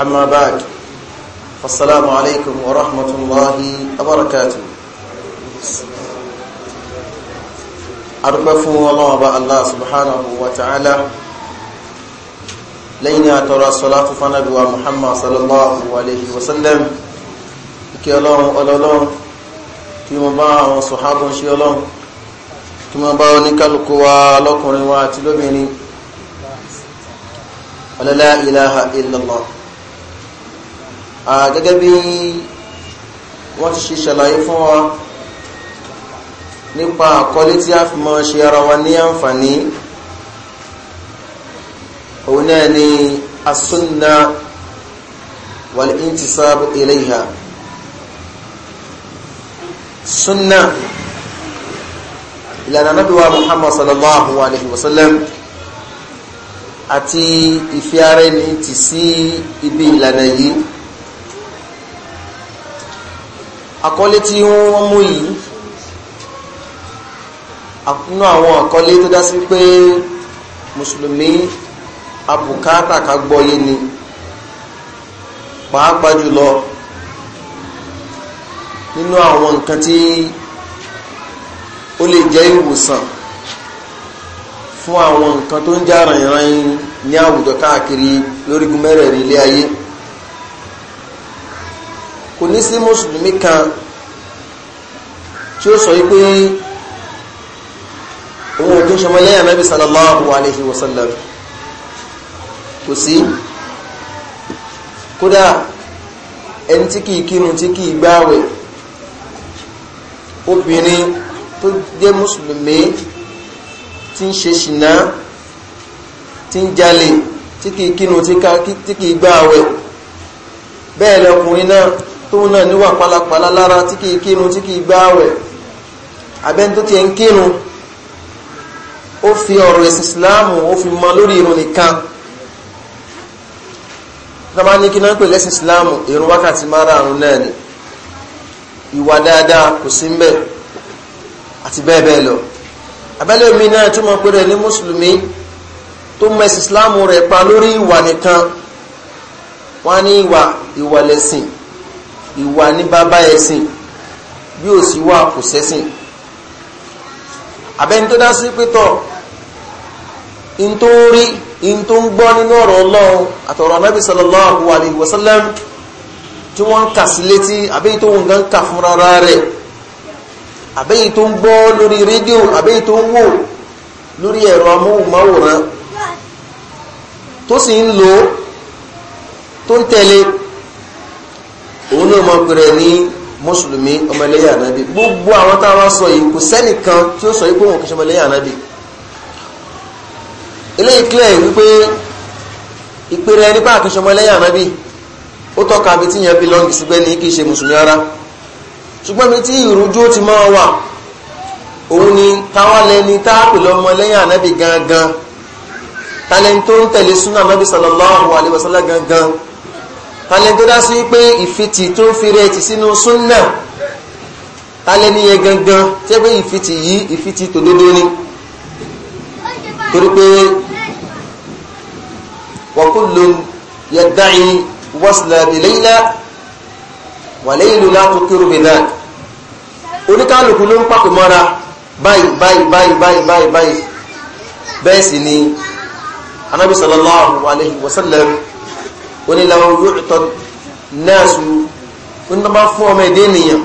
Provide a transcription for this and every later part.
أما بعد فالسلام عليكم ورحمة الله وبركاته أرقى الله وبا الله سبحانه وتعالى لينا ترى الصلاة فنبوى محمد صلى الله عليه وسلم كي ọlọ́run ọlọ́run لهم، wọ́n bá àwọn sọ̀hábọ̀ ṣe ọlọ́run kí wọ́n bá oníkálùkù wa lọ́kùnrin wa àti lóbìnrin ọlọ́lá ilaha illallah gẹ́gẹ́ bí wọ́n ti ṣe ṣàlàyé fún wa nípa àkọlé tí a fi mọ́ ṣe ara wa ní àǹfààní òun náà ni asúnna wal-intisabu ilayha súnna ìlànà nábíwá muhammad sallallahu alaihi wasallam àti ìfẹ́ ara ẹni ti sí ibi ìlànà yìí àkọlé tí wọ́n mú yìí nínú àwọn àkọlé tó dá sí pé mùsùlùmí abùkátà ká gbọ́yé ni pàápàá jùlọ nínú àwọn nǹkan tí ó lè jẹ́ ìwòsàn fún àwọn nǹkan tó ń jà ràyìnràyìn ní àwùjọ káàkiri lórígun mẹ́rẹ̀ẹ̀rin ilé ayé kò ní sí mùsùlùmí kan tí ó sọ wípé òun ò kí ń ṣọmọ lẹ́yìn anábì sallallahu alayhi wa sallam kò sí kódà ẹni tí kìí kírun tí kìí gbáwẹ̀ obìnrin tó jẹ́ mùsùlùmí tí ń ṣe ṣìnà tí ń jalè tí kìí kírun tí kìí gbáwẹ̀ bẹ́ẹ̀ lọkùnrin náà tóun náà níwà pálapàla lára tí kìí kírun tí kìí gbáwẹ̀ abẹ́ni tó ti ẹ̀ ń kírun ó fi ọ̀rọ̀ ẹ̀sìn Islamu, ó fi mọ lórí irun nìkan tọ́bá ní kí náà pè lẹ́sìn ìsìláàmù irun wákàtí márààrún náà ni ìwà dáadáa kò sí mbẹ̀ àti bẹ́ẹ̀ bẹ́ẹ̀ lọ abẹ́lẹ̀ omi náà tó mọ̀ pé rẹ̀ ní mùsùlùmí tó mọ ẹ̀sìn ìsìláàmù rẹ̀ pa lórí ìwà nìkan wọ́n ní ìwà ìwà lẹ́sìn ìwà ní bàbá ẹ̀sìn bí ò sí wà kò sẹ́sìn abẹ́ni tó dá sí pétọ̀ in tó ń rí in tó ń gbọ́ nínú ọ̀rọ̀ ọlọ́run àtọ̀rọ̀ anábì sallallahu alayhi wa sallam tí wọ́n ń kà sí létí àbẹ́yí tó ń gan kà fún rárá rẹ̀ àbẹ́yí tó ń gbọ́ lórí rédíò àbẹ́yí tó ń wò lórí ẹ̀rọ amóhùnmáwòrán tó sì ń lò tó ń tẹ̀lé òun náà mọ̀ pé rẹ̀ ní mùsùlùmí ọmọlẹ́yìn ànábì gbogbo àwọn táwọn sọ yìí kò sẹ́nìkan tí ó sọ yìí pé òun kì í ṣe ọmọlẹ́yìn ànábì eléyìí clear wípé ìpèrè ẹni bá àkíṣe ọmọlẹ́yìn ànábì ó tọ́ka bí tíyàn bílọ́ǹgì sígbẹ́ ní kì í ṣe mùsùlùmí ara ṣùgbọ́n bí tí ìrújú ti máa wà òun ni táwálẹ́ni táàpì lọ́mọlẹ́yìn ànábì gangan talẹ́ni tó ń tẹ̀lé súnà ànábì sallallahu alaihi wasallam gangan alẹ́ tó dá sí pé ìfitì tó ń fi rẹ̀ tì sínú súnnà alẹ́ níye gangan tí ó pé ìfitì yìí ìfitì tòdodo ni torí pé wa kullun yadda'i wasla bi layla wa laylu la tukiru bi dhak oníkálukú ló ń pàpè mọ́ra báyìí báyìí báyìí báyìí báyìí báyìí bẹ́ẹ̀ sì ni anábì sallallahu alayhi wa sallam onílàwọ̀ yóò tọ́ náà sùn ní tó bá fún ọmọ èdè nìyàn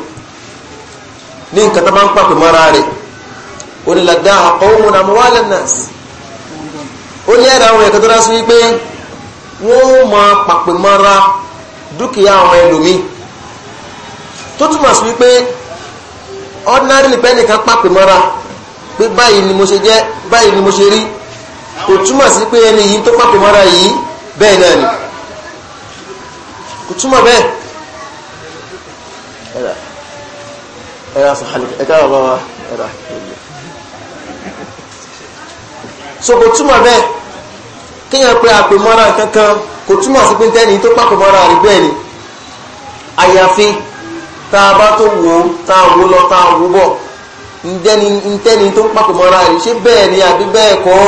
ní nǹkan tó bá ń pàpè mọ́ra rẹ̀ onílàdá àkọ́wọ́mù náà mọ́ wálẹ̀ náà ó ní ẹ̀rọ àwọn ẹ̀kọ́ tó dá sí wípé wọ́n máa pàpè mọ́ra dúkìá àwọn ẹlòmíì tó túmọ̀ sí wípé ordinary ni pẹ́nìkan pàpè mọ́ra pé báyìí ni mo ṣe jẹ́ báyìí ni mo ṣe rí kò túmọ̀ sí pé ẹni yìí tó pàpè mọ́ra yìí bẹ́ẹ̀ náà ni kò túmọ̀ bẹ́ẹ̀ ẹ̀rà ẹ̀rà sàhálì ẹ̀ká bàbá wa ẹ̀rà ẹ̀lẹ̀ so kò túmọ̀ bẹ́ẹ̀ kíyàn pé àpè mọ́ra kankan kò túmọ̀ sí pé tẹ́ni tó pàpọ̀ mọ́ra rí bẹ́ẹ̀ ni àyàfi tá a bá tó wò ó tá a wò lọ tá a wò bọ̀ ǹjẹ́ni ǹtẹ́ni tó pàpọ̀ mọ́ra rí ṣé bẹ́ẹ̀ ni àbí bẹ́ẹ̀ kọ́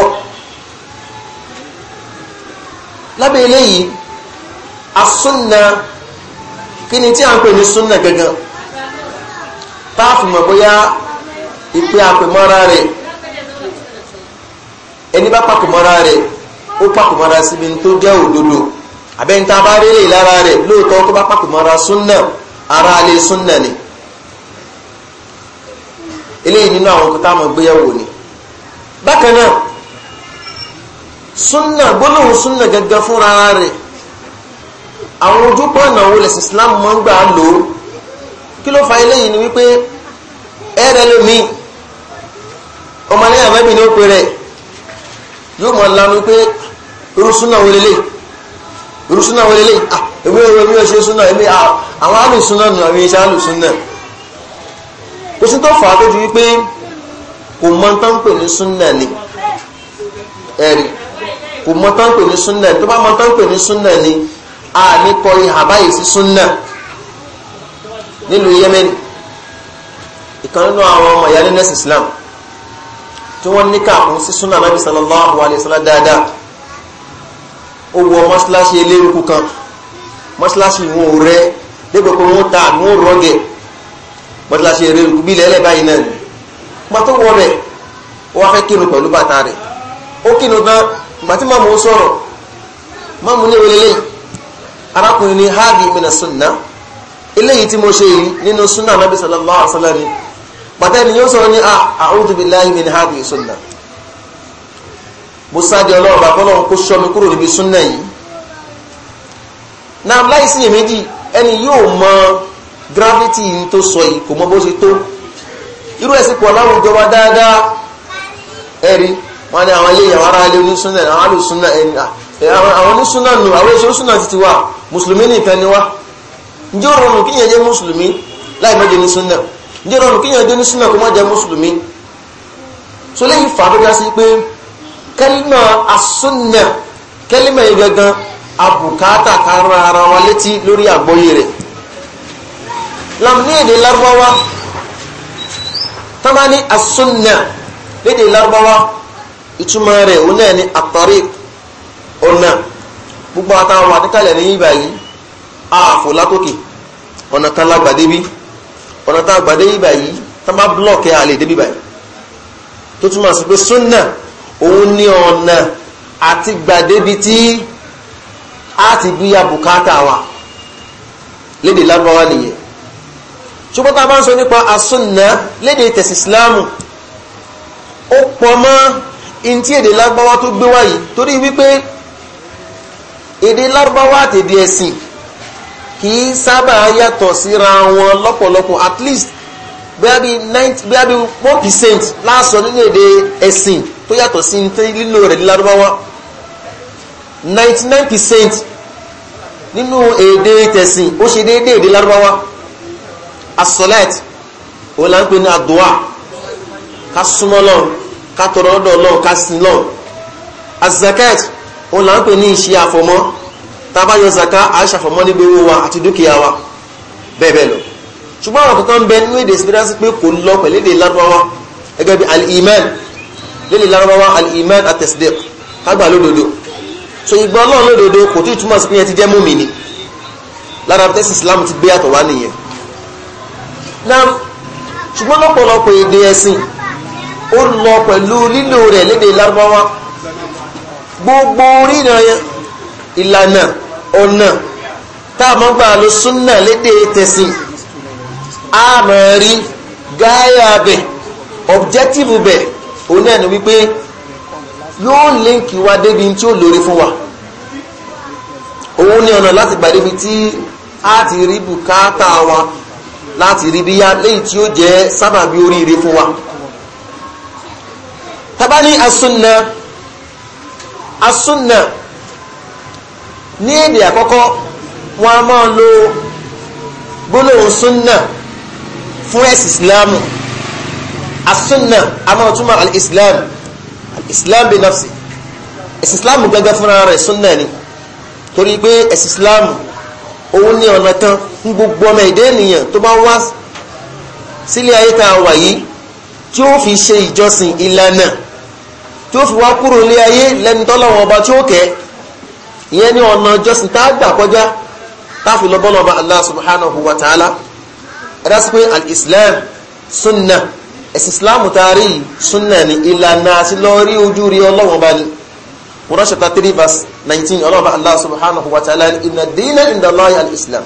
lábẹ́ eléyìí asúnà kí ni tí a ń pè ní súnà gangan táàfù mọ̀ bóyá ìpè àpèmọ́ra rẹ̀ ẹni bá pàkùmọ́ra rẹ̀ ó pàkùmọ́ra síbi tó jẹ́ òdodo àbẹ́ntà bá rí lè lára rẹ̀ lóòótọ́ tó bá pàkùmọ́ra súnà ara alẹ́ súnà ni eléyìí nínú àwọn tó táwọn gbéyàwó ni bákan náà súnà gbólóhùn súnà gangan fúnra rẹ̀ àwọn ojúpọ̀ ọ̀nà wo lẹ̀sìn Islam máa ń gbà lò ó kí ló fa eléyìí ni wípé ẹ̀rẹ̀ lómi ọmọlẹ́yìn àmẹ́bì ní ó pe rẹ̀ yóò mọ̀ lanu pé irú súnà wo lélẹ̀ irú súnà wo ah èmi ò rẹ̀ mi ò ṣe súnà èmi àwọn àlù súnà ni àwọn iṣẹ́ àlù súnà kò sí tó fà á tó ju wípé kò mọ tán pè ní súnà ni ẹ̀rì kò mọ tán pè ní súnà tó bá mọ tán pè ní súnà ni àmì kọ ìhà báyìí sí súnà nílùú Yemen ìkan nínú àwọn ọmọ ìyá nínú ẹ̀sìn Islam tí wọ́n ní káàkùn sí súnà Nabi sallallahu alaihi wasallam dáadáa ó wọ mọ́ṣáláṣí eléruku kan mọ́ṣáláṣí wọn ò rẹ́ débò pé wọ́n ta àmú rọ́gẹ̀ mọ́ṣáláṣí eléruku bí ilẹ̀ ẹlẹ́bàá náà ni pàtó wọ rẹ̀ ó wá fẹ́ kírun pẹ̀lú bàtà rẹ̀ ó kírun gan ìgbà tí màmú sọ̀rọ̀ màmú ní ìwé lélẹ́yìí arákùnrin ní háàbì mina sunna eléyìí tí mo ṣe yìí nínú sunna anábì sallallahu alaihi wasallam pàtẹ́ ni yóò sọ̀rọ̀ ní ah, a'udhu billahi min háàbì sunna mo sáàdì ọlọ́run bàbá ọlọ́run kó ṣọ́ mi kúrò níbi sunna yìí náà láì sí èméjì ẹni yóò mọ gravity yìí tó sọ yìí kò mọ bó ṣe tó irú ẹ̀sìn pọ̀ láwùjọ wa dáadáa ẹ̀rí wọn ni àwọn ilé ìyàwó ilé onísúnnà àwọn alùsúnnà ẹni ah, Eh, àwọn onísúnà nù àwọn èso súnà títí wà mùsùlùmí nìkan ni wá ǹjẹ́ ó rọrùn kíyàn jẹ́ mùsùlùmí láì mọ́jẹ ní súnà ǹjẹ́ ó rọrùn kíyàn jẹ́ ní súnà kó má jẹ́ mùsùlùmí so léyìn fà tó dá sí pé kẹ́límà asúnà kẹ́límà yìí gangan abùkátà kára ara wa létí lórí àgbọ́yé rẹ̀ lam lárúbáwá tọ́mání asúnà lédè lárúbáwá ìtumọ̀ rẹ̀ òun náà ni àtọ́rík ọ̀nà gbogbo àtàwọn àtẹ́kàlẹ̀ ní ìgbà yìí ààfò látòkè ọ̀nà kan lágbàdé bí ọ̀nà tá àgbàdé ìgbà yìí tá bá blọ́ọ̀kì àlè débí báyìí tó túmọ̀ sí pé súnà òun ní ọ̀nà àti gbàdébi tí a ti bí ya bùkátà wa lédè lágbàwá nìyẹn ṣùgbọ́n tá a bá ń sọ nípa asúnà lédè tẹ̀sí islámù ó pọ̀ mọ́ in tí èdè lágbàwá tó gbé wáyìí torí wípé èdè lárúbáwá àti èdè ẹ̀sìn kì í sábà yàtọ̀ síra wọn lọ́pọ̀lọpọ̀ at least bóyá bí bóyá bí one percent láàsọ nínú èdè ẹ̀sìn tó yàtọ̀ sí nílò rẹ̀ ní lárúbáwá ninety nine percent nínú èdè tẹ̀sìn ó ṣe déédé èdè lárúbáwá asọ́lẹ̀t òun là ń pè ní àdúà ká súnmọ́ lọ́n ká tọrọ ọ̀dọ̀ lọ́n ká sin lọ́n azakat òun là ń pè ní ìṣe àfọ̀mọ́ tá a bá yọ zaka à ń ṣàfọ̀mọ́ níbi owó wa àti dúkìá wa bẹ́ẹ̀ bẹ́ẹ̀ lọ ṣùgbọ́n àwọn kankan bẹ nínú èdè ìsìnkú pé kò lọ pẹ̀lú èdè lárúbáwá gẹ́gẹ́ bí al-iman lédè lárúbáwá al-iman at kágbà lódodo so ìgbà ọlọ́run lódodo kò tí túmọ̀ sí pé yẹn ti jẹ́ mùmínì lára tẹ́sí islam ti gbé àtọ̀ wá nìyẹn na ṣùgbọ́n lọ́pọ̀lọpọ̀ èdè ẹ̀sìn ó lọ pẹ̀lú lílò rẹ̀ lédè lárúbáwá gbogbo orí ìrànyàn ìlànà ọ̀nà tá a mọ́ gbà lọ súnà lédè tẹ̀sìn a mọ̀ rí gáyà bẹ̀ ọ̀bjẹ́tìfù bẹ̀ òun náà wípé yóò líǹkì wa débi tí ó lórí fún wa òun ní ọ̀nà láti gbà débi tí a ti rí bùkátà wa láti rí bíyá léyìí tí ó jẹ́ sábàbí oríire fún wa tabani asunna Asunna ní èdè àkọ́kọ́ wọn a máa lo gbólóhùn súnà fún ẹ̀sì ìsìláàmù asúnà a máa túmọ̀ alìsìláàmù alìsìláàmù bí nafsi ẹ̀sì ìsìláàmù gẹ́gẹ́ fúnra rẹ̀ súnà ni torí pé ẹ̀sì ìsìláàmù òun ní ọ̀nà kan ń gbogbo ọmọ èdè ènìyàn tó bá wá sílé ayé tá wà yìí tí ó fi ṣe ìjọsìn ìlànà tí ó fi wá kúrò ní ayé lẹ́ni tọ́lọ́wọ́n ọba tí ó kẹ́ ìyẹn ní ọ̀nà jọ́sìn tá a gbà kọjá táfi lọ bọ́lọ̀ ọba Allah subhanahu wa ta'ala ẹ̀dá sí pé al-islam sunna ẹ̀sìn islamu taari sunna ni ìlànà àti lọ rí ojú rí ọlọ́wọ́n ọba ni Quran chapter three verse nineteen ọlọ́wọ́n ọba Allah subhanahu wa ta'ala ni inna dina inda al-islam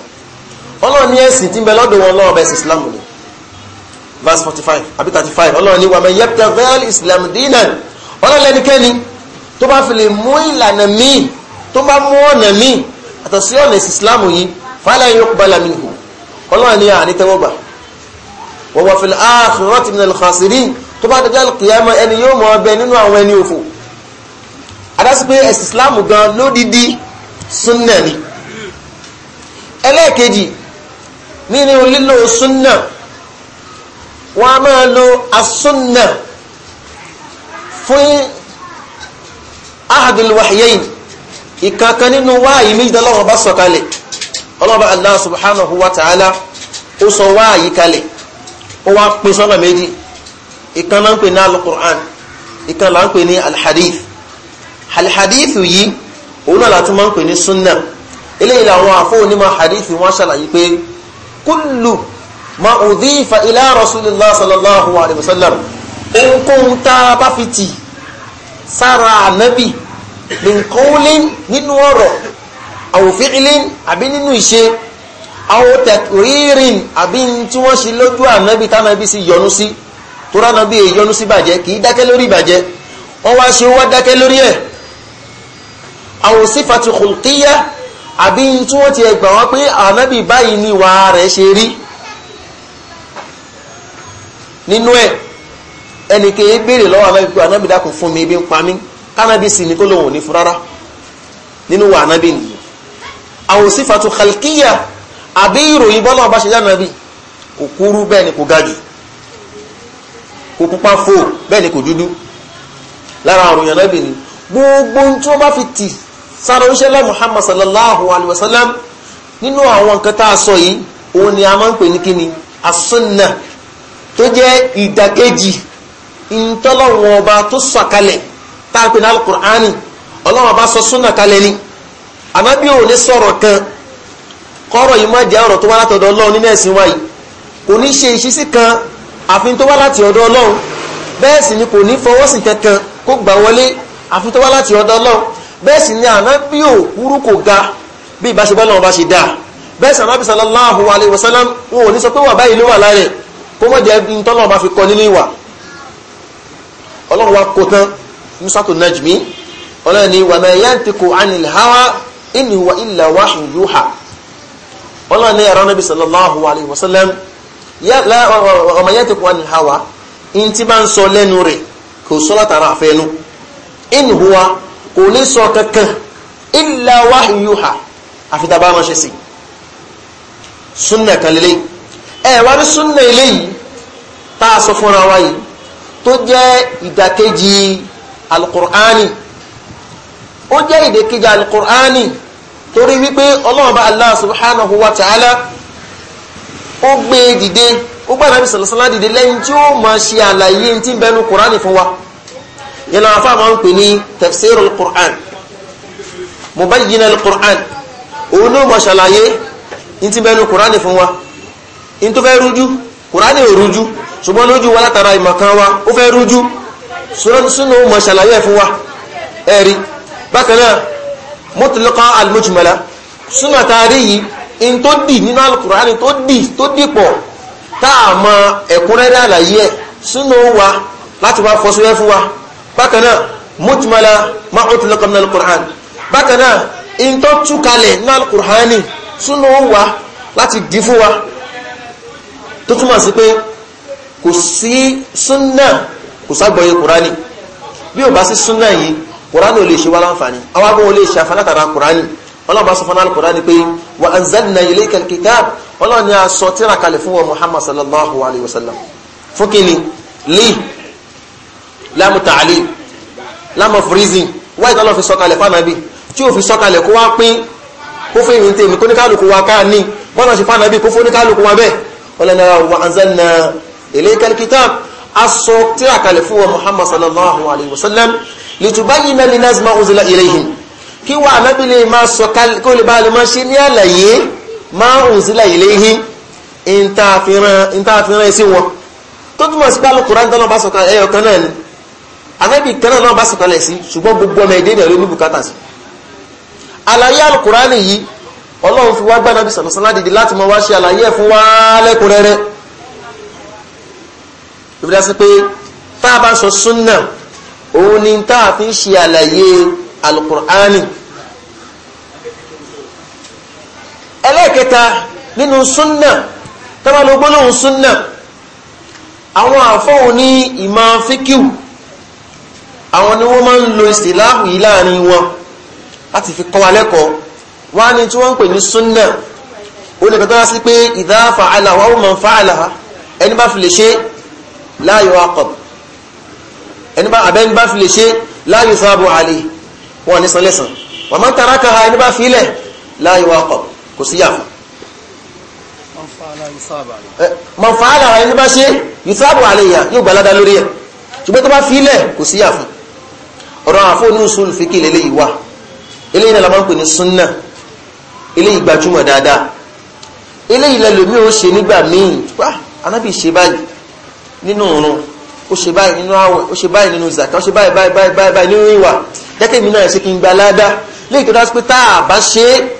ọlọ́run ọlọ́lẹ́nikẹ́ni tó bá fi lè mú ìlànà míì tó bá mú ọ̀nà míì àtọ̀ sí ọ̀nà ìsìsìláàmù yìí fala yuqbala minhu ọlọ́run ní àní tẹ́wọ́gbà wa huwa fil akhirati minal khasirin tó bá dọjọ́ al-qiyamah ẹni yóò mọ ọbẹ̀ nínú àwọn ẹni ẹlẹ́ẹ̀kejì nínú lílo súnnà wọ́n máa lo asúnnà fún ahadul wahyayn ìkankan nínú wáyé méjì lọ́wọ́ bá sọ kalẹ̀ ọlọ́ba allah subhanahu wa ta'ala ó sọ wáyé kalẹ̀ ó wá pín sọ́nà méjì ìkan náà ń pè ní alukur'an ìkan náà ń pè ní alhadith alhadith yìí òun náà látún máa ń pè ní sunna eléyìí làwọn àfọwọ́nímọ̀ hadith wọn ṣàlàyé pé kúlù ma udhifa ila rasulillah sallallahu alayhi wa ohunkóhun tá a bá fi tì sára ànábì bìnkóólín nínú ọ̀rọ̀ àwòfíìlín àbí nínú ìṣe àwọn tẹ̀kùrírìn àbí tí wọ́n ṣe lójú ànábì tánábì sì yọnu sí tó ránábì èyí yọnu sí bàjẹ́ kì í dákẹ́ lórí ìbàjẹ́ wọ́n wá ṣe wá dákẹ́ lórí ẹ̀ àwọn sífàtì kùlùkíyà àbí tí wọ́n ti ẹgbà wọ́n pé ànábì báyìí ni wàá rẹ̀ ṣe rí nínú ẹ̀ ẹnì kì í béèrè lọ́wọ́ anábì pé anábì dákun fún mi ebi ń pa mí kánábì sì ni kó lòun ò ní fún rárá nínú wa anábì nìyí àwọn sífàtú khalkiya àbí ìròyìn bọ́lá ọba ṣe jánàbì kò kúrú bẹ́ẹ̀ ni kò ga jù kò pupa fò bẹ́ẹ̀ ni kò dúdú lára àrùn anábì ni gbogbo tí wọ́n bá fi tì sára oúnjẹ lẹ́ muhammad sallallahu alayhi wa sallam nínú àwọn nǹkan tá a sọ yìí òun ni a máa ń pè ní kíni asúnà tó jẹ́ ìdàkejì ntọ́lọ́wọ́n ọba tó sàkalẹ̀ tá a pè ní alukur'ani ọlọ́wọ́n ọba sọ súnà kalẹ̀ ni ànábì ò ní sọ̀rọ̀ kan kọ́rọ̀ yìí má jẹ́ ọ̀rọ̀ tó wá láti ọ̀dọ̀ ọlọ́run nínú ẹ̀sìn wa yìí kò ní ṣe ìṣísí kan àfi tó wá láti ọ̀dọ̀ ọlọ́run bẹ́ẹ̀ sì ni kò ní fọwọ́sìn kankan kó gbà wọlé àfi tó wá láti ọ̀dọ̀ ọlọ́run bẹ́ẹ̀ sì ni ànábì ò kúrú kò ga bí ìbáṣepọ̀ náà bá ṣe dáa bẹ́ẹ̀ sì ànábì sallallahu alayhi wa sallam wọn ò ní sọ pé wà báyìí ló wà lára kó mọ̀ jẹ́ ntọ́lọ́run bá fi kọ nínú ìwà ọlọ́run wa kó tán musatu najmi ọlọ́run ni wa ma yantiqu anil hawa in huwa illa wahyun yuha ọlọ́run ní ẹ̀rọ nabi sallallahu alayhi wa sallam wa ma yantiqu anil hawa in ti bá ń sọ lẹ́nu rẹ̀ kò sọ látara àfẹ́nu in huwa kò ní sọ kankan illa wahyun yuha àfi tá a bá ṣe sí sunna kan lélẹ́yìn ẹ̀ wá ní sunna eléyìí tá a sọ fúnra wa yìí tó jẹ́ ìdàkejì alukur'ani ó jẹ́ ìdàkejì alukur'ani torí wípé ọlọ́run bá allah subhanahu wa ta'ala ó gbé e dìde ó gbá nàbí sàlásàlá dìde lẹ́yìn tí ó máa ṣe àlàyé tí ń bẹnu kur'ani fún wa yẹn náà afá máa ń pè ní tafsir alukur'an mubayyin alukur'an òun ló máa ṣàlàyé tí ń bẹnu kur'ani fún wa in tó fẹ́ rújú kur'ani ò rújú ṣùgbọ́n lójú wa látara ìmọ̀kan wa ó fẹ́ rújú súnú mọ̀ ṣàlàyé fún wa ẹ̀rí bákanáà mutlaqa al-mujmala súnà taari yìí in tó dì nínú al-Qur'ani tó dì tó dìpọ̀ táà mọ ẹ̀kúnrẹ́rẹ́ àlàyé ẹ̀ súnú wa láti wá fọ́síwẹ́ fún wa bákanáà mujmala ma utlaqa min al-Qur'an bákanáà in tó túkalẹ̀ sí pé kò sí súnà kò ságbọ̀yé kùránì bí ò bá sí súnà yìí kùránì ò lè ṣe wá láǹfààní àwọn agbóhùn lè ṣe àfàlátara kùránì ọlọ́ba sọ fún alkùránì pé wa anzalna ilayka alkitab ọlọ́run ni a sọ tíra kalẹ̀ fún wa muhammad sallallahu alayhi wa sallam lè lámù tààlì lámù fúrízìn wáyé tọ́lọ́ fi sọ̀kalẹ̀ fánàbí tí ò fi sọ̀kalẹ̀ kó wá pín kó fún ìrìntèmi kó ní kálukú wa káà ní bọ́nà sí fánàbí kó fún ní kálukú wa bẹ́ẹ̀ ọlọ́run ni wa anzalna ilayka alkitab aṣọ tíra kalẹ̀ fún wọn muhammad sallallahu alayhi wa sallam litubayyina linnas ma uzila ilayhim kí wà nábì lè máa sọ kó lè bá lè máa ṣe ní àlàyé ma uzila ilayhim ìntàfihàn ẹsẹ̀ wọn tó túnmọ̀ sí pálù kùrán tánà bá sọ̀kan ẹyọ kan náà ni anábì kan náà bá sọ̀kalẹ̀ sí ṣùgbọ́n gbogbo ọmọ èdè ìrẹ̀lú bùkátà sí àlàyé alùkùrán yìí ọlọ́run fi wá gbá nábì sọ̀lọ́sọ́lá dìde láti mọ wá ṣe àlàyé ẹ̀ wá lẹ́kùnrẹ́rẹ́ ló fi dá sí pé tá a bá sọ súnà òun ni tá a fi ń ṣe àlàyé alukur'ani ẹlẹ́ẹ̀kẹta nínú súnà tá a bá àwọn àfọ́hùn ní ìmọ̀ fíkìw àwọn ni wọ́n máa ń lo ìsìláàmù yìí láàrin wọn láti fi kọ́ wa lẹ́kọ̀ọ́ wọ́n á ní tí wọ́n ń pè ní súnà ó lè kọ́tọ́ sí pé ìdá fa'ala wa ó láàyò akọ̀bù ẹni bá abẹ́ni bá fi lè ṣe láàyò sábò àlè wọn ní san lẹ́sàn wọ́n máa ń tara ka ha ẹni bá fi lẹ̀ láàyò akọ̀bù kò sí yàfọ̀. mọ̀ fàálà ẹni bá ṣe yìí sábò àlè yà yóò gbalada lórí ẹ̀ ṣùgbọ́n tó bá fi lẹ̀ kò sí yàfọ̀ ọ̀rọ̀ àfọ́nù usul fíkì lélẹ́yìí wà eléyìí náà la ní súnnà eléyìí gbajúmọ̀ dáadáa eléyìí lẹ́lòmí ó ṣe nígbà míì wá anábì ṣe báyìí nínú òrùn ó ṣe báyìí nínú àwẹ̀ ó ṣe báyìí nínú zaka ó ṣe báyìí báyìí báyìí báyìí báyìí nínú ìwà jẹ́kẹ́ mi náà ṣe kí n gba ládá léyìí tó dájú pé tá a bá ṣe é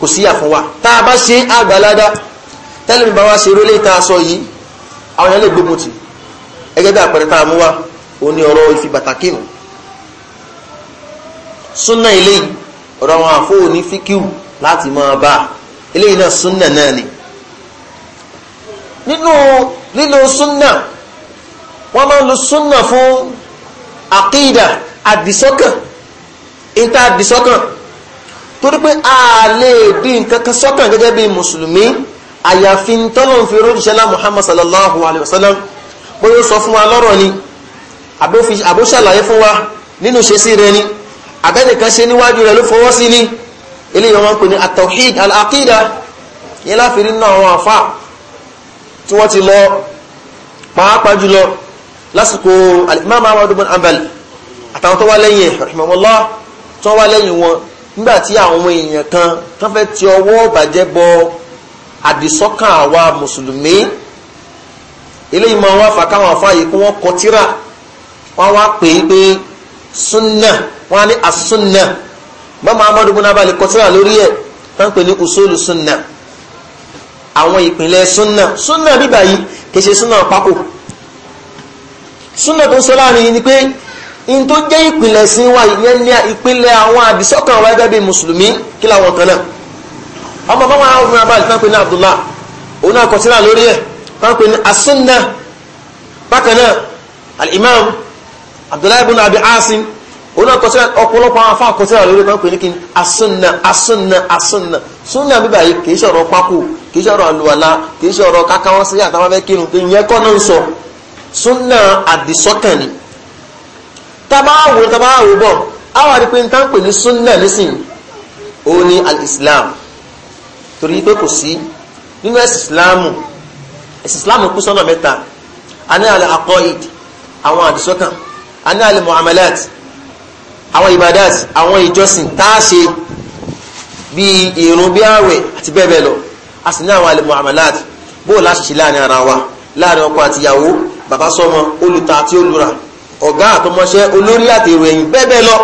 kò sí yà wa tá a bá ṣe é àgbà ládá tẹ́lẹ̀ mi bá wá ṣe eré tá a sọ yìí àwọn èèyàn lè tì ẹgẹ́ bí àpẹẹrẹ tá a mú wa òun ni ọ̀rọ̀ ìfibàtàkìnù súnà eléyìí ọ̀rọ̀ àwọn àfóò ní láti máa bá eléyìí náà súnà náà ni nínú lílo súnà wọ́n máa ń lo súnà fún àkídà àdìsọ́kàn ìta àdìsọ́kàn torí pé a lè dín nǹkan kan sọ́kàn gẹ́gẹ́ bí mùsùlùmí àyàfi tọ́lọ́n fi rọ́dùṣẹ́lá muhammad sallallahu alayhi wa sallam bóyá ó sọ fún wa lọ́rọ̀ ni àbó ṣàlàyé fún wa nínú ṣe sí rẹ ni àbẹ́nìkan ṣe níwájú rẹ ló fọwọ́ sí ni eléyìí wọn pè ní atawhid al yẹn láfi rí nínú àwọn àfa tí wọ́n ti lọ pàápàá jùlọ lásìkò alimami ahmadu bin ambal àtàwọn tó wá lẹ́yìn rahimahullah tó wá lẹ́yìn wọn nígbàtí àwọn èèyàn kan tó fẹ́ ti ọwọ́ bàjẹ́ bọ àdìsọ́kàn àwa mùsùlùmí eléyìí máa wá fà káwọn afáyè kí wọ́n kọ tírà wọ́n wá pè é pé sunna wọ́n á ní asunna mọ́mọ́ ahmadu bin ambal kọ tírà lórí ẹ̀ tó ń pè ní usulu sunna àwọn ìpìlẹ̀ sunna sunna bíbá yìí kì í ṣe sunna pákó súnà tó sọ láàrin ni pé in tó jẹ́ ìpìlẹ̀ sí wa ìyẹn ní ìpìlẹ̀ àwọn àdìsọ́kàn wa gẹ́gẹ́ bí mùsùlùmí kí làwọn kan náà ọmọ bá wọn ọmọ abáàlì tán ní Abdullah òun náà kọtíra lórí ẹ̀ tán pé ní asúnà bákan náà al-imam Abdullah ibn Abi Asim òun náà kọtíra ọ̀pọ̀lọpọ̀ àwọn afá kọtíra lórí tán pé ní kí ni asúnà asúnà asúnà súnà bíbà yìí kì í ṣọ̀rọ̀ pákó kì í ṣọ̀rọ̀ àlùwàlá kì í ṣọ̀rọ̀ súnà àdìsọ́kàn ni tabawo tabawo bọ̀ àwọn àdìpé ń tán pè ní súnà nísìnyí òun ni al-islam torí pé kò sí nínú ẹ̀sì islamu ẹ̀sì islamu kú sọ́nà mẹ́ta a ní àlẹ́ àkọ́ìd àwọn àdìsọ́kàn a ní àlẹ́ muamalat àwọn ibadat àwọn ìjọsìn táàṣe bí ìrun bí ààwẹ̀ àti bẹ́ẹ̀ bẹ́ẹ̀ lọ a sì ní àwọn àlẹ́ muamalat bóò láṣìṣe láàrin ara wa láàrin ọkọ àti ìyàwó bàbá sọmọ olùta àti olùrà ọ̀gá àtọmọṣẹ́ olórí àti èrò ẹ̀yìn bẹ́ẹ̀ bẹ́ẹ̀ lọ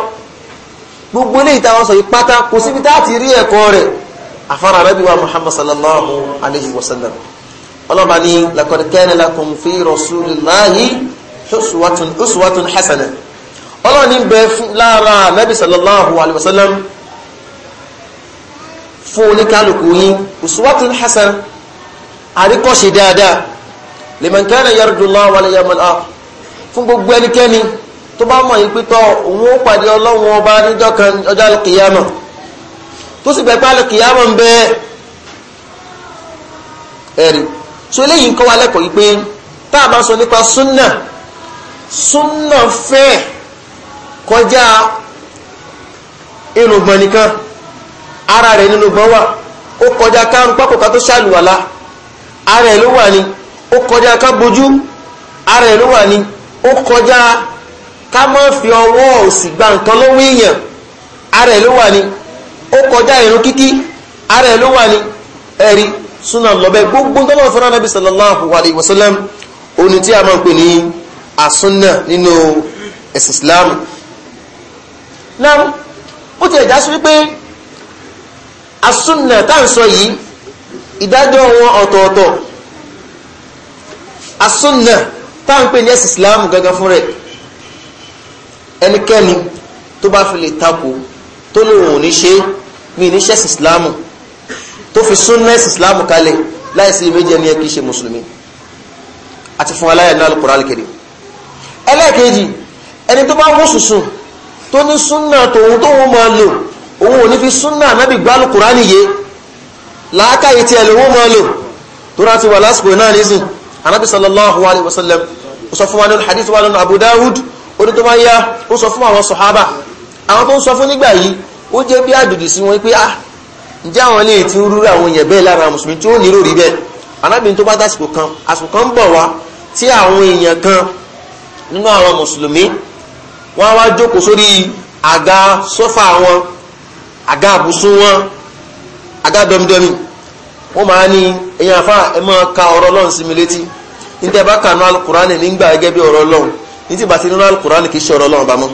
gbogbo ilé ìta wọn sọ yìí pátá kò síbi tá àti rí ẹ̀kọ́ rẹ̀ afárá rẹ̀ bí wa muhammad sallallahu alayhi wa sallam ọlọ́ba ni laqad kana lakum fi rasulillahi uswatun uswatun hasana ọlọ́run ní bẹ lára nabi sallallahu alayhi wa sallam fún oníkálukú yín uswatun hasana àríkọ́ṣe dáadáa liman kana yarjullaha wal yawmal akhir fún gbogbo ẹnikẹ́ni tó bá mọ̀ yí pítọ́ òun ó pàdé ọlọ́run ọba níjọ́ kan ọjọ́ alìkìyàmọ̀ tó sì gbẹ̀pá alìkìyàmọ̀ ń bẹ ẹ̀rí so eléyìí ń kọ́ wa lẹ́kọ̀ọ́ yí pé tá a bá sọ nípa súnà súnà fẹ́ kọjá irùngbọ̀n nìkan ara rẹ̀ nínú gbọ́n wà ó kọjá kárùn pápọ̀ká tó ṣàlùwàlá ara ẹ̀ ló wà ni ó kọjá ká bojú ara ẹ̀ ló wà ní ó kọjá ká má fi ọwọ́ òsì gba nǹkan lọ́wọ́ èèyàn ara ẹ̀ ló wà ní ó kọjá ìrun kíkí ara ẹ̀ ló wà ní ẹ̀rí súnà lọ́bẹ̀ gbogbo tọ́lọ̀ fúnra nàbí sallallahu alayhi wa oní tí a máa ń pè ní àsúnà nínú ẹ̀sìn islam náà ó ti ẹ̀dá sí wípé àsúnà táà ń sọ yìí ìdájọ́ wọn ọ̀tọ̀ọ̀tọ̀ asúnà táwọn pè ní ẹ̀sìn islam gangan fún rẹ̀ ẹnikẹ́ni tó bá fi lè takò tó lòun ò ní ṣe mí ní ṣẹ́sìn islam tó fi súnà ẹ̀sìn islam kalẹ̀ láìsí méjì ẹni ẹ kìí ṣe mùsùlùmí àti fún aláyà náà lókùnrin alìkèdè ẹlẹ́ẹ̀kejì ẹni tó bá wọ́n sùsùn tó ní súnà tòun tóun máa lò òun ò ní fi súnà nábì gbá lókùnrin alìyé làákàyè tiẹ̀ lòun máa lò tó rántí wà lásìkò náà nísìnyí anábì sallallahu alayhi wa sallam ó sọ fún wa nínú hadith wa nínú abu dawud ó ní tó máa yá ó sọ fún àwọn sọ̀hábà àwọn tó ń sọ fún nígbà yìí ó jẹ́ bí àdùdì sí wọn pé ah ǹjẹ́ àwọn lè ti ń rúra àwọn èèyàn bẹ́ẹ̀ lára mùsùlùmí tí ó nílò rí bẹ́ẹ̀ anábì tó bá dásìkò kan àsìkò kan ń bọ̀ wá tí àwọn èèyàn kan nínú àwọn mùsùlùmí wọ́n wá jókòó sórí àga sọ́fà wọn àga àbùsùn wọn àga dọmdọmì wọ́n máa ní ẹ̀yin àfá ẹ máa ka ọ̀rọ̀ Ọlọ́run sí mi létí ní tẹ́ bá kànú alukurani nígbà gẹ́gẹ́ bí ọ̀rọ̀ Ọlọ́run ní tí bá ti nínú alukurani kì í ṣe ọ̀rọ̀ Ọlọ́run bá mọ́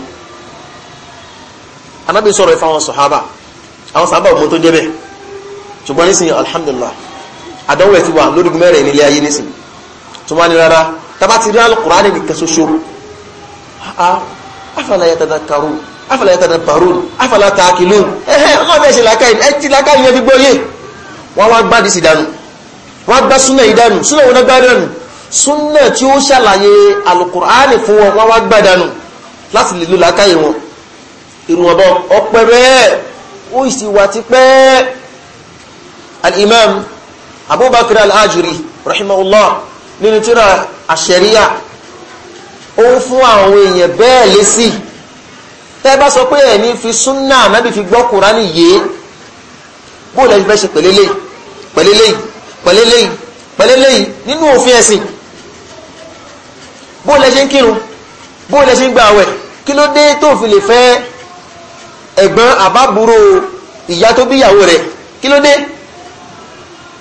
anábì sọ̀rọ̀ ìfáwọn sọ̀hábà àwọn sọ̀hábà ọmọ tó débẹ̀ ṣùgbọ́n nísìnyí alhamdulillah àdánwò ẹ̀ ti wà lórí mẹ́rẹ̀ nílé ayé nísìn tó máa ní rárá tàbá ti rí alukurani nìkan ṣoṣo afala yatadakkarun afala yatadabbarun afala ta'qilun ẹ̀hẹ́ ọlọ́run ẹ̀ wọ́n wá gbá dìsì dànù wọ́n gbá súnà yìí dànù súnà wọn gbá dànù súnà tí ó ṣàlàyé alukur'ani fún wọn wọ́n wá gbá dànù láti lè lo làákàyè wọn irun ọ̀bọ ọpẹ́ ó sì wà ti pẹ́ abubakar al rahimahullah nínú tírà àṣẹríyà ó ń fún àwọn èèyàn bẹ́ẹ̀ lé sí tẹ́ bá sọ pé ẹ̀ fi súnà nábì fi gbọ́ kùránì yìí bó lẹ́yìn fẹ́ ṣe pẹ̀lẹ́lẹ́ pẹ̀lẹ́lẹ́ pẹ̀lẹ́lẹ́ pẹ̀lẹ́lẹ́ nínú òfin ẹ̀sìn bó lẹ́ ṣe ń kírun bó lẹ́ ṣe ń gba àwẹ̀ kí ló dé tó fi lè fẹ́ ẹ̀gbọ́n àbábúrò ìyá tó bí ìyàwó rẹ̀ kí ló dé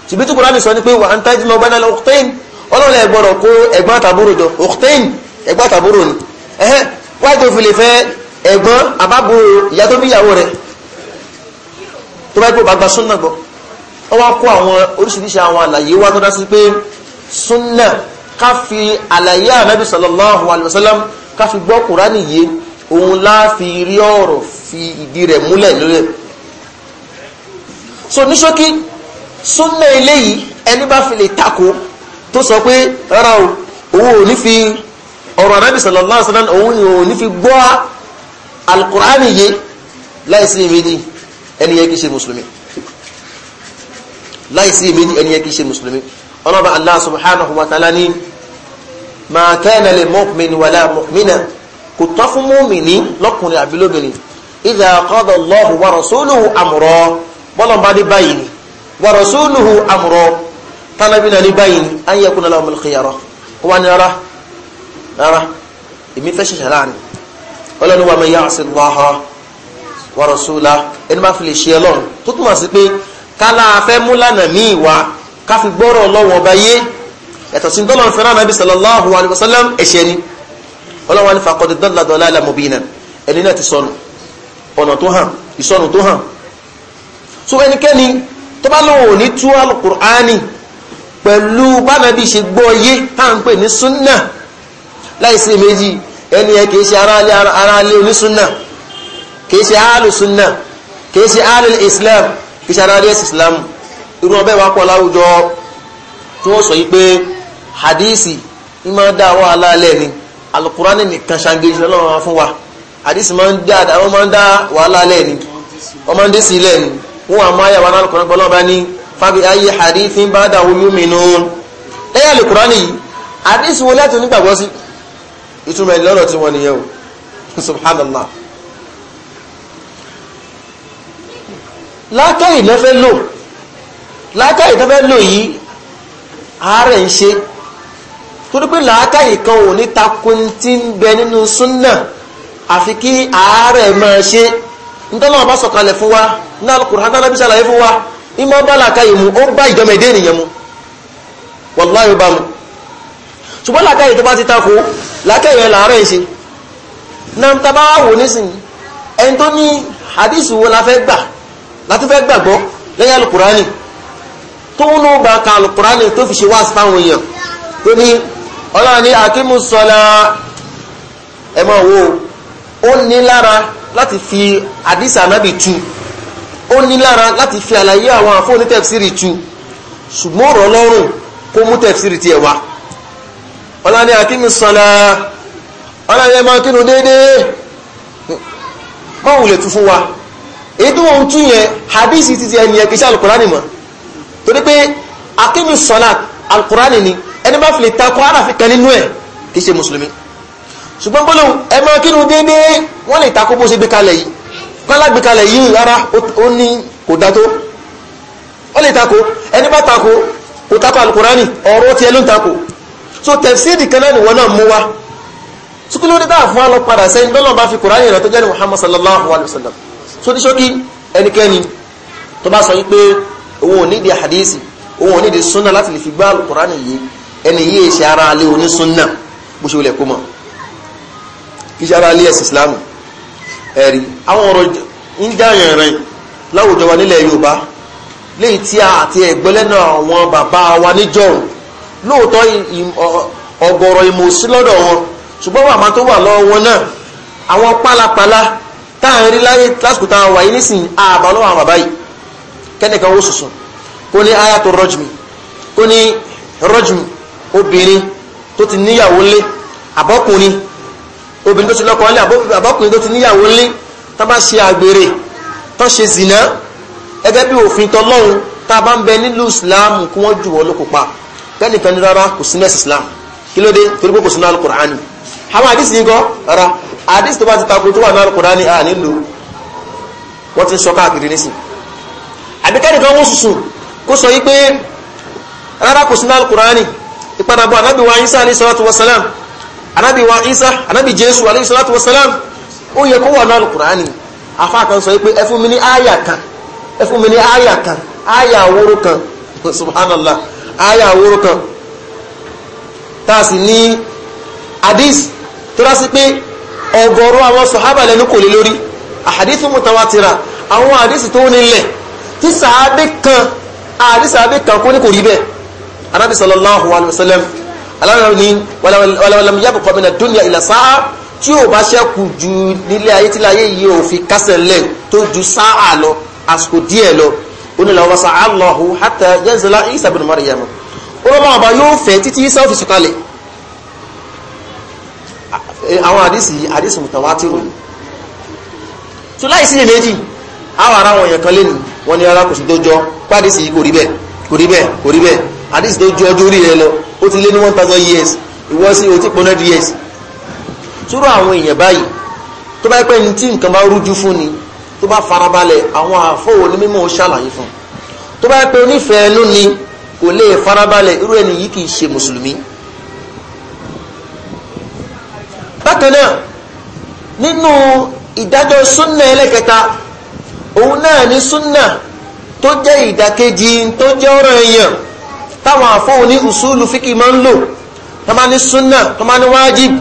tìbí tó kúránì sọ ní pé wà á ń tájú lọ bánálà ọ̀tẹ́yìn ọlọ́lẹ̀ ẹgbọ́rọ̀ kó ẹ̀gbọ́n àtàbúrò jọ ọ̀tẹ́yìn ẹ̀gbọ́n àtàbúrò ni ẹ̀hẹ́ wáyé tó fi lè fẹ́ ẹ̀gbọ́n àbábúrò ìyá tó bí rẹ̀ tó bá gbọ́ bá gba súnà gbọ́ wọ́n wá kó àwọn oríṣiríṣi àwọn àlàyé wá tó dá sí pé súnà ká fi àlàyé ànábì sallallahu alayhi ká fi gbọ́ kùránì yé òun láàfi rí ọ̀rọ̀ fi ìdí rẹ̀ múlẹ̀ lórí ẹ̀ so ní ṣókí súnà eléyìí ẹni bá fi lè takò tó sọ pé rárá o òun ò ní fi ọ̀rọ̀ ànábì sallallahu alayhi wa sallam òun ò ní fi gbọ́ alukùránì yé láìsí ìmìnira ẹni yẹ kí ṣe mùsùlùmí láìsí ìmìnì ẹni yẹ kí ṣe mùsùlùmí ọlọ́ba Allah subhanahu wa ta'ala ní ma kana lil mu'min wala mu'mina kò tọ́ fún mọ́mìnì lọ́kùnrin àbí lóbìnrin idha qada Allahu wa rasuluhu amra bọ́lọ̀mbá ní báyìí ni wa rasuluhu amra tánàbínà ní báyìí ni wa rasula ẹni máa fi lè ṣe ọlọ́run tó túmọ̀ sí pé kálá afẹ́ mú lànà míì wá ká fi gbọ́rọ̀ ọlọ́wọ́ ọba yé yàtọ̀ sí dọ́là ń fẹ́ràn nàbí sallallahu alayhi wa sallam ẹ̀ṣẹ̀ ni ọlọ́wọ́ ni faqad dalla dalalan mubina ẹni náà ti sọnù ọ̀nà tó hàn ìsọnù tó hàn so ẹnikẹ́ni tó bá lóun ò tú alukur'ani pẹ̀lú bánàbí ṣe gbọ́ yé tá à ń pè ní súnà láìsí méjì ẹni ẹ kì í ṣe aráalé onísúnà kìí ṣe áàlù súnà kìí ṣe áàlù islam kìí ṣe aráàlú ẹ̀sì islam irú ọbẹ̀ wà pọ̀ láwùjọ tí wọ́n sọ yí pé hadisi ní máa dá àwọn aláàlẹ̀ ni alukurani nìkan ṣàǹgejì lọ́wọ́ fún wa hadisi máa ń dá àwọn máa ń dá wàhálà alẹ́ ni wọ́n máa ń dé sí ilẹ̀ ni wọ́n àmọ́ àyàwó alukurani pọ̀ subhanallah lákàyè lẹ́fẹ́ lò lákàyè lẹ́fẹ́ lò yìí ààrẹ ń ṣe torí pé làákàyè kan ò ní takun tí ń bẹ nínú súnà àfi kí ààrẹ máa ṣe nítorí wọn bá sọ̀kalẹ̀ fún wa náà Al-Qur'an náà ṣàlàyé fún wa ìmọ̀ bá làákàyè mu ó bá ìjọba èdè ènìyàn mu wàláyé bá mu ṣùgbọ́n làákàyè tó bá ti takò làákàyè làárẹ̀ ṣe náà tá wò nísìnyí ẹni tó ní hadith wo la fẹ́ gbà láti fẹ́ gbàgbọ́ lẹ́yìn alukurani tó ń lò bá ka alukurani tó fi ṣe wá sí fáwọn èèyàn tó ní ọlọ́run ní akímù sọlá ẹ máa wo ó ní lára láti fi àdìsá anábì tu ó ní lára láti fi àlàyé àwọn àfọ́ní tẹ̀fsírì tu ṣùgbọ́n ọ̀rọ̀ ọlọ́run kó mú tẹ̀fsírì tiẹ̀ wá ọlọ́run ní akímù sọlá ọlọ́run ẹ máa kínú déédéé máa wùlẹ̀ tu fún wa èyí tó wọ́n tún yẹn hadisi ti ti ẹni yẹn kì í ṣe alukurani mọ̀ torí pé akínú sọ́nà alukurani ni ẹni bá fi lè ta kọ́ àràfin kan nínú ẹ̀ kì í ṣe mùsùlùmí ṣùgbọ́n bọ́lọ̀ ẹ máa kínú déédéé wọ́n lè ta kó bó ṣe gbé kalẹ̀ yìí kọ́lá gbé kalẹ̀ yìí rárá ó ní kò dá tó ó lè takò ẹni bá takò kò takò alukurani ọ̀rọ̀ tiẹ̀ ló ń takò so tẹ̀síìdì kan náà ni wọ́n náà mú wa sukulu ní dáa fún wa lọ padà sẹ́yìn bẹ́ẹ̀ bá fi kurani rẹ̀ tó jẹ́ ni Muhammad sallallahu alayhi wa sallam so ní ṣókí ẹnikẹ́ni tó bá sọ wípé òun ò nídìí hadisi òun ò nídìí súnà láti lè fi gbá alukurani yìí ẹni yìí ṣe ara alẹ́ oní súnà bó ṣe wulẹ̀ kó mọ̀ kí ṣe ara alẹ́ ẹ̀sìn islam ẹ̀rí àwọn ọ̀rọ̀ ń jáyàn rẹ̀ láwùjọ wa nílẹ̀ yorùbá léyìí tí a àti ẹ̀gbẹ́lẹ́nà àwọn bàbá wa níjọ́rùn lóòótọ́ ọ̀gọ̀rọ̀ ìmọ̀ sí lọ́dọ̀ wọn ṣùgbọ́n bàbá tó wà lọ́wọ́ náà àwọn pálapàla ta ń erila láyé lásìkò táà wà yìí nísìnyí àbá lọ́wọ́ àwọn bàbá kẹ́nìkan ó sùsùn kó ní ayàtò kó ní obìnrin tó ti níyàwó lé àbọ́kùnrin obìnrin tó ti lọ́kọ lé àbọ́kùnrin tó ti níyàwó lé tá bá ṣe àgbèrè tó ṣe zìnà ẹgẹ́ bí òfin tá a bá ń bẹ nílùú islam kí wọ́n jù wọ́n pa kẹ́nìkan islam torí pé kò sí àdìsí tó bá ti takò tó wà náà kò dání à nílò wọ́n ti ń sọ káàkiri nísìn àbíkẹ́ni kan wọ́n sùsùn kó sọ yìí pé rárá kò sí náà kùránì ìpadàbọ̀ anábì wa isa alayhi salatu wa salam anábì wa isa anábì jésù alayhi salatu wa salam ó yẹ kó wà náà kùránì afá kan sọ yìí pé mi ní àyà kan ẹ mi ní àyà kan àyà àwòrò kan subhanallah àyà àwòrò kan tá a sì ní àdìsí tó dá sí pé ọ̀gọ̀rọ̀ àwọn sọ̀hábà lẹ́nu kò lè lórí àhàdísì mutawatira àwọn àdísì tó nílẹ̀ tí sàábé kan àdísì àbé kan kó ní kò rí bẹ́ẹ̀ anábì sallallahu alayhi wa sallam aláwọ̀ ni wàlàwàlàm yabqa ila sáà tí ò bá ṣẹ́kù ju nílé ayé tílé ayé yìí ò fi kásẹ̀ lẹ̀ tó ju sáà lọ àsìkò díẹ̀ lọ ó ní làwọn sàá lọ́hùn hatta yanzila Isa bin Eh, àwọn àdísì àdísì mùtàwátìrò ni tó láìsí èméjì àwọn ará wọn yẹn kan lé ní wọn ni ara kò sí tó jọ pé àdísì kò rí bẹ́ẹ̀ kò rí bẹ́ẹ̀ kò rí bẹ́ẹ̀ àdísì tó jọ ọjọ́ orí rẹ lọ ó ti lé ní one thousand years ìwọ sí o ti pọn hundred years túrò àwọn èèyàn báyìí tó bá pẹ́ ní tí nǹkan bá rújú fún ni tó bá farabalẹ̀ àwọn àfọwò ní mímọ́ ṣàlàyé fún tó bá pẹ́ onífẹ̀ẹ́ lónìí kò lè farabalẹ̀ irú ẹni yìí kì í ṣe mùsùlùmí bákan náà nínú ìdájọ́ súnà ẹlẹ́kẹta òun náà ní súnà tó jẹ́ ìdàkejì tó jẹ́ ọ̀rọ̀ èèyàn táwọn àfọ́hùn ní ùsùlù fíkì máa ń lò tó bá ní súnà tó bá ní wájib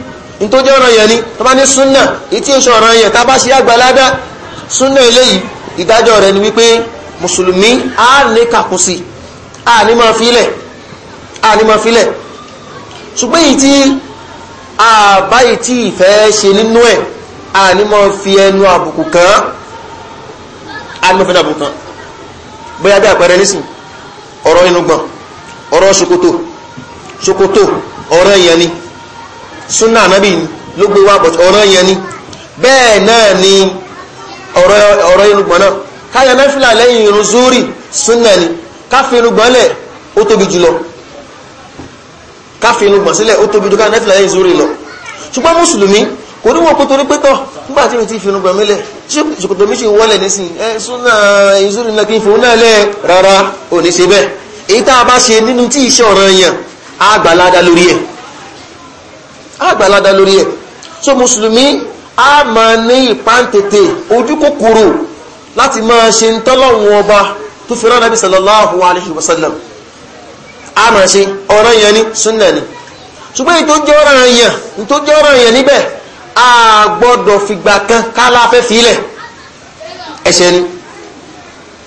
tó jẹ́ ọ̀rọ̀ èèyàn ni tó bá ní súnà ìtí oṣù ọ̀rọ̀ èèyàn tá bá ṣe àgbàládá súnà eléyìí ìdájọ́ rẹ̀ ni wípé mùsùlùmí á ní kàkùsì á ní máa filẹ̀ á ní máa filẹ̀ ṣùgbọ́n èyí àbáyìí tí ìfẹ́ ṣe nínú ẹ̀ ànímọ̀ fi ẹnu àbùkù kan ànímọ̀ fi ẹnu àbùkù kan bóyá bí àpẹẹrẹ nísìn ọ̀rọ̀ inú gbọ̀n ọ̀rọ̀ ṣòkòtò ṣòkòtò ọ̀rọ̀ yẹn ni súnà ànábì ló gbé wá bọ̀tọ̀ ọ̀rọ̀ yẹn ni bẹ́ẹ̀ náà ni ọ̀rọ̀ inú gbọ̀n náà káyọ̀ mẹ́fìlà lẹ́yìn irun zúrì súnà ni káfí inú gbọ̀n lẹ̀ ó tóbi jùlọ káfí inú gbọ̀n sílẹ̀ ó tóbi dúkà nẹ́fìlà yẹn ìzórí lọ ṣùgbọ́n mùsùlùmí kò ní wọ́n pé torí pétọ́ nígbà tí mi ti fi inú gbọ̀n mílẹ̀ ṣòkòtò mi ṣe wọlẹ̀ nísìn ẹ súnà ìzórí náà kí n fòun náà lẹ̀ rárá ò ní ṣe bẹ́ẹ̀ èyí tá a bá ṣe tó fi rán nàbì sallallahu alaihi wasallam a máa ṣe ọ̀ràn yẹn ní súnà ni ṣùgbọ́n èyí tó jẹ́ ọ̀ràn yẹn tó jẹ́ ọ̀ràn yẹn níbẹ̀ a gbọ́dọ̀ fìgbà kan kálá fẹ́ filẹ̀ ẹ̀ṣẹ̀ ni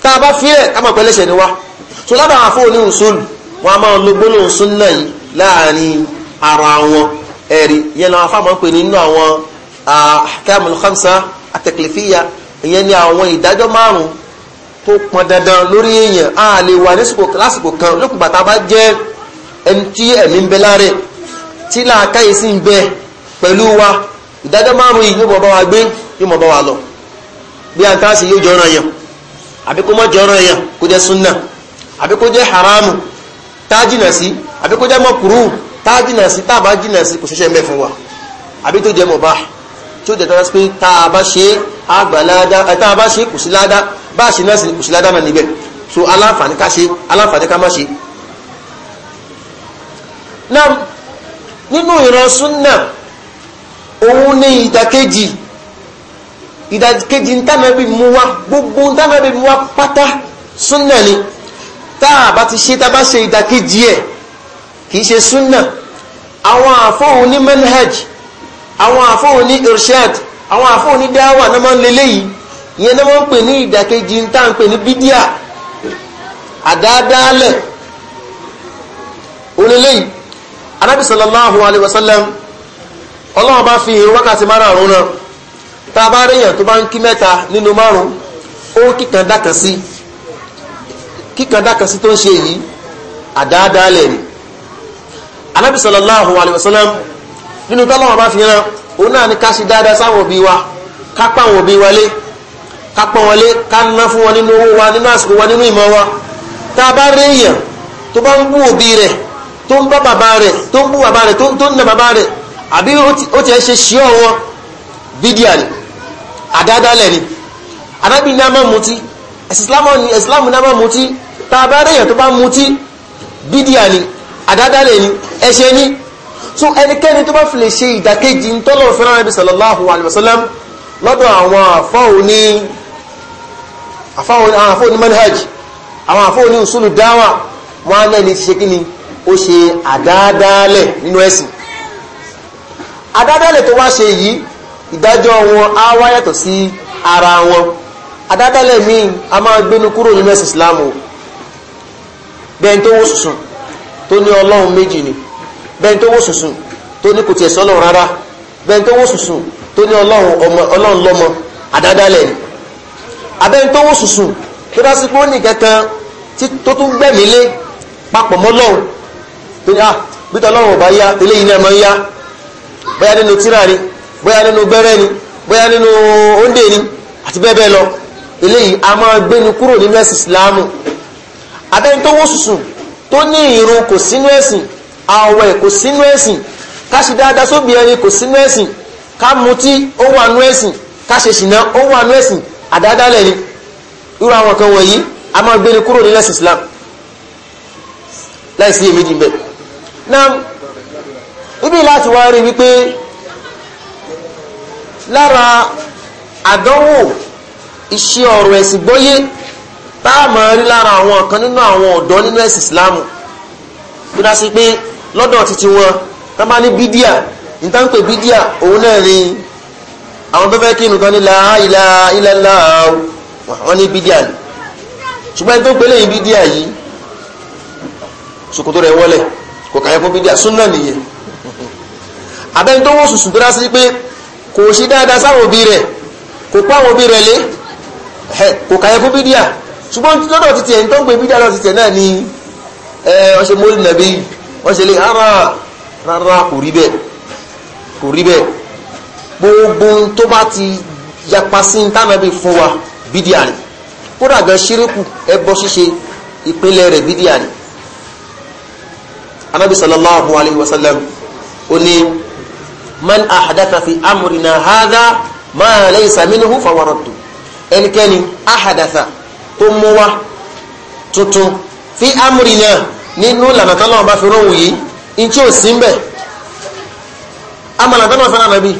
tá a bá filẹ̀ ká máa pẹ́ ni wá so lábàá àwọn afọ́ oníhùn sólù wọn a máa lo gbólóhùn súnà yìí láàrin ara wọn ẹ̀rí yẹn làwọn afọ́ máa ń pè nínú àwọn ahkamul khamsa at ìyẹn ni àwọn ìdájọ́ márùn-ún tó pọn dandan lórí èèyàn a lè wà lásìkò kan lókùn bàtà bá jẹ́ ẹni tí ẹ̀mí ń bẹ láre tí láàkáyè sí ń bẹ pẹ̀lú wa ìdájọ́ márùn-ún yìí yóò mọ̀ bá wa gbé yóò mọ̀ bá wa lọ bí àǹtáàsì yóò jọra yàn àbí kó mọ́ jọra yàn kó jẹ́ súnà àbí kó jẹ́ haramu tájìnà sí àbí kó jẹ́ mọ̀kúrú tájìnà sí tàbá jìnà sí kò ṣẹṣẹ́ mẹ́ wa àbí tó jẹ́ mọ̀bá tí ó jẹ́ tọ́lá sí pé tá a bá ṣe é àgbàládá ẹ̀tàn bá ṣe kù sí ládá bá ṣe náà sì kù sí ládá mà níbẹ̀ so aláǹfààní ká ṣe aláǹfààní ká má ṣe. náà nínú ìran súnà òun ní ìdàkejì ìdàkejì ntànàbí mú wá gbogbo ntànàbí mú wá pátá súnà ni tá a bá ti ṣe tá a bá ṣe ìdàkejì ẹ̀ kì í ṣe súnà àwọn àfọ̀hún ní manhaj àwọn àfọ̀hún ní irshad àwọn àfóò ní dáwà náà máa ń lélẹ́ yìí ìyẹn náà máa ń pè ní ìdàkejì ń tà ń pè ní bídíà àdáadáalẹ̀ onílé yìí anábì sallallahu alayhi wa sallam ọlọ́run bá fi ìrun wákàtí márùn-ún náà tá a bá ríyàn tó bá ń kí mẹ́ta nínú márùn-ún ó kíkan dákan sí kíkan dákan sí tó ń ṣe yìí àdáadáalẹ̀ ni anábì sallallahu alayhi nínú tọ́lọ́wọ́n bá fi ran òun náà ni ká ṣe dáadáa sáwọn òbí wa ká pa àwọn òbí wa lé ká pọ́n wọn ká ná fún wọn nínú owó wa nínú àsìkò wa nínú ìmọ̀ wa tá a bá rí èèyàn tó bá ń bú òbí rẹ̀ tó ń bá bàbá rẹ̀ tó ń bú bàbá rẹ̀ tó ń na bàbá rẹ̀ àbí ó ti ẹ̀ ṣe ṣíọ́ wọn bídíà ni àdádálẹ̀ ni adábí ní a máa mutí ẹ̀sìlámù ní a máa mutí tá a bá rí èèyàn tó bá mutí bídíà ni àdádálẹ̀ ni ẹ̀ṣẹ̀ ni so ẹnikẹ́ni tó bá fi lè ṣe ìdàkejì ntọ́lọ́ òfin rárá ibi sallallahu alayhi wa sallam lọ́dọ̀ àwọn àfáwò ní àfáwò ní manhaj àwọn àfáwò ní usulu dáwà wọn á lẹ́ni ti ṣe kí ni ó ṣe àdáadáalẹ̀ nínú ẹ̀sìn àdáadáalẹ̀ tó wá ṣe yìí ìdájọ́ wọn á wá yàtọ̀ sí ara wọn àdáadáalẹ̀ míì a máa gbénu kúrò nínú ẹ̀sìn islam o bẹ́ẹ̀ tó tó ní bẹ́ẹ̀ tó wó sùsù tó ní kò tiẹ̀ sọ́lọ̀ rárá bẹ́ẹ̀ tó wó sùsù tó ní ọlọ́run lọ́mọ àdádálẹ̀ ni abẹ́ẹ̀ tó wó sùsù tó bá sí pé ó ní kankan tó tún gbẹ̀mí lé papọ̀ mọ́ lọ́run tó ní ah bí tọ́lọ́run ò yá tẹ́lẹ̀ yìí náà máa yá bóyá nínú tírà ni bóyá nínú bẹ́rẹ́ ni bóyá nínú oúnjẹ ni àti bẹ́ẹ̀ bẹ́ẹ̀ lọ eléyìí a máa gbéni kúrò nínú ẹ̀sìn ìsìláàmù abẹ́ni tó wó sùsù tó ní ìrun kò sínú ẹ̀sìn àwẹ̀ kò sínú ẹ̀sìn ká ṣe dáadáa sóbi ẹni kò sínú ẹ̀sìn ká mutí ó wà nú ẹ̀sìn ká ṣe ṣìnà ó wà ẹ̀sìn àdádálẹ̀ ni irú àwọn kan wọ̀nyí a máa gbé ni kúrò nílẹ̀ Islam láì sí èméjì bẹ́ẹ̀ náà ibi láti wá rí wípé lára àdánwò iṣẹ́ ọ̀rọ̀ ẹ̀sìn gbọ́yé táà máa rí lára àwọn kan nínú àwọn ọ̀dọ́ nínú ẹ̀sìn Islam bí sí pé lọ́dọ̀ títí wọn tá bá ní bídíà ní tá ń pè bídíà òun náà ni àwọn tó fẹ́ kírun kan ní la ilaha illallah wọ́n ní bídíà ni ṣùgbọ́n tó gbélé yìí bídíà yìí ṣòkòtò rẹ̀ wọlẹ̀ kò kàyẹ fún bídíà súnà nìyẹn abẹ́ni tó wọ́n sùsù dúrá sí pé kò ṣe dáadáa sáwọn òbí rẹ̀ kò pa àwọn òbí rẹ̀ lé kò kàyẹ fún bídíà ṣùgbọ́n lọ́dọ̀ títí ẹ̀ ń tó ń bídíà lọ wọ́n ṣe lè ara rárá kò rí bẹ́ẹ̀ kò rí bẹ́ẹ̀ gbogbo tó bá ti yapa sí tánàbí fún wa bídíà ni kódà gan ṣíríkù ẹbọ ṣíṣe ìpínlẹ̀ rẹ̀ bídíà ni anábì sallallahu alayhi wa sallam ó ní man ahadatha fi amrina hadha ma laysa minhu ẹnikẹ́ni ahadatha tó mú wa tuntun fi amrina nínú ìlànà tọ́lọ́ ọba fi róhùn yìí in tí ò sí ń bẹ̀ amọ̀nà tọ́lọ́ fẹ́ràn nàbí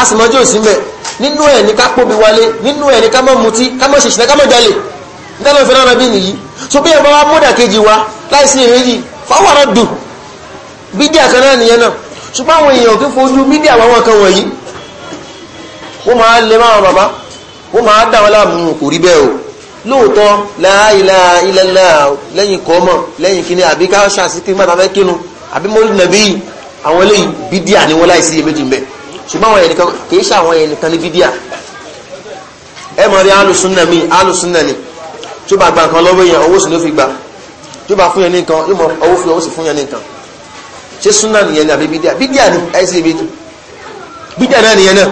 a sì mọ́jú ò sí ń bẹ̀ nínú ẹ̀ ní ká póbi wálé nínú ẹ̀ ní ká mọ́ mutí ká mọ́ ṣèṣìnà ká mọ́ jalè tọ́lọ́ fẹ́ràn nàbí nìyí so bí ẹ̀bá wa múdà kejì wa láìsí ìrèjì fáwọn dùn bídíà kan náà nìyẹn náà ṣùgbọ́n àwọn èèyàn kí fojú bídíà àwọn kan wọ̀nyí wọ́n máa lè máa bàbá wọ́n máa dà láàmú kò rí bẹ́ẹ̀ o lóòótọ́ la ilaha illallah lẹ́yìn kọ́mọ̀ lẹ́yìn kíní àbí ká ṣàṣì kí mọ́ta fẹ́ kínú àbí mọ́rí nàbí àwọn eléyìí bídíà ni wọ́n láìsí iyèméjì ń bẹ ṣùgbọ́n àwọn ẹnìkan kìí ṣe àwọn ẹnìkan ní bídíà ẹ mọ̀ rí alùsùnà mi alùsùnà ni tó bá gba nǹkan lọ́wọ́ yẹn owó sì ló fi gba tó bá fún yẹn ní nǹkan yóò mọ owó fi owó sì fún yẹn ní nǹkan ṣé súnà nìyẹn ni àbí bídíà bídíà ni ẹ sì bídíà náà nìyẹn náà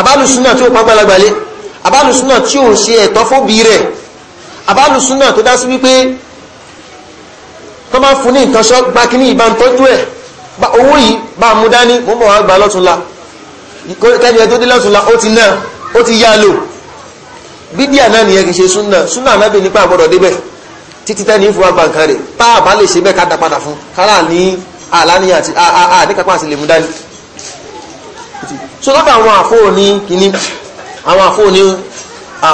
àbálùsùnà tó pàgbàlagbà lé abálùsúnà tí ò ṣe ẹ̀tọ́ fóbi rẹ̀ abálùsúnà tó dá sí wípé tó bá fún ní ìtọ́ṣọ́ gbá kí ní ìbá ń tọ́jú ẹ̀ owó yìí bá mú dání mú mọ̀ wá gbà lọ́túnla kẹ́ni ẹ tó dé lọ́túnla ó ti náà ó ti yá lò bídíà náà nìyẹn kì í ṣe súnà súnà náà bí nípa àgbọ̀dọ̀ débẹ̀ títí tẹ́ ní ìfowópamọ́ nǹkan rẹ̀ tá a bá lè ṣe bẹ́ẹ̀ ká dá padà fún kárà ní àlàníyàn àti àdékápá àti lè mú dání so lọ́dọ̀ àwọn àfóò ní kínní àwọn àfóòní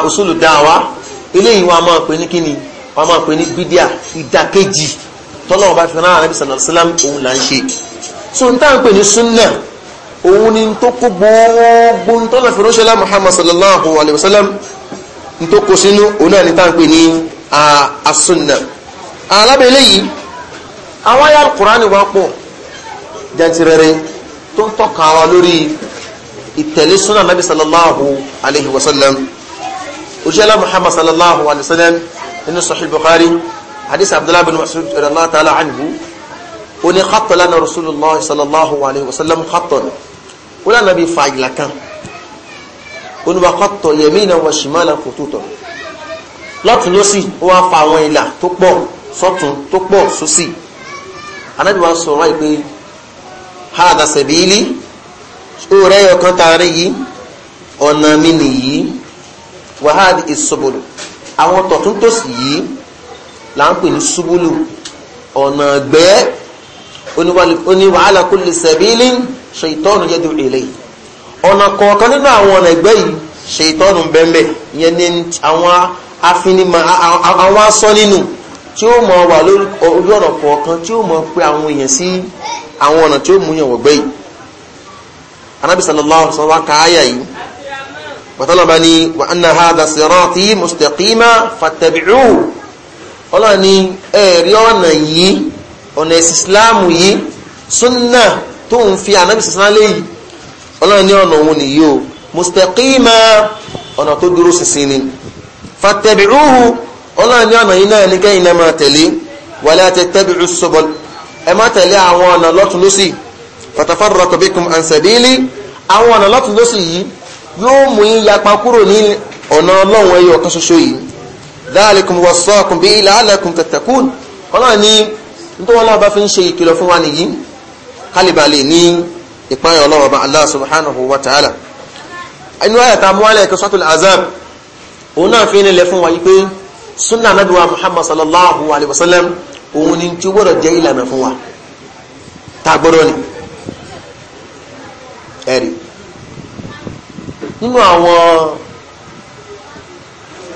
usulu da'wa eléyìí wọn a máa pè ní kíni wọn a máa pè ní bídíà ìdàkejì tọ́lọ́wọ́ bá fi ránà àrẹ́bìsàn àṣìlám òun là ń ṣe so n táà ń pè ní súnnà òun ni tó kó gbogbo tọ́lọ̀ fi ránṣẹ́lá muhammad sallallahu alayhi wa sallam tó kó sínú òun náà ni táà ń pè ní asúnnà alábẹ́lẹ́ yìí àwọn ayé alukurani wá pọ̀ jantirẹrẹ tó ń tọ́ka wa lórí ìtẹ̀lé súnà nàbí sallallahu alaihi wasallam òṣèlá muhammad sallallahu alaihi wasallam nínú sahih bukhari hadith abdullah bin masud radiyallahu ta'ala anhu ó ní khatta lana rasulullah sallallahu alaihi wasallam khatta ó lànà bí fàyìlà kan ó ní wa khatta yaminan wa shimalan khututan lọ́tún lọ́sì ó wá fa àwọn ìlà tó pọ̀ sọ́tún tó pọ̀ sósì anábìwá sọ̀rọ̀ àìpé hadha sabili ó rẹ́ ọkàn tààrí yìí ọ̀nà mi nìyí wahad ìsọ̀bọ̀lù àwọn tọ̀túntòsì yìí là ń pè ní ṣubúlù ọ̀nà ẹ̀gbẹ́ oní wàhálà kulli sabilin ṣèitọ́nù yẹ́dù èlé ọ̀nà kọ̀ọ̀kan nínú àwọn ọ̀nà ẹ̀gbẹ́ yìí ṣèitọ́nù bẹ́ẹ̀bẹ́ ìyẹn ní àwọn afinima àwọn asọ́ nínú tí ó mọ̀ wà lórí ọ̀nà kọ̀ọ̀kan tí ó mọ̀ pé àwọn èèyàn sí àwọn ọ̀nà tí ó mú yàn wọ̀gbẹ́ yìí anábì sallallahu alaihi wasallam ka àyà yìí pàtàlọ́ba ni wà anna hadha sirati mustaqima fattabi'uhu ọlọ́run ni ẹ̀rí ọ̀nà yìí ọ̀nà ẹ̀sìn islam yìí súnà tó ń fi ànábì sísan léyìí ọlọ́run ní ọ̀nà òun nìyí o mustaqima ọ̀nà tó dúró ṣinṣin ni fattabi'uhu ọlọ́run ní yìí náà ní tẹ̀lé àwọn ọ̀nà lọ́tún lọ́sì fatafarraqa bikum an sabili àwọn ọ̀nà lọ́tún lọ́sì yìí yóò mú yín yapa kúrò ní ọ̀nà ọlọ́run ẹyọ kan ṣoṣo yìí dhalikum wassakum bihi la'allakum tattaqun ọlọ́run ní nítorí ọlọ́run bá fi ń ṣe ìkìlọ̀ fún wa nìyí kálíbalè ní ìpáyọ̀ ọlọ́run ọba Allah subhanahu wa ta'ala inú ayàtà mọ́lẹ̀ ẹ̀kọ́ sọ́tún azab òun náà fi nílẹ̀ fún wa yí pé súnà nábíwá muhammad sallallahu alaihi wasallam òun ni tí ó gbọ́dọ̀ jẹ́ ìlànà fún wa tá gbọ́dọ̀ ni nínú àwọn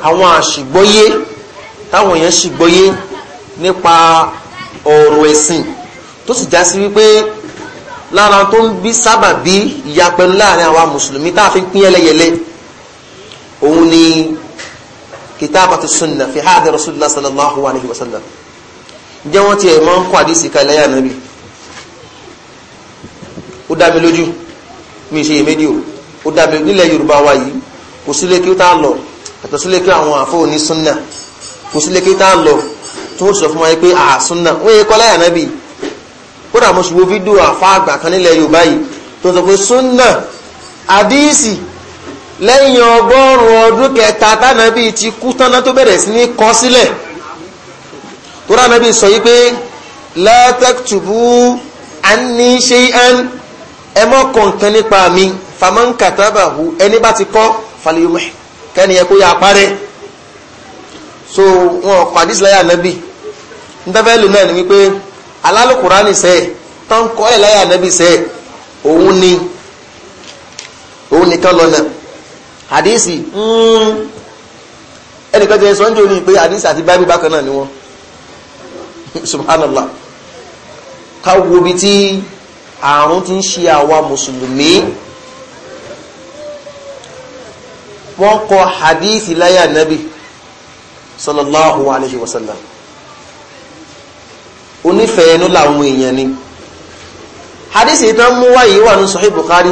àwọn àṣìgbọ́yé táwọn èèyàn ṣìgbọ́yé nípa ọ̀rọ̀ ẹ̀sìn tó sì já sí wípé lára tó ń bí sábà bí ìyapẹnu láàrin àwa mùsùlùmí tá a fi ń pín yẹlẹyẹlẹ òun ni kitabatu sunna fi hadi rasulillah sallallahu alayhi wa sallam ǹjẹ́ wọ́n ti ẹ̀ máa ń kọ́ àdísì ká ilẹ̀ yànnà bí ó dá mi lójú mi ṣe èmédìí o ó dàbí nílẹ̀ yorùbá wa yìí kò sílé kí ó tá lọ yàtọ̀ sílé kí àwọn àfọ òní súnà kò sílé kí ó tá lọ tó ń sọ fún wa yìí pé àà súnà ó yẹ kọ́lá yànábì kódà mo ṣùgbọ́n fídíò àfa àgbà kan nílẹ̀ yorùbá yìí tó ń sọ pé súnà àdíìsì lẹ́yìn ọgọ́rùn-ún ọdún kẹta tánàbí ti kú tánà tó bẹ̀rẹ̀ sí ní kọ sílẹ̀ tó ránàbí sọ yí pé la taktubu anni shay'an nípa mi faman katabahu ẹni bá ti kọ́ falyumih kẹ́ni ẹ kó parẹ́ so wọn pàdís láyà nẹ́bì ntẹ́fẹ́lù náà ni wípé alálùkùránì sẹ́ tán kọ́ ẹ̀ láyà nẹ́bì sẹ́ òun ni òun nìkan lọ́nà àdísì ẹnìkan jẹ́ sọ́njọ́ ní pé àdísì àti báíbù bákan náà ni wọ́n subhanallah ká wo bí tí àrùn ti ń ṣe àwa mùsùlùmí wọ́n kọ hadithi láyà nabi sallallahu alayhi wa sallam onífẹ̀ẹ́ inú làwọn èèyàn ni hadithi ìtàn mú wáyé wà ní sahih bukhari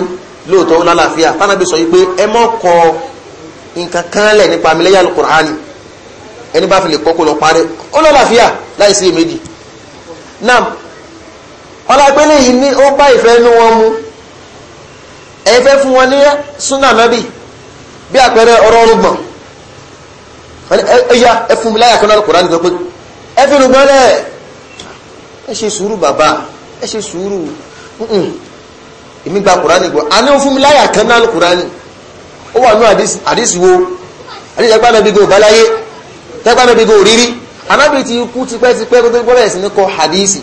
lóòótọ́ lálàáfíà tánàbí sọ wípé ẹ mọ́ kọ nǹkan kan lẹ̀ nípa mi lẹ́yà alukur'ani ẹni bá fi lè kọ́kọ́ lọ parí ó lálàáfíà láì sí èméjì náà ọlápẹ́lẹ́ yìí ní ó bá ìfẹ́ fún wọn ní súnà nábì bí àpẹẹrẹ ọ̀rọ̀ ọlọ́gbọ̀n ẹ̀yà ẹfún mi láyà kan náà kòrán nìkan pé ẹfínú gbọ́lẹ̀ ẹ ṣe sùúrù bàbá ẹ ṣe sùúrù èmi gba kòrán nìkan àní ó fún mi láyà kan náà kòrán ó wà ní àdísìwò àdísìgbà náà bí gbò báláyé tẹ́gbà náà bí gbò rírí anábì ti kú tipẹ́tipẹ́ tó gbọ́lẹ̀ sí ní kọ àdísì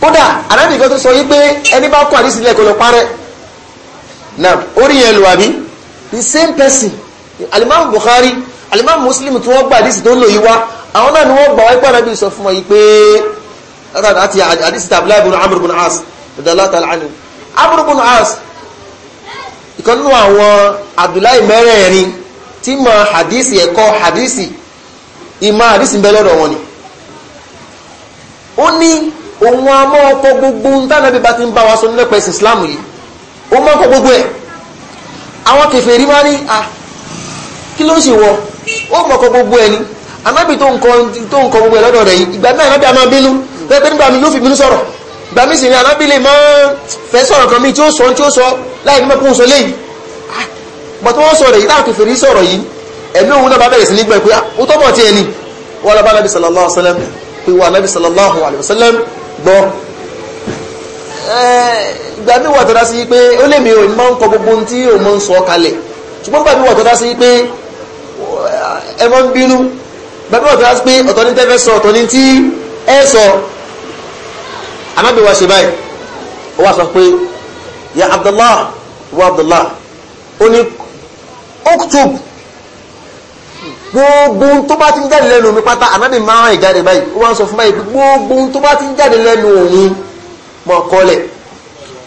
kódà anábì kan tó sọ yí pé ẹni bá kọ àdísì lẹ́kọ̀ọ́ lọ parẹ́ náà orí yẹn lù àbí the same person Alimam Bukhari Alimam Muslim tí wọ́n gba àdísì tó ń lò yí wá àwọn náà ni wọ́n gbà wáyé pàdánù sọ fún wọn yìí pé àti àdísì tàbí láìbùn Amr ibn As radiyallahu ta'ala anhu As ìkan nínú àwọn Abdullahi mẹ́rẹ̀ẹ̀rin tí mọ hadisi ẹ̀kọ́ hadisi ìmọ̀ hadisi bẹ́ lọ́dọ̀ wọn ni ó ní òun a mọ́ ọkọ̀ gbogbo ń tánàbí bá ti ń bá wa sọ nílẹ̀pẹ̀ Islam yìí ó mọ́ ọkọ̀ gbogbo ẹ̀ àwọn kèfèrí wá ní à ah, kí ló ń ṣe wọ ó mọ̀kọ gbogbo ẹni anábì tó ń kọ gbogbo ẹ̀ lọ́dọ̀ rẹ̀ yìí ìgbà náà anábì àmà bínú pẹ́pẹ́ nígbà mi yóò fi bínú sọ̀rọ̀ ìgbà mi sì ní anábì lè máa fẹ́ sọ̀rọ̀ kan mi tí ó sọ tí ó sọ láì ní mẹ́kún sọ léyìí ah, bọ̀tọ́ wọ́n sọ̀rọ̀ yìí táwọn kèfèrí sọ̀rọ̀ yìí ẹ̀mí òun náà bá bẹ̀rẹ̀ sí ní gbẹ̀ pé ah, ó tọ́mọ̀ tí ẹni wọ́n ìgbà mi wà tọ́da sí pé ó lè mi ò máa ń kọ gbogbo ohun tí òun máa ń sọ kalẹ̀ ṣùgbọ́n gbà mi wà tọ́da sí pé ẹ máa ń bínú gbà mi wà tọ́da sí pé ọ̀tọ̀ ní tẹ́fẹ́ sọ ọ̀tọ̀ ní tí ẹ sọ anábìwá ṣe báyìí ó wá sọ pé ya Abdullah wa Abdullah ó ní oktub gbogbo tó bá ti ń jáde lẹ́nu mi pátá anábì máa ń jáde báyìí ó wá sọ fún báyìí gbogbo tó bá ti ń jáde lẹ́nu òun mọ́ kọ́lẹ̀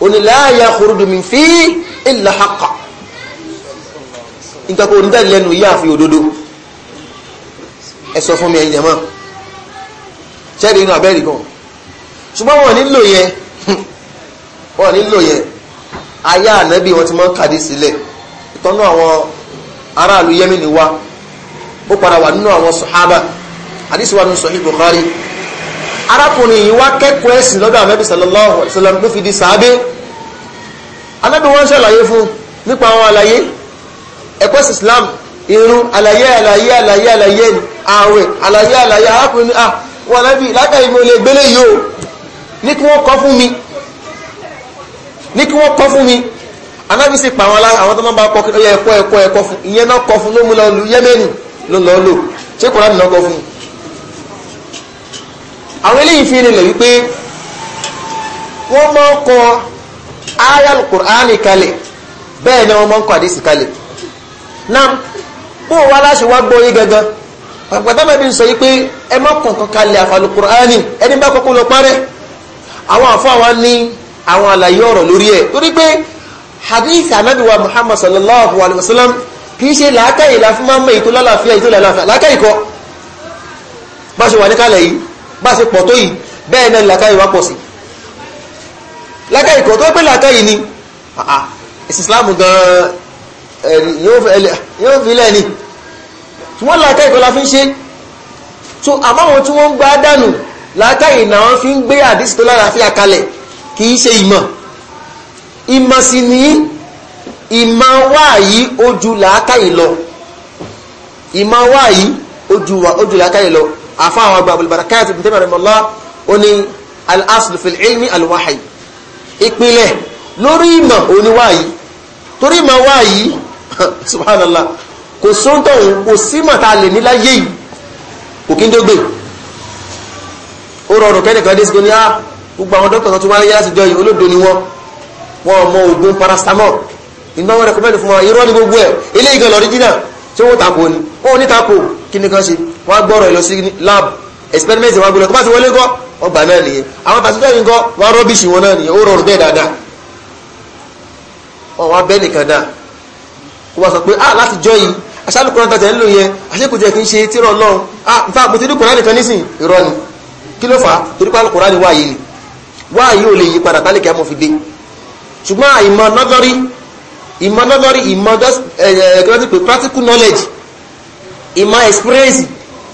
oníláyà kúrúdùmí fi ìlà haqqa nǹkan kó ní tẹ́lẹ̀ lẹ́nu yíyá fi òdodo ẹ sọ fún mi ẹ̀yin jẹ̀mọ́ ṣẹ́ẹ̀dì inú abẹ́rì kan ṣùgbọ́n wọn nílò yẹn wọn nílò yẹn ayé ànábì wọn ti mọ́ kàdí sílẹ̀ ìtọ́nú àwọn aráàlú yẹ́mìnì wa ó padà wà nínú àwọn sàhábà àdìsíwá nínú Sahih arákùnrin yìí wá kẹ́kọ̀ọ́ ẹ̀sìn lọ́dọ̀ ànábì sallallahu alaihi wasallam tó fi di sàábé ànábì wọ́n ṣàlàyé fún nípa àwọn àlàyé ẹ̀kọ́ islam irun àlàyé àlàyé àlàyé àlàyé ààwẹ̀ àlàyé àlàyé arákùnrin ah wọn ànábì látàrí mi ò lè gbélé yìí o ní kí wọ́n kọ́ fún mi ní kí wọ́n kọ́ fún mi ànábì sì pa àwọn àwọn tó máa bá kọ́ ẹ̀kọ́ ẹ̀kọ́ ẹ̀kọ́ fún ìyẹn náà kọ́ fún ló mú lọ yẹ́mẹ́nì ló lọ́ọ́ lò ṣé kùránì àwọn eléyìí fi rinlẹ̀ wípé wọ́n máa ń kọ ayal Qur'ani kalẹ̀ bẹ́ẹ̀ ni wọ́n máa ń kọ àdísì kalẹ̀ náà bó wá láṣẹ wá gbọ́ yí gangan pàpàtàmà bí n sọ yí pé ẹ má kọ̀ọ̀kan kalẹ̀ àfàlù Qur'ani ẹni bá kọ́kọ́ lọ parẹ́ àwọn àfọ́ àwọn ní àwọn àlàyé ọ̀rọ̀ lórí ẹ̀ torí pé hadith anabi wa muhammad sallallahu alayhi wa sallam kì í ṣe làákàyè láfi máa ń mọ ètò lálàáfíà ètò lálàáfíà làákàyè kọ́ bá ṣe wà ní kalẹ̀ yìí bá ṣe pọ̀ tó yìí bẹ́ẹ̀ náà làkàyè wá pọ̀ sí làkàyè kọ̀ tó pé làkàyè ni ìsìsìláàmù gan-an yóò fi lẹ́ni tí wọ́n làkàyè kọ́ la fi ń ṣe tó àmáwọn tí wọ́n ń gbá dànù làkàyè náà wọ́n fi ń gbé àdísì tó lára fi àkalẹ̀ kì í ṣe ìmọ̀ ìmọ̀ sì ní ìmọ̀ wáyí ojú làkàyè lọ ìmọ̀ wáyí ojú làkàyè lọ àfa àwọn àgbà Abul-Barakati ibn Taymiyyah rahimahullah ó ní al-aslu fil-ilmi al-wahy ìpìlẹ̀ lórí ìmọ̀ oníwáyí torí ìmọ̀ wáyí subhanallah kò sóńtọ̀ òun kò símọ̀ tá a lè ní láyé yìí kò kí ń dógbè ó rọrùn kẹ́nìkan dé sígbó ní ah, gbogbo àwọn dókítà tó wáyé láti jọ ṣé wọ́n tako ni wọ́n ní tako kí ni kan ṣe wọ́n gbọ́rọ̀ lọ sí lab experiment wọ́n gbọ́rọ̀ tó bá ti wọlé gọ́ wọ́n gbà náà nìyẹn àwọn pàṣípẹ́ yìí gọ́ wọ́n rọ́bìṣì wọn náà nìyẹn ó rọrùn bẹ́ẹ̀ dáadáa wọ́n wá bẹ́ẹ̀ nìkan dáa kó wá sọ pé ah láti jọ yìí aṣálùkùnrin tàtẹ̀ ńlò yẹn àṣekùjẹ kì í ṣe tírọ̀ lọ́run ah nfa àpótí ní kùnrin nìkan nísìn irọ́ ni kí ló fà á torí pàlù kùnrin wáyé ni wáyé ò lè yí ìmọ̀ lọ́lọ́rí ìmọ̀ eh, eh, practical knowledge ìmọ̀ experience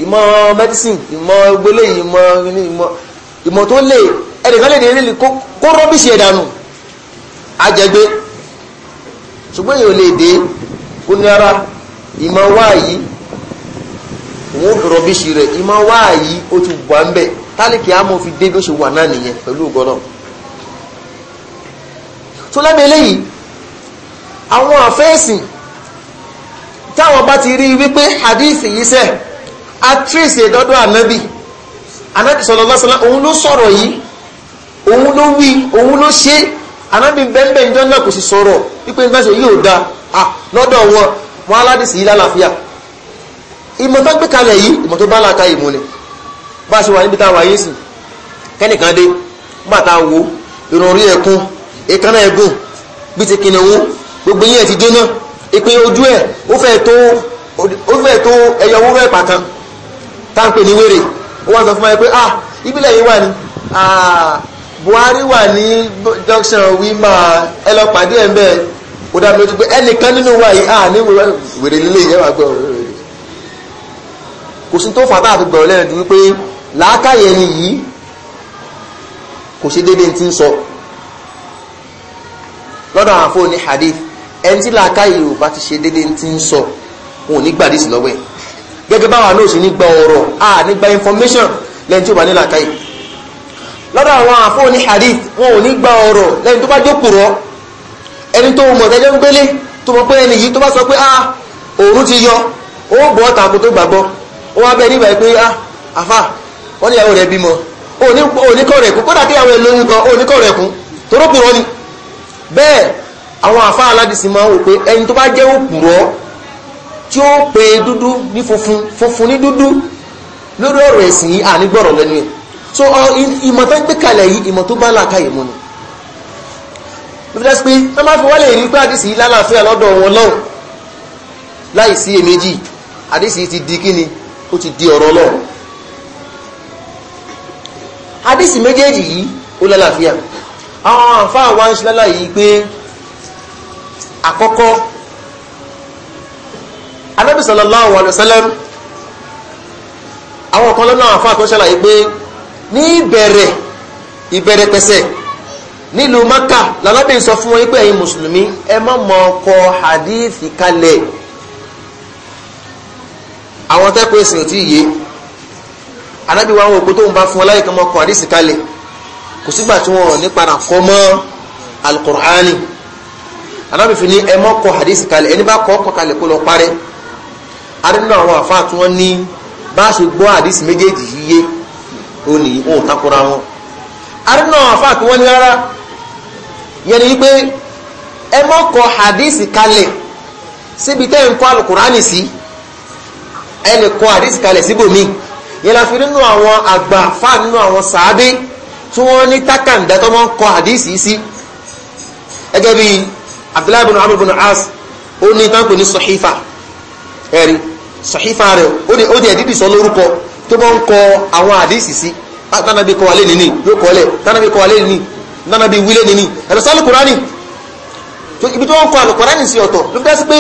ìmọ̀ medicine ìmọ̀ gbélé ìmọ̀ ìmọ̀ tó lè ẹnìkan lè dèrè kó rọ́bìṣì ẹ̀dànù ajẹgbé ṣùgbọ́n èyàn lè dé kó ní ara ìmọ̀ wáyí wọ́n rọ́bìṣì rẹ̀ ìmọ̀ wáyí ó ti wà ń bẹ̀ tálíkì á fi dé bí ó ṣe wà náà nìyẹn pẹ̀lú ọgọ́nà tó lábẹ́ eléyìí àwọn àfẹ́ẹ̀sìn táwọn bá ti rí wípé hadithi yìí sẹ́ actrice ẹ̀dọ́dọ̀ ànábì ànábì sallallahu alaihi wasallam òun ló sọ̀rọ̀ yìí òun ló wí òun ló ṣe ànábì bẹ́ẹ̀bẹ́ẹ̀ ìjọ náà kò sì sọ̀rọ̀ wípé nígbà ṣe yóò da lọ́dọ̀ wọn wọn aládìsí yìí lálàáfíà ìmọ̀ tó gbé kalẹ̀ yìí ìmọ̀ tó bá láta ìmọ̀ ni bá ṣe wà níbi táwà yìí sì kẹ́nìkan dé bàtà wo ìrọ̀rí ẹ̀kún ìkánná ẹ̀gùn bí ti kìnìún gbogbo yẹn ti jóná ìpè ojú ẹ̀ ó fẹ́ tó ó fẹ́ tó ẹyọ owó fẹ́ pàtàn táǹpẹ̀ ní wèrè ó wá sọ fún mi pé ah ibílẹ̀ yìí wà ní ah, Buhari wà ní junction wima ẹ lọ pàdé ẹ̀ ń bẹ́ẹ̀ ó dá mi pé ẹnìkan nínú wa yìí ah ní wèrè lílé yẹn wà gbọ́ kò sí tó fàtà àti gbọ̀rọ̀ lẹ́nu ju wípé làákàyè ni yìí kò ṣe déédéé ti ń sọ lọ́dọ̀ àwọn afọ́ ní hadith ẹni tí làákàyè ò bá ti ṣe déédéé ti ń sọ wọn ò ní gbà dísì lọ́wọ́ ẹ̀ gẹ́gẹ́ báwa náà sì ní gba ọ̀rọ̀ a ní gba information lẹ́yìn tí ó bá ní làákàyè lọ́dọ̀ àwọn àfọ́n ní hadith wọn ò ní gba ọ̀rọ̀ lẹ́yìn tó bá jókòó rọ ẹni tó mọ̀ tẹ́jọ́ ń gbélé tó mọ̀ pé ẹni yìí tó bá sọ pé ah òòrùn ti yọ ó bọ̀ ọ́ta àpò tó gbàgbọ́ ó wá bẹ́ẹ̀ nígbà pé ah àfà wọ́n ní ìyàwó rẹ̀ bímọ oníkọ̀ọ̀rẹ̀kún kódà kí ìyàwó ẹ̀ lóyún gan oníkọ̀ọ̀rẹ̀kún torókùrọ̀ ni bẹ́ẹ̀ àwọn àfá aládìsí máa wò pé ẹni tó bá jẹ́ òpùrọ́ tí ó pe dúdú ní funfun funfun ní dúdú lórí ọ̀rọ̀ ẹ̀sìn yìí ànígbọ̀rọ̀ lẹ́nu ẹ̀ so ìmọ̀ tó ń gbé kalẹ̀ yìí ìmọ̀ tó bá làákàyè mu ni lọ́dẹ́sí pé wọ́n máa fi wálé rí pé àdìsí yìí lálàáfíà lọ́dọ̀ wọn lọ́hùn láì sí èméjì àdìsí yìí ti di kíni ó ti di ọ̀rọ̀ lọ́hùn àdìsí méjèèjì yìí ó lálàáfíà àwọn àǹfààní wa ń ṣe lálàyé pé àkọ́kọ́ anábì sallallahu alayhi wa sallam àwọn kan lọ́nà àfáà tó ṣàlàyé pé ní ìbẹ̀rẹ̀ ìbẹ̀rẹ̀ pẹ̀sẹ̀ nílùú maka lọ́lọ́bìn sọ fún wọn wípé ẹ̀yin mùsùlùmí ẹ má mọ kọ hadithi kalẹ̀ àwọn tẹ́kọ̀ọ́ èsì ò tí yé anábì wa àwọn òpó tó ń bá fún wọn láyé kan mọ kọ hadithi kalẹ̀ kò sígbà tí wọn ò ní padà kọ mọ́ alukur'ani anábìfin ní ẹ mọ́ kọ hadith kalẹ̀ ẹni bá kọ́ kọ́ kalẹ̀ kó lọ parẹ́ arínú àwọn àfáà tí wọ́n ní bá ṣe gbọ́ hadith méjèèjì yíyé ó ní òun takora wọn arínú àwọn àfáà tí wọ́n ní rárá yẹn ni wípé ẹ mọ́ kọ hadith kalẹ̀ síbi tẹ́ ń kọ́ alukurani sí ẹ lè kọ hadith kalẹ̀ síbòmí yẹn la fi nínú àwọn àgbà àfáà nínú àwọn sàábé tí wọ́n ní tákàndá tó mọ́ kọ hadith sí gẹ́gẹ́ bíi abdullahi bin amr bin as ó ní tán pè ní sọ̀hífà ẹ̀rí sọ̀hífà rẹ̀ ó ní ẹ̀dídì sọ lórúkọ tó bá ń kọ àwọn àdísì sí tánàbí kọ alẹ́ nìní yóò kọ́ tánàbí kọ alẹ́ nìní tánàbí wílé nìní ẹ̀rọ sálù kùránì ibi tó ń kọ àlùkùránì sí ọ̀tọ̀ ló dá sí pé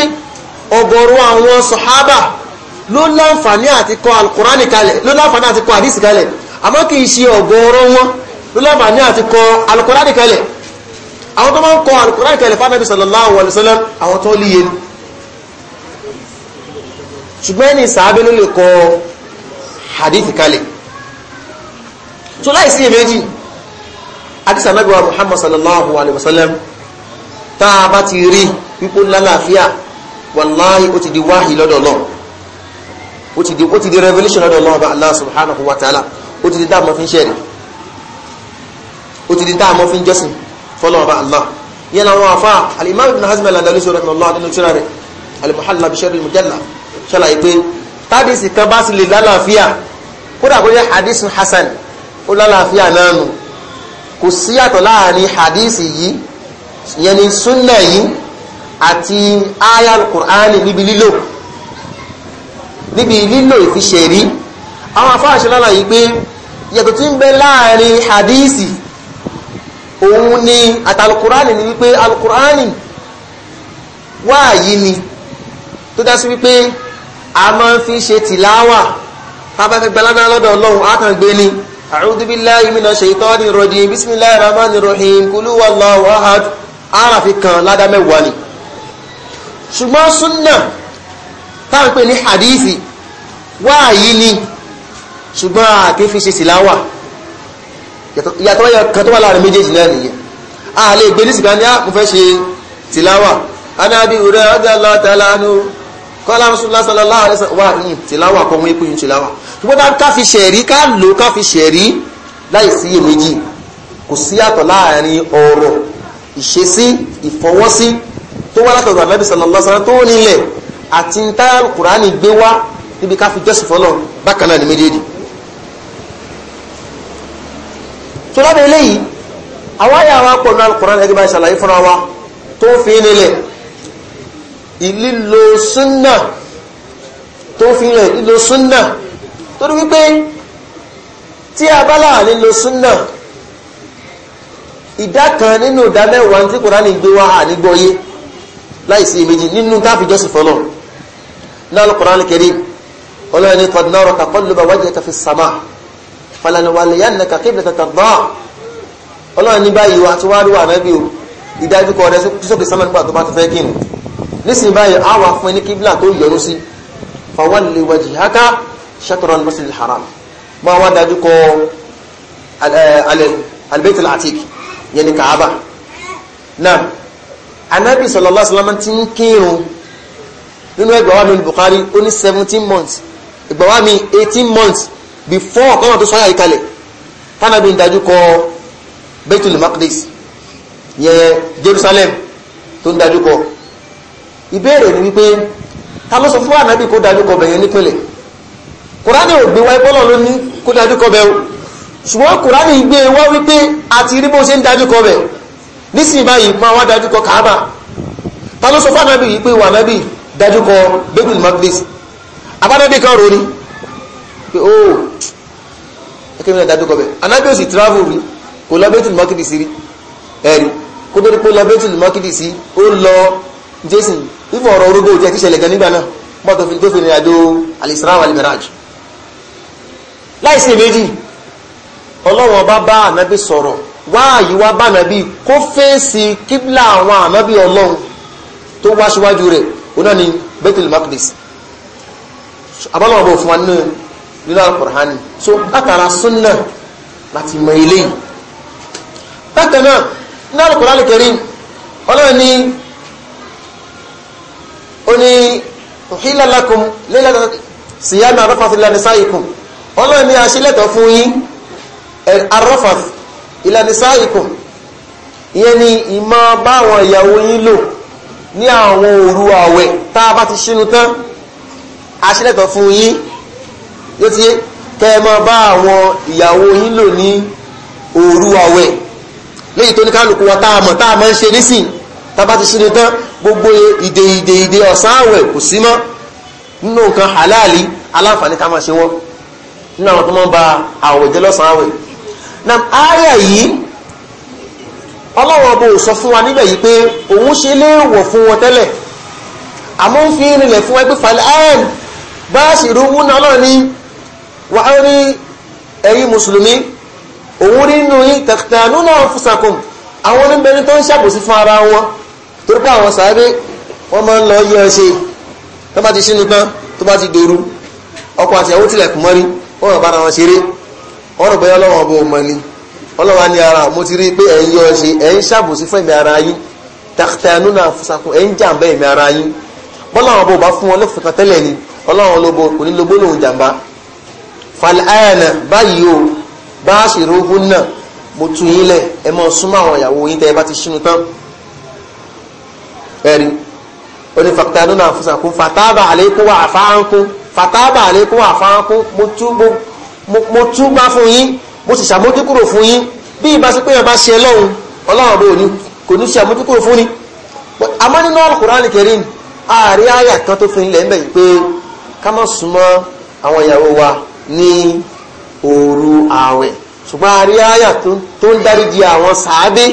ọ̀gọ̀rọ̀ àwọn sọ̀hábà ló láǹfààní àti kọ àlùkùránì kalẹ̀ ló láǹfààní àti kọ àdísì kalẹ̀ àmọ́ kì í ṣe ọ̀gọ̀rọ̀ wọn ló láǹfààní àti kọ àlùkùránì kalẹ̀ àwọn tó máa ń kọ alùkùránì kalẹ̀ fánàbí sallallahu alaihi wasallam àwọn tó líye ṣùgbọ́n ẹni sàábé ló lè kọ hadith kalẹ̀ tó láì sí èméjì àti sànábí wa muhammad sallallahu alaihi wasallam tá a bá ti rí wípó lálàáfíà wàláhí ó ti di wáhì lọ́dọ̀ o ó ti di ó ti di revelation lọ́dọ̀ lọ́wọ́ bá allah subhanahu wa ta'ala o ti di dáàmọ́ fi ń ṣẹ̀rẹ̀ ó ti di dáàmọ́ fi ń jọ́sìn fọ́lọ́wọ́ bá allah yẹn àwọn afa alimami ibn hazmi al-andalusi rahimahullah nínú tíra rẹ̀ alimuhalla bishari mujalla ṣàlàyé pé tádìsì kan bá sì lè lálàáfíà kódà kó jẹ́ hadisun hasan ó lálàáfíà náà nù kò síyàtọ̀ láàrin hadisi yìí yẹn ni súnnà yìí àti ayal kùránì níbi lílò níbi lílò ìfiṣẹ̀rí àwọn afáàṣẹ́ lọ́la yìí pé yàtọ̀ tí ń bẹ láàrin hadisi òun ni àtàlùkùránì ni wípé alùkùránì wáàyí ni tó dá sí wípé a máa ń fi ṣe tìláwà tábà fẹ́ gbalágbá lọ́dọ̀ ọlọ́run átàgbé ni a'udhu billahi minash shaitani rajim bismillahir rahmanir rahim kulu wallahu ahad àràfi kan ládá mẹ́wàá ni ṣùgbọ́n súnnà táwọn pè ní hadithi wáàyí ni ṣùgbọ́n àti tìláwà ìyàtọ̀ yẹ kan tó wà láàrin méjèèjì náà nìyẹn a lè gbé nísìgbà ní àpò ah, fẹ́ ṣe tìláwà anábì rẹ̀ ọjà látàlá nù kọ́lá mùsùlùmí sallallahu alaihi wasallam wà ní tìláwà kọ́ wọn ìpín tìláwà ṣùgbọ́n bá ká fi ṣẹ̀rí ká lò ká fi ṣẹ̀rí láì sí iyèméjì kò sí àtọ̀ láàrin ọ̀rọ̀ ìṣesí ìfọwọ́sí tó wá látọ̀dọ̀ ànábì sallallahu tó nílẹ̀ àti ń tá kùránì gbé wá níbi ká fi jọ́sìn fọ́lọ́ bákan ní méjèèjì tó lábẹ́ eléyìí àwọn àyà wa pọ̀ náà Al-Qur'an ẹgbẹ́ báyìí ṣàlàyé fúnra wa tó fi nílẹ̀ ìlílo súnà tó fi rẹ̀ lílo súnà torí wípé tí a bá láà nílò súnà ìdá kan nínú ìdá mẹ́wàá tí Kùránì gbé wá ànígbọ́yé láìsí méjì nínú táàfijọ́sì fọ́lọ̀ náà Al-Qur'an Al-Karim ọlọ́ẹni qad nara taqalluba wajhaka fi s falanawaliyannaka qiblatan tardaha ọlọ́run ní báyìí wa tí wá rí wà nábì o ìdájú kọ rẹ sókè sánmà nígbà tó bá ti fẹ́ kírun nísìnyí báyìí á wà fún ẹni kíbla tó yọrú sí fawalli wajhaka shatran masjidil haram máa wá dájú kọ eh, albaytul atiq yẹn ni kàába seventeen months ẹgbàá mi eighteen months before kọ́nà tó sọ́yà ìkalẹ̀ tánàbí ń dájú kọ Baitul Maqdis yẹn Jerusalem tó ń dájú kọ ìbéèrè ni wípé ta ló sọ fún ànábì kó dájú kọ bẹ̀yẹn nípínlẹ̀ kùránì ò gbé wáyé pọ́lọ̀ ló ní kó dájú kọ bẹ̀ẹ́ ṣùgbọ́n kùránì gbé wá wípé àti rí bó ṣe ń dájú kọ bẹ̀ẹ́ nísìnyí báyìí máa wá dájú kọ Kaaba ta ló sọ fún ànábì yìí pé wà ànábì dájú kọ Baitul Maqdis abánàbì kan rò ni pé oh, ó ẹkẹ́mi náà dájú kọ́bẹ̀ anábí òsì travel rí kò lọ Baitul Maqdis rí ẹ̀rí kó tó dípò lọ Baitul Maqdis ó lọ jésìn ìfọ̀ ọ̀rọ̀ orógbó jẹ́ ti ṣẹlẹ̀ gan nígbà náà pọ́ tó fi rìnrìnàjò al-Isra wal-Mi'raj láìsí méjì ọlọ́run ọba bá ànábì sọ̀rọ̀ wá àyíwá bá ànábì kó fèsì kíbla àwọn ànábì ọlọ́run tó wá síwájú rẹ̀ ó náà ni Baitul Maqdis abọ́lọ́wọ́ bò fún wa nínú nínú alukur'ani so látara súnà láti mọ ilé yìí bákan náà nínú alukur'ani karim ọlọ́run ní oní òhìlẹ́lákùn lẹ́lẹ́dọ̀ síyámi arọ́fàtí ìlànìsáyìkùn ọlọ́run ní aṣílẹ̀tọ̀ fún yín arọ́fàtí ìlànìsáyìkùn ìyẹn ni ìmọ̀ báwọn ìyàwó yín lò ní àwọn òru àwẹ̀ tá a bá ti ṣínú tán aṣílẹ̀tọ̀ fún yín yóò ti kẹ́ ẹ máa bá àwọn ìyàwó yín lò ní òru àwẹ̀ léyìí tó ní kálukú wa tá a mọ̀ tá a máa ń ṣe nísìn tá a bá ti ṣe ní tán gbogbo ìdè ìdè ìdè ọ̀sán àwẹ̀ kò sí mọ́ nínú nǹkan halali aláǹfààní ká máa ṣe wọ́n nínú àwọn tó máa ń ba àwẹ̀ jẹ́ lọ́sàn-án àwẹ̀ náà yìí ọlọ́wọ́ bò sọ fún wa níbẹ̀ yìí pé òun ṣe léèwọ̀ fún wọn tẹ́lẹ̀ àmọ́ ń fi rinlẹ̀ fún wa pé falẹ́ ẹ́ẹ̀n bá ṣe rú wúna ọlọ́run ní wà á rí ẹ̀yin mùsùlùmí òun rí nínú yín tẹ̀kítẹ̀ánú náà fúsàkùn àwọn oníbẹ̀ni tó ń ṣàbòsí fún ara wọn torí pé àwọn sáré wọ́n máa ń lọ yọ ẹ ṣe tó bá ti sínú tán tó bá ti dòru ọkọ àti ìyàwó tilẹ̀kùn mọ́rí wọ́n rọ̀ bára wọn ṣeré wọ́n rọ̀ bẹ́yọ́ lọ́wọ́ ọbọ̀ ọmọ ni ọlọ́wà ní ara mo ti rí pé ẹ̀yin yọ ṣe ẹ̀yin ṣàbòsí fún ẹ̀mí ara fal'ana báyìí o bá sì rógún náà mo tú yín lẹ̀ ẹ mọ́ súnmọ́ àwọn ìyàwó yín tẹ́ bá ti ṣínú tán ẹ̀rí ó ní fàtàdó náà fún sàkún fàtàbà àlékún wà fáánkún fàtàbà àlékún wà fáánkún mo tú bá fún yín mo sì ṣàmójúkúrò fún yín bí ìbá sí pé ẹ bá ṣe ẹlọ́run ọlọ́run bó ní kò ní ṣe fún ni àmọ́ nínú Al-Qur'an Karim ààrí àyà kan tó fi ń lẹ́ńbẹ̀ yìí pé ká má súnmọ́ àwọn ìyàwó wa ní òru ààwẹ̀ ṣùgbọ́n a rí àyà tó ń dáríji àwọn sàábé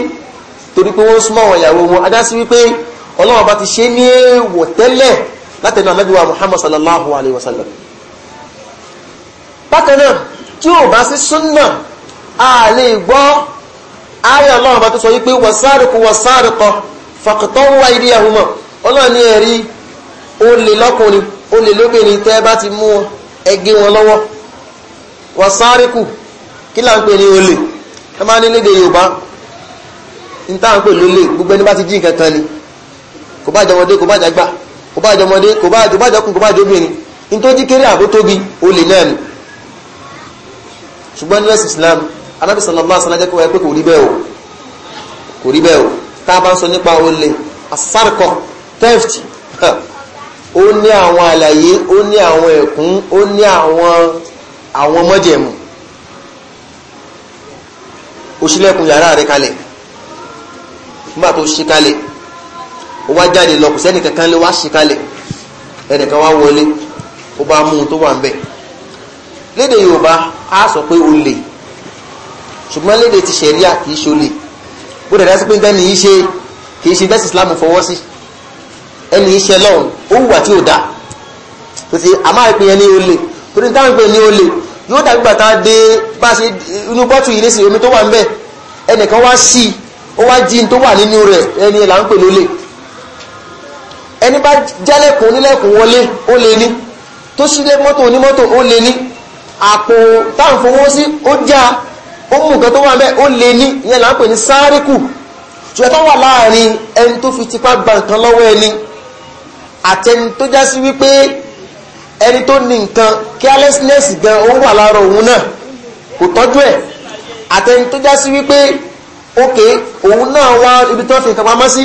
torí pé wọ́n súnmọ́ àwọn ìyàwó wọn adásí wípé ọlọ́wọ́n bá ti ṣe ní èèwọ̀ tẹ́lẹ̀ látẹnu ànábì muhammad sallallahu alayhi wa sallam bákan náà tí ò bá sí súnà a lè gbọ́ àyà ọlọ́wọ́n bá tó sọ wípé wasariqu wasariqa faqtawa aydiyahuma ọlọ́run ní ẹ̀rí olè lọ́kùnrin olè lóbìnrin tẹ́ bá ti mú ẹgbẹ́ wọn lọ́wọ́ wasáríkù kí là ń pè ní olè ẹ máa ní léde yorùbá ní táà ń pè lólè gbogbo ẹni bá ti jí nǹkan kan ni kò bá jọmọdé kò bá jàgbà kò bá jọmọdé kò bá jọkùn kò bá jọbìnrin ní tó jí kéré àbó olè náà ni ṣùgbọ́n nílẹ̀ islam anábì sallallahu alaihi wasallam jẹ́ pé kò rí bẹ́ẹ̀ o kò rí bẹ́ẹ̀ o tá a bá ń sọ nípa olè asárkọ theft ó ní àwọn àlàyé ó ní àwọn ẹ̀kún ó ní àwọn àwọn mọ́jẹ̀mù o ṣílẹ̀kùn yàrá rẹ̀ kalẹ̀ nígbà tó ṣí kalẹ̀ o wá jáde lọ kò sẹ́ni kankan lé wá ṣí kalẹ̀ ẹnìkan wá wọlé o bá mú un tó wà ń bẹ̀ lédè Yorùbá a sọ pé o lè ṣùgbọ́n lédè ti ṣẹ̀ríà kìí ṣe o lè bó dàda sí pé nǹkan nìyí ṣe kìí ṣe dẹ́sí Islam fọwọ́ sí ẹni iṣẹ́ lọ́run ó wùwà tí ò dáa kò sí àmọ́ àìpín ní o lè torí táwọn ìpín ní o lè yóò dàbí bàtà dé bá ṣe inú bọ́tù yìí lẹ́sìn omi tó wà níbẹ̀ ẹnìkan wá sí ó wá jí tó wà nínú rẹ̀ ẹni là ń pè lólè ẹni bá jálẹ̀kùn onílẹ̀kùn wọlé ó lè ní tó sílé mọ́tò onímọ́tò ó lè ní àpò táwọn fowó sí ó já ó mú nǹkan tó wà níbẹ̀ ó lè ní ìyẹn là ń pè ní sáríkù ṣùgbọ́n wà láàrin ẹni tó fi tipá gba nǹkan lọ́wọ́ ẹni àtẹni tó já sí wípé ẹni tó ní nǹkan carelessness gan ó wà lára òun náà kò tọ́jú ẹ̀ àtẹni tó já sí wípé ókè òun náà wá ibi tó fi nǹkan pamọ́ sí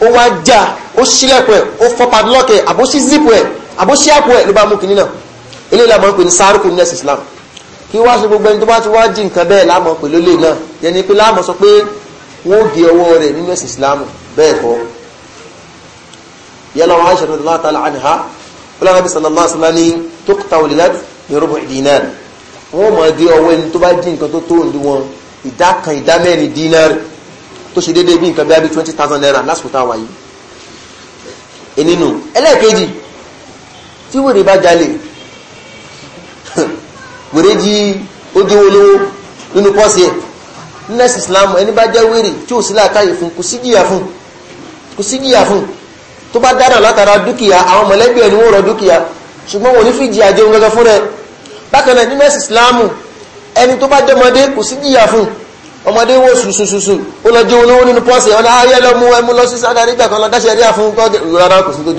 ó wá já ó ṣílẹ̀kùn ẹ̀ ó fọ́ padlock ẹ̀ àbó ṣí zip ẹ̀ àbó ṣí àpò ẹ̀ ló bá mú kinní náà eléyìí la máa pè ní sáárùkù ní ẹ̀sìn Islam kí wá sí gbogbo ẹni tó bá ti wá jí nǹkan bẹ́ẹ̀ la máa pè lólè náà yẹni pé la sọ pé wọ́n ó gé ọwọ́ rẹ̀ nínú ẹ̀sìn Islam bẹ́ẹ̀ kọ́ yálà wọn Aisha radhiyallahu ta'ala anha ọlọ́run àbí sallallahu alaihi wasallam ní tó kọta òlè láti ní rọ́bù dínárì wọ́n mọ̀ dé ọwọ́ ẹni tó bá dín nǹkan tó tó òǹdí wọn ìdá kan ìdá mẹ́rin dínárì tó ṣe déédéé bí nǹkan bí abí twenty thousand naira lásìkò tá a wà yìí ẹnìnú ẹlẹ́ẹ̀kejì tí wèrè bá jalè wèrè jí ó olówó nínú pọ́ọ̀sì ẹ̀ nínú ẹ̀sìn Islam ẹni bá jẹ́ wèrè tí ò sí láàkáyè fún kò síjìyà fún kò síjìyà fún tó bá dára látara dúkìá àwọn mọ̀lẹ́bí ẹni wọ́n rọ dúkìá ṣùgbọ́n wọn ní fi jìyà jẹun gẹ́gẹ́ fún rẹ̀ bákan náà nínú islamu ẹni tó bá jọmọdé kò sí jìyà fún ọmọdé wo sùsùsùsù ó lọ jẹun lówó nínú pọ́ọ̀sì ọ̀nà ayé ah, lọ mú ẹmú lọ sí sádà nígbà kan lọ dáṣẹ́ rí àfún kọ́ọ̀dẹ̀ rárá kò sí tó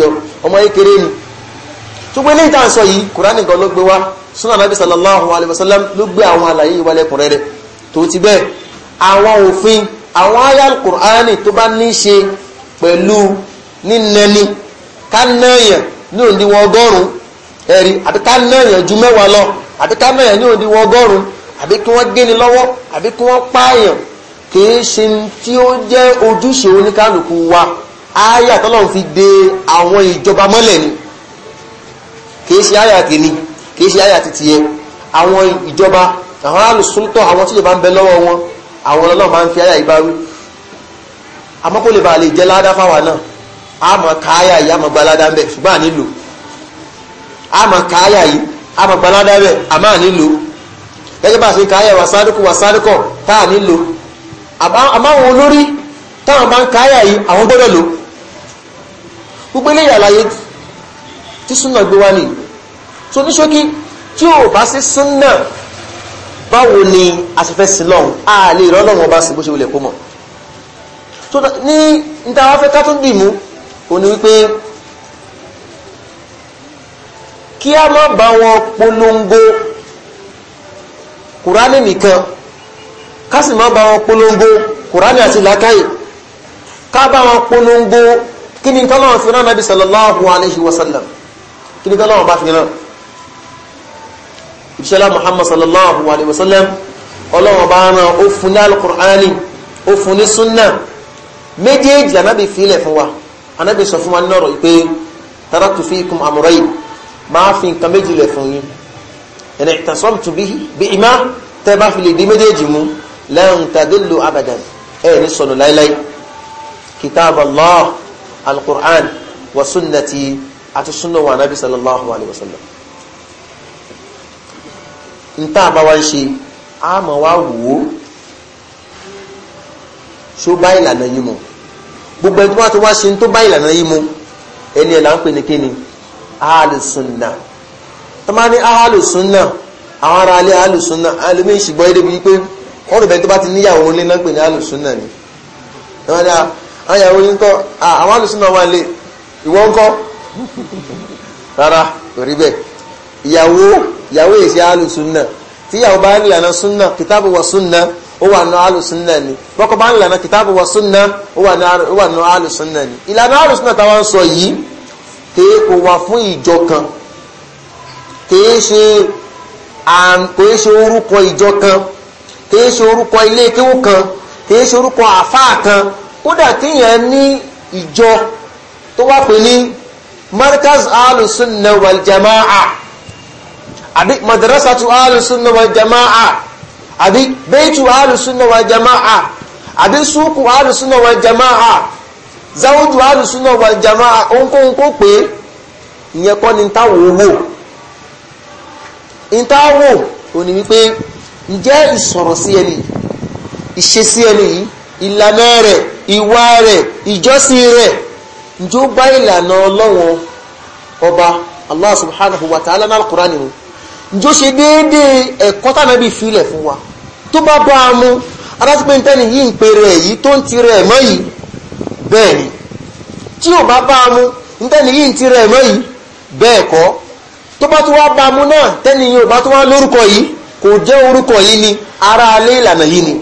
jọ wa sallam ló gbé àwọn àlàyé ìwálẹ̀ kùnrin rẹ̀ tó ti bẹ́ẹ̀ àwọn òfin àwọn ayal kùránì tó bá ní ṣe pẹ̀lú nínẹni ká náyàn ní òdiwọ̀n ọgọ́rùn-ún ẹ̀rí àbí ká náyàn ju mẹ́wàá lọ àbí ká náyàn ní òdiwọ̀n ọgọ́rùn-ún àbí kí wọ́n géni lọ́wọ́ àbí kí wọ́n pààyàn kìí ṣe tí ó jẹ́ ojúṣe oníkálukú wa ááyà tọ́lọ́run fi de àwọn ìjọba mọ́lẹ̀ ni kìí ṣe ááyà tèmi kìí ṣe ááyà títí yẹ àwọn ìjọba àwọn alùsúntọ̀ àwọn tíjọba ń bẹ lọ́wọ́ wọn àwọn ọlọ́run máa ń fi ááyà ìbáwí àmọ́ kó lè bàa lè jẹ́ ládá fáwa náà ama káyà yìí àmọ́ gbalada bẹ́ẹ̀ ṣùgbọ́n àní lò àmọ́ káyà yìí àmọ́ gbalada bẹ́ẹ̀ àmọ́ àní lò gẹ́gẹ́ bá ṣe káyà wàsádùkù wàsádùkù tá àní lò àmọ́ àwọn olórí táwọn bá ń káyà yìí àwọn gbọ́dọ̀ lò gbogbo eléyìí àlàyé tí súnà gbé wá nìyí tó ní ṣókí tí ò bá sí súnà báwo ni a ṣe fẹ́ sí lọ́hùn a lè rọ́ lọ́hùn ọba sí bó ṣe wulẹ̀ kó mọ̀ ní ní wá fẹ́ ká tún dì mú ó ní wípé kí a má bá wọn polongo kùránì nìkan ká sì má bá wọn polongo kùránì àti làákàyè ká bá wọn polongo kí ni tọ́lọ́wọ́n fi rán nàbí sallallahu alayhi wa sallam kí ni tọ́lọ́wọ́n bá fi rán ìṣẹ́lá muhammad sallallahu alayhi wa sallam ọlọ́wọ́n bá rán ó fún ní alukur'ani ó fún ní sunna méjèèjì ànábì fílẹ̀ fún wa anábì sọ fún wa nínú pé taraktu fikum amrayn máa fi nǹkan méjì lẹ̀ fún yín ẹ̀nà ìtàsọ́mtù bí ìmá tẹ́ bá fi lè di méjèèjì mú lan tadillu abadan ẹ̀ ní sọnù láíláí kitab Allah al-Qur'an wa sunnati àti sunna wa nabi sallallahu alaihi wasallam nta bá wá ń ṣe a mọ̀ wá wò ó ṣó bá yìí mọ̀ gbogbo ẹni tó wá ti wá ṣe tó bá ìlànà yìí mu ẹni ẹ̀ là ń pè ní kíni alùsùnà tó máa ní alùsùnà àwọn ará alẹ́ alùsùnà alùmí ìṣìgbọ́ ilé bíi pé wọ́n rò bẹ́ẹ̀ tó bá ti níyàwó ilé náà pè ní alùsùnà ni wọ́n ní àwọn ìyàwó ilé ńkọ́ àwọn alùsùnà wà lé ìwọ ńkọ́ rárá kò rí bẹ́ẹ̀ ìyàwó ìyàwó èsì alùsùnà tíyàwó bá ń lànà súnà kìtàbù wà súnà ó wà nù alùsùnà ni bọ́kọ bá ń lànà kìtàbù wà súnà ó wà nù alùsùnà ni ìlànà alùsùnà táwọn sọ yìí kìí kò wà fún ìjọ kan kìí ṣe kìí ṣe orúkọ ìjọ kan kìí ṣe orúkọ ilé kíwú kan kìí ṣe orúkọ àfáà kan kódà kíyàn ní ìjọ tó wà pè ní markaz alùsùnà wàl jama'a àbí madrasatu alùsùnà wàl abi baitu ahlus sunna wal jamaa abi suku ahlus sunna wal jamaa zawju ahlus sunna wal jamaa onko onko pe iye ko ni ta wo wo in wo oni wi pe nje isoro si eni ise si eni ilana re iwa re ijosi re njo gba ilana olohun oba allah subhanahu wa ta'ala na alquran ni njó ṣe déédéé ẹ̀kọ́ tànàbí filẹ̀ fún wa tó bá bá a mú adásípé ntẹ́ni yìí ń pe rẹ̀ yìí tó ń ti rẹ̀ mọ́ yìí bẹ́ẹ̀ ni tí ò bá bá a mú ntẹ́ni yìí ń ti rẹ̀ mọ́ yìí bẹ́ẹ̀ kọ́ tó bá tó wá bá a mú náà tẹ́ni yìí ò bá tó wá lórúkọ yìí kò jẹ́ orúkọ yìí ni ara alẹ́ ìlànà yìí ni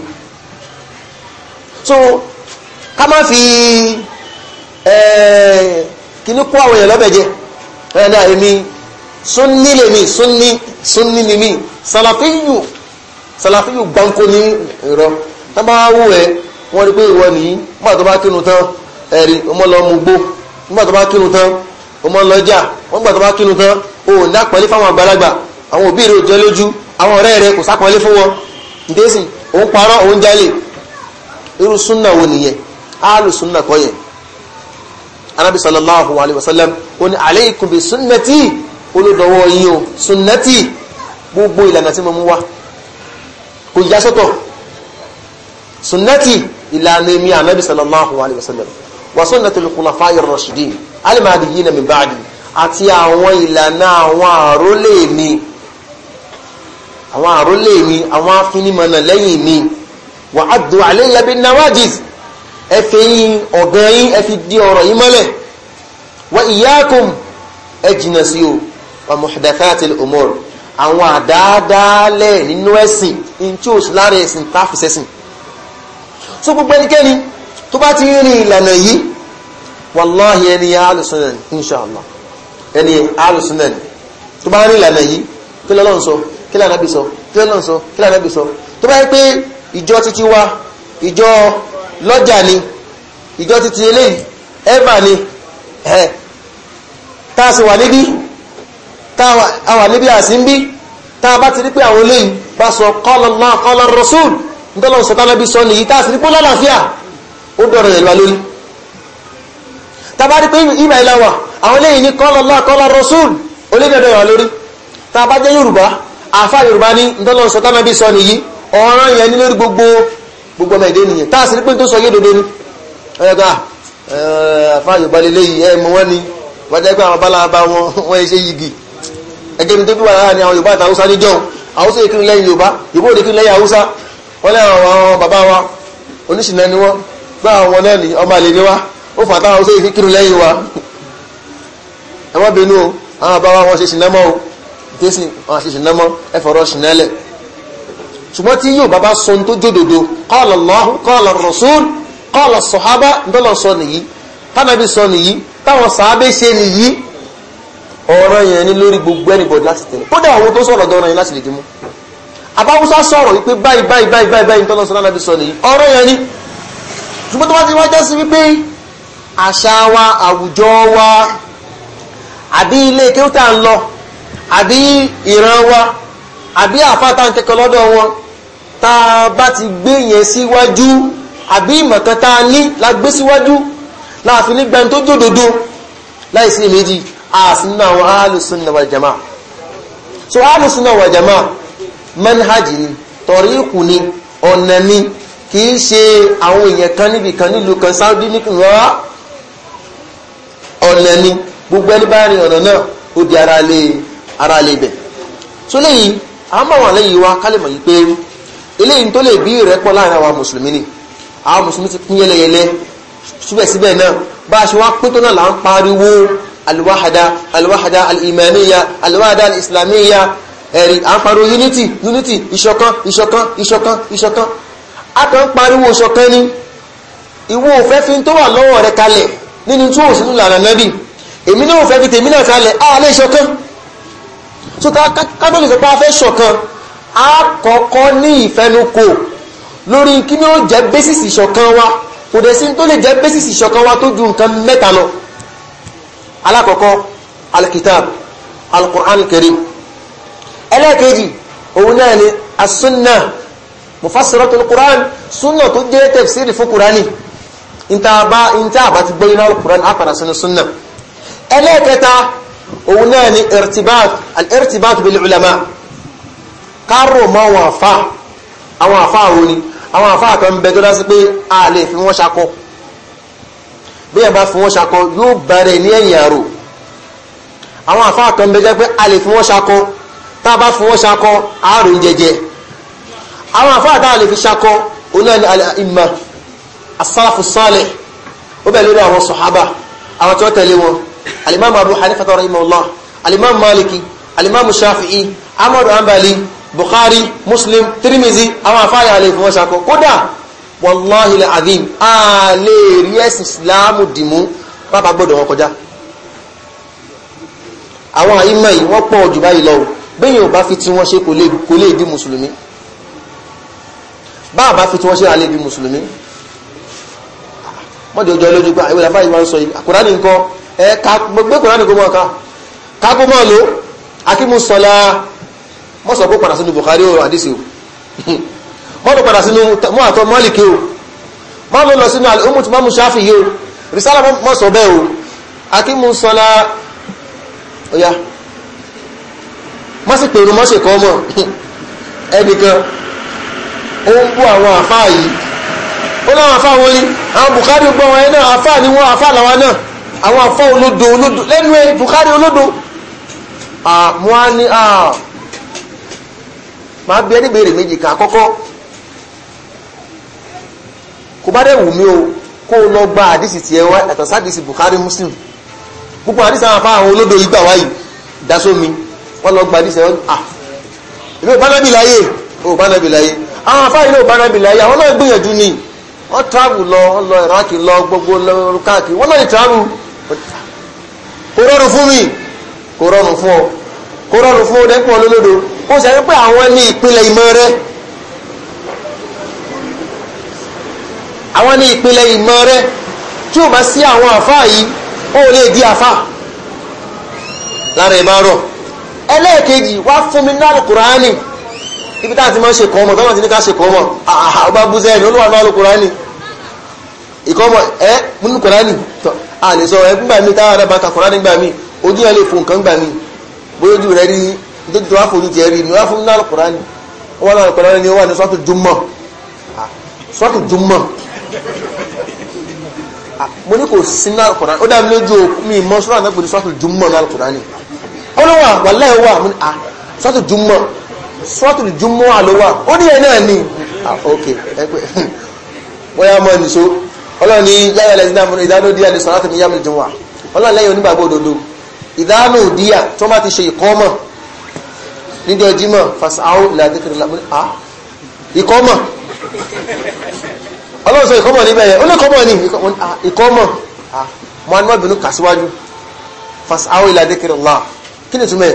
so ká má fi kíní kó àwọn èèyàn lọ́bẹ̀ jẹ ẹ̀ sunni lèmi sunni sunni ni mi salafiyu salafiyu gbanko ní ìrọ tán bá wù ẹ wọ́n rí pé ìwọ nìyí nígbà tó bá kínú tán ẹ̀rí ọmọ lọ mú gbó nígbà tó bá kínú tán ọmọ lọ jà wọ́n nígbà tó bá kínú tán o ò ní àpọ́nlé fáwọn àgbàlagbà àwọn òbí rẹ̀ ò jẹ́ lójú àwọn ọ̀rẹ́ rẹ̀ kò sápọ́nlé fún wọn ǹdẹ́sì òun parọ́ òun jalè irú súnà wo nìyẹn áàlù súnà kọ́ yẹn sallallahu alayhi wa sallam ó bi sunnati olódọwọ́ yí o sunnati gbogbo ìlànà tí mo mú wá kò yá sọ́tọ̀ sunnati ìlànà èmi ànábì sallallahu alayhi wa sallam wa sunnatul khulafa'i ar-rashidin al-mahdiyyin min ba'di àti àwọn ìlànà àwọn àrólé mi àwọn àrólé mi àwọn afinimọ̀nà lẹ́yìn mi wa addu alayya bin nawajiz ẹfẹ́ yín ọ̀gán yín di ọ̀rọ̀ yín mọ́lẹ̀ wa iyyakum ẹ jìnà sí o wa muhdathatil umur àwọn àdáadáalẹ̀ nínú ẹ̀sìn in tí ó sì lára ẹ̀sìn káfíṣẹ́sìn so gbogbo ẹnikẹ́ni tó bá ti rìn ìlànà yìí wàláhì ẹni alùsùnàn inṣàlá ẹni alùsùnàn tó bá rìn ìlànà yìí kí lọ́lọ́n sọ kí lànàbí sọ kí lọ́lọ́n sọ kí lànàbí sọ tó bá yẹ pé ìjọ títí wa ìjọ lọ́jà ni ìjọ títí eléyìí ẹ̀bà ni ẹ̀ tá a sì wà níbí táwa àwà níbi àsín bí tá a bá ti rí pé àwọn eléyìí bá sọ qala Allah qala rasul nítorí ọ̀sán tánà bí sọ nìyí tá a sì rí pé lálàáfíà ó dọ̀rọ̀ rẹ̀ lọ lórí bá rí pé ìmọ̀ ìlà àwọn eléyìí ní qala Allah qala rasul olóòdọ̀dọ̀ rẹ̀ lórí tá bá jẹ́ yorùbá àfa yorùbá ní nítorí ọ̀sán sọ nìyí ọ̀ràn yẹn ní lórí gbogbo gbogbo ọmọ èdè ẹgẹ́ ní tó bí wà láàrin àwọn Yorùbá àti Haúsá níjọ́ Haúsá èkìrì lẹ́yìn Yorùbá Yorùbá òde kìrì lẹ́yìn Haúsá wọ́n lé àwọn bàbá wa oníṣìnà ni wọ́n gbá àwọn náà ní ọmọ àlè ní wá ó fà táwọn Haúsá èkìrì lẹ́yìn wa ẹ bínú àwọn bàbá wọn ṣe ṣìnà o tẹ́sí wọn ṣe ṣìnà ẹ fọ̀rọ̀ ṣìnà ṣùgbọ́n tí Yorùbá bá sọ tó jódodo qala ọ̀rọ̀ yẹn ni lórí gbogbo ẹnìbọ̀dì láti tẹ̀lé kódà àwọn tó sọ̀rọ̀ dọ́rọ̀ yẹn láti lè dìmú abáwúsá sọ̀rọ̀ wípé báyìí báyìí báyìí báyìí báyìí tọ́lọ́sọ náà lábí sọ nìyí ọ̀rọ̀ yẹn ni ṣùgbọ́n tó bá ti wá já sí wípé àṣà wa àwùjọ wa àbí ilé kí ó tà ń lọ àbí ìran wa àbí àfáàtà ń kẹ́kọ̀ọ́ lọ́dọ̀ wọn tá a bá ti gbé yẹn síwájú àbí ìmọ̀kan tá a ní la gbé síwájú láàfin nígbà tó jòdòdó láìsí èméjì a sínú àwọn alùsùnà wal so alùsùnà wal jama'a manhaji ni tọ̀ríkù ni ọ̀nà ni kì í ṣe àwọn èèyàn kan níbi kan nílùú kan Saudi ní rán ọ̀nà ni gbogbo ẹni bá rin ọ̀nà náà ó di ara lé bẹ̀ so léyìí a máa wà lẹ́yìn wa kálẹ̀mọ̀ yìí pé eléyìí tó lè bí ìrẹ́pọ̀ láàrin àwọn mùsùlùmí ni àwọn mùsùlùmí ti pín yẹlẹyẹlẹ síbẹ̀síbẹ̀ náà bá a ṣe wá pín tó náà là ń pariwo alwahada alwahada alimaniya alwahada alislamiya ẹ̀rí à ń pariwo unity unity ìṣọ̀kan ìṣọ̀kan ìṣọ̀kan ìṣọ̀kan a kàn ń pariwo ìṣọ̀kan ni ìwọ òfẹ́ fi tó wà lọ́wọ́ rẹ kalẹ̀ nínú tí òsínú lànà nábì èmi náà òfẹ́ fi tèmi náà kalẹ̀ a lè ṣọ̀kan tó kábọ̀lì sọ pé a fẹ́ ṣọ̀kan a kọ́kọ́ alákọ̀ọ́kọ́ alkitab alquran karim ẹlẹ́ẹ̀kejì òun náà ni asúnnà mufassiratul quran súnnà tó jẹ́ tafsiri fún qurani ìta àbá ti gbóyìn náà quran apara sínú súnnà ẹlẹ́ẹ̀kẹta òun náà ni irtibat al-irtibat bil ulama kárò mọ́ àwọn àfá àwọn àfá àwọn ni àwọn àfá kan bẹ tó dá sí pé a lè fi wọ́n ṣakọ́ bí ẹ bá fi wọ́n ṣakọ yóò bẹ̀rẹ̀ ní ẹ̀yìn àrò àwọn àfáà kan bẹ jẹ́ pé a lè fi wọ́n ṣakọ tá a bá fi wọ́n ṣakọ àárò ń jẹjẹ àwọn àfáà tá a lè fi ṣakọ oná ni al-imma as-salafu salih ó bẹ̀ lórí àwọn sọ̀hábà àwọn tí tẹ̀lé wọn alimami abu hanifa rahimahullah alimami maliki alimami shafi'i amadu ambali bukhari muslim tirimizi àwọn àfáà yà lè fi wọ́n ṣakọ kódà wàláhì àdìm a lè rí ẹ̀sìn ìsìláàmù dìmú pápá gbọ́dọ̀ wọn kọjá àwọn àyímọ̀ yìí wọ́n pọ̀ jù báyìí lọ bẹ́yìn ò bá fi tí wọ́n ṣe kò lè di mùsùlùmí bá bá fi tí wọ́n ṣe alẹ́ di mùsùlùmí mọ́dé ọjọ́ lójú gbá ìwé làbáyìí wọ́n sọ yìí àkùránì nǹkan ẹ gbé kùránì kó mọ́ ká kákó mọ́ lò akímú sọlá mọ́sọ̀ kó padà sínú Bukhari àdìsí o mọ́mù padà sínú mọ́àtọ́ mọ́lìkì o mọ́mù lọ sínú al'ummut mọ́mù ṣáfì yìí o rìsálà mọ́ sọ bẹ́ẹ̀ o akímù sọlá ọ̀yá má sì pèrò mọ́ṣẹ̀ kọ́ mọ́ ẹnìkan ó ń bú àwọn àfáà yìí ó láwọn àfáà wọn ni àwọn Bukhari gbọ́ wọn náà àfáà ni wọ́n àfáà làwọn náà àwọn àfáà olódo olódo lẹ́nu ẹ Bukhari olódo àmúhání àà máa bí ẹni bèèrè méjì kan àkọ́kọ́ kò bá dẹ̀ wù mí o kó lọ gba àdìsí tiẹ̀ wá yàtọ̀ sádìsí Bukhari Muslim púpọ̀ àdìsí àwọn afáwọn olódò ìgbà wáyìí dasómi wọ́n lọ gba àdìsí wọn à èmi ò bá nábì láyé ò bá nábì láyé àwọn afáwọn ilé ò bá nábì láyé àwọn náà gbìyànjú ni wọ́n travel lọ wọ́n lọ Iraki lọ gbogbo lọ káàkiri wọ́n náà lè travel kò rọrùn fún mi kò rọrùn fún ọ kò rọrùn fún ọ dẹ́kun olódodo ó sọ pé àwọn ní ìpínlẹ̀ ìmọ̀ àwọn ní ìpìlẹ̀ ìmọ̀ rẹ tí ò bá sí àwọn àfá yìí ó lè di àfá lára ìmọ̀ rọ ẹlẹ́ẹ̀kejì wá fún mi náà lùkùránì ibi táà ti máa ṣe kọ́mọ̀ tọ́mọ̀ tí ní ká ṣe kọ́mọ̀ àhà ọba búzẹ́ ẹni olúwa náà lùkùránì ìkọ́mọ̀ ẹ múnú kùránì tọ́ a lè sọ ẹkún gbà mí táwọn ará bàtà kùránì gbà mí ojú ẹ lè fò nǹkan gbà mí bóyá ojú rẹ rí nítorí tó wá fojú tiẹ̀ rí ni wá fún mi náà lùkùránì ó wà náà lùkùránì ni ó wà ní sọ́tù jùmọ̀ sọ́tù jùmọ̀ Ah, mo ní kò sí ní alukùránì ó dábí lójú mi mọ́ sọ́rọ̀ náà pẹ̀lú sọ́tù jùmọ̀ ní alukùránì ó ló wà wà ah, láì wà mú à sọ́tù jùmọ̀ sọ́tù jùmọ̀ àlówà ó ní ẹ̀ náà ni ah, ok ẹgbẹ́ bóyá mọ́ nìṣó ọlọ́ni yáyà lẹ́sìn náà ìdánù díà ní sọ́tù ní yàmù jùmọ̀ ọlọ́ni lẹ́yìn onígbàgbọ́ òdodo ìdánù díà tó má ti ṣe ìkọ́mọ̀ ọlọ́run sọ ìkọ́mọ̀ níbẹ̀ yẹn ó lè kọ́mọ̀ ní ìkọ́mọ̀ mọ́ anúmọ̀ ah, ah, bínú kà síwájú fas áwọ̀ ilẹ̀ adékèrè ńlá kí ni túnmẹ̀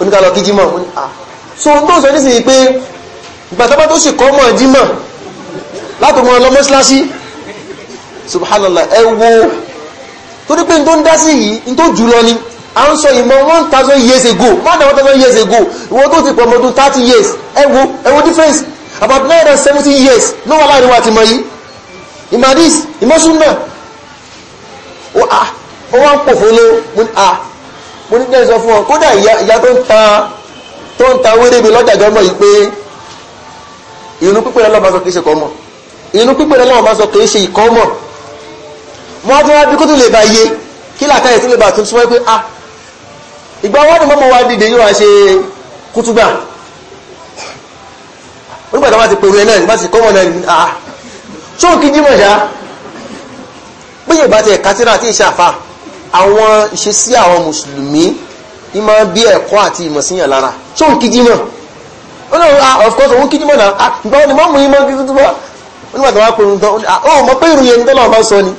oníkálọ̀ kí jímọ̀ ah. so n tó sọ ní sí pé gbàtọ́bá tó sì kọ́mọ̀ jímọ̀ látò mọ́ ọlọ́mọ́ síláṣí subhanallah ẹ wo torí pé n tó ń dá sí yìí n tó jùlọ ni a ń sọ ìmọ̀ 1000 years ago more than 1000 years ago ìwọ́n tó ti pọ̀ mọ́dún 30 years ẹ wo ẹ wo difference about more than seventy years No, wà láàrin wa ti mọ̀ yìí imadis imọ́súnà ó à ó wá ń pòfolo mo ní à mo ní dẹ́n sọ fún ọ kódà ìyá tó ń ta tó ń ta wérébe lọ́jà gan mọ̀ yìí pé inú pípẹ́ lọ́wọ́ bá sọ kì í ṣe kọ́ mọ̀ inú pípẹ́ lọ́wọ́ bá sọ kì í ṣe ìkọ́ mọ̀ wọ́n tún wá bí kó tún lè bá yé kí làkàyè tún lè bá tún súnmọ́ pé ah ìgbà wọn ni mọ́mọ́ wa dìde yóò wá ṣe kútúbà onígbà tó bá ti pèrò ẹ náà bá ti kọ́mọ̀ náà ní àá tó kí jímọ̀ ṣá péye bá ti ẹ̀ka tíra àti ìṣàfà àwọn ìṣesí àwọn mùsùlùmí ní máa bí ẹ̀kọ́ àti ìmọ̀síyàn lára tó kí jímọ̀ ó lóun ah of course òun kí jímọ̀ náà ah ìgbà wọn ni mọ́mú yín mọ́ kí tuntun bá onígbà tó bá pèrò ń tán ó mọ pé irú yẹn tọ́lọ́ bá sọ ni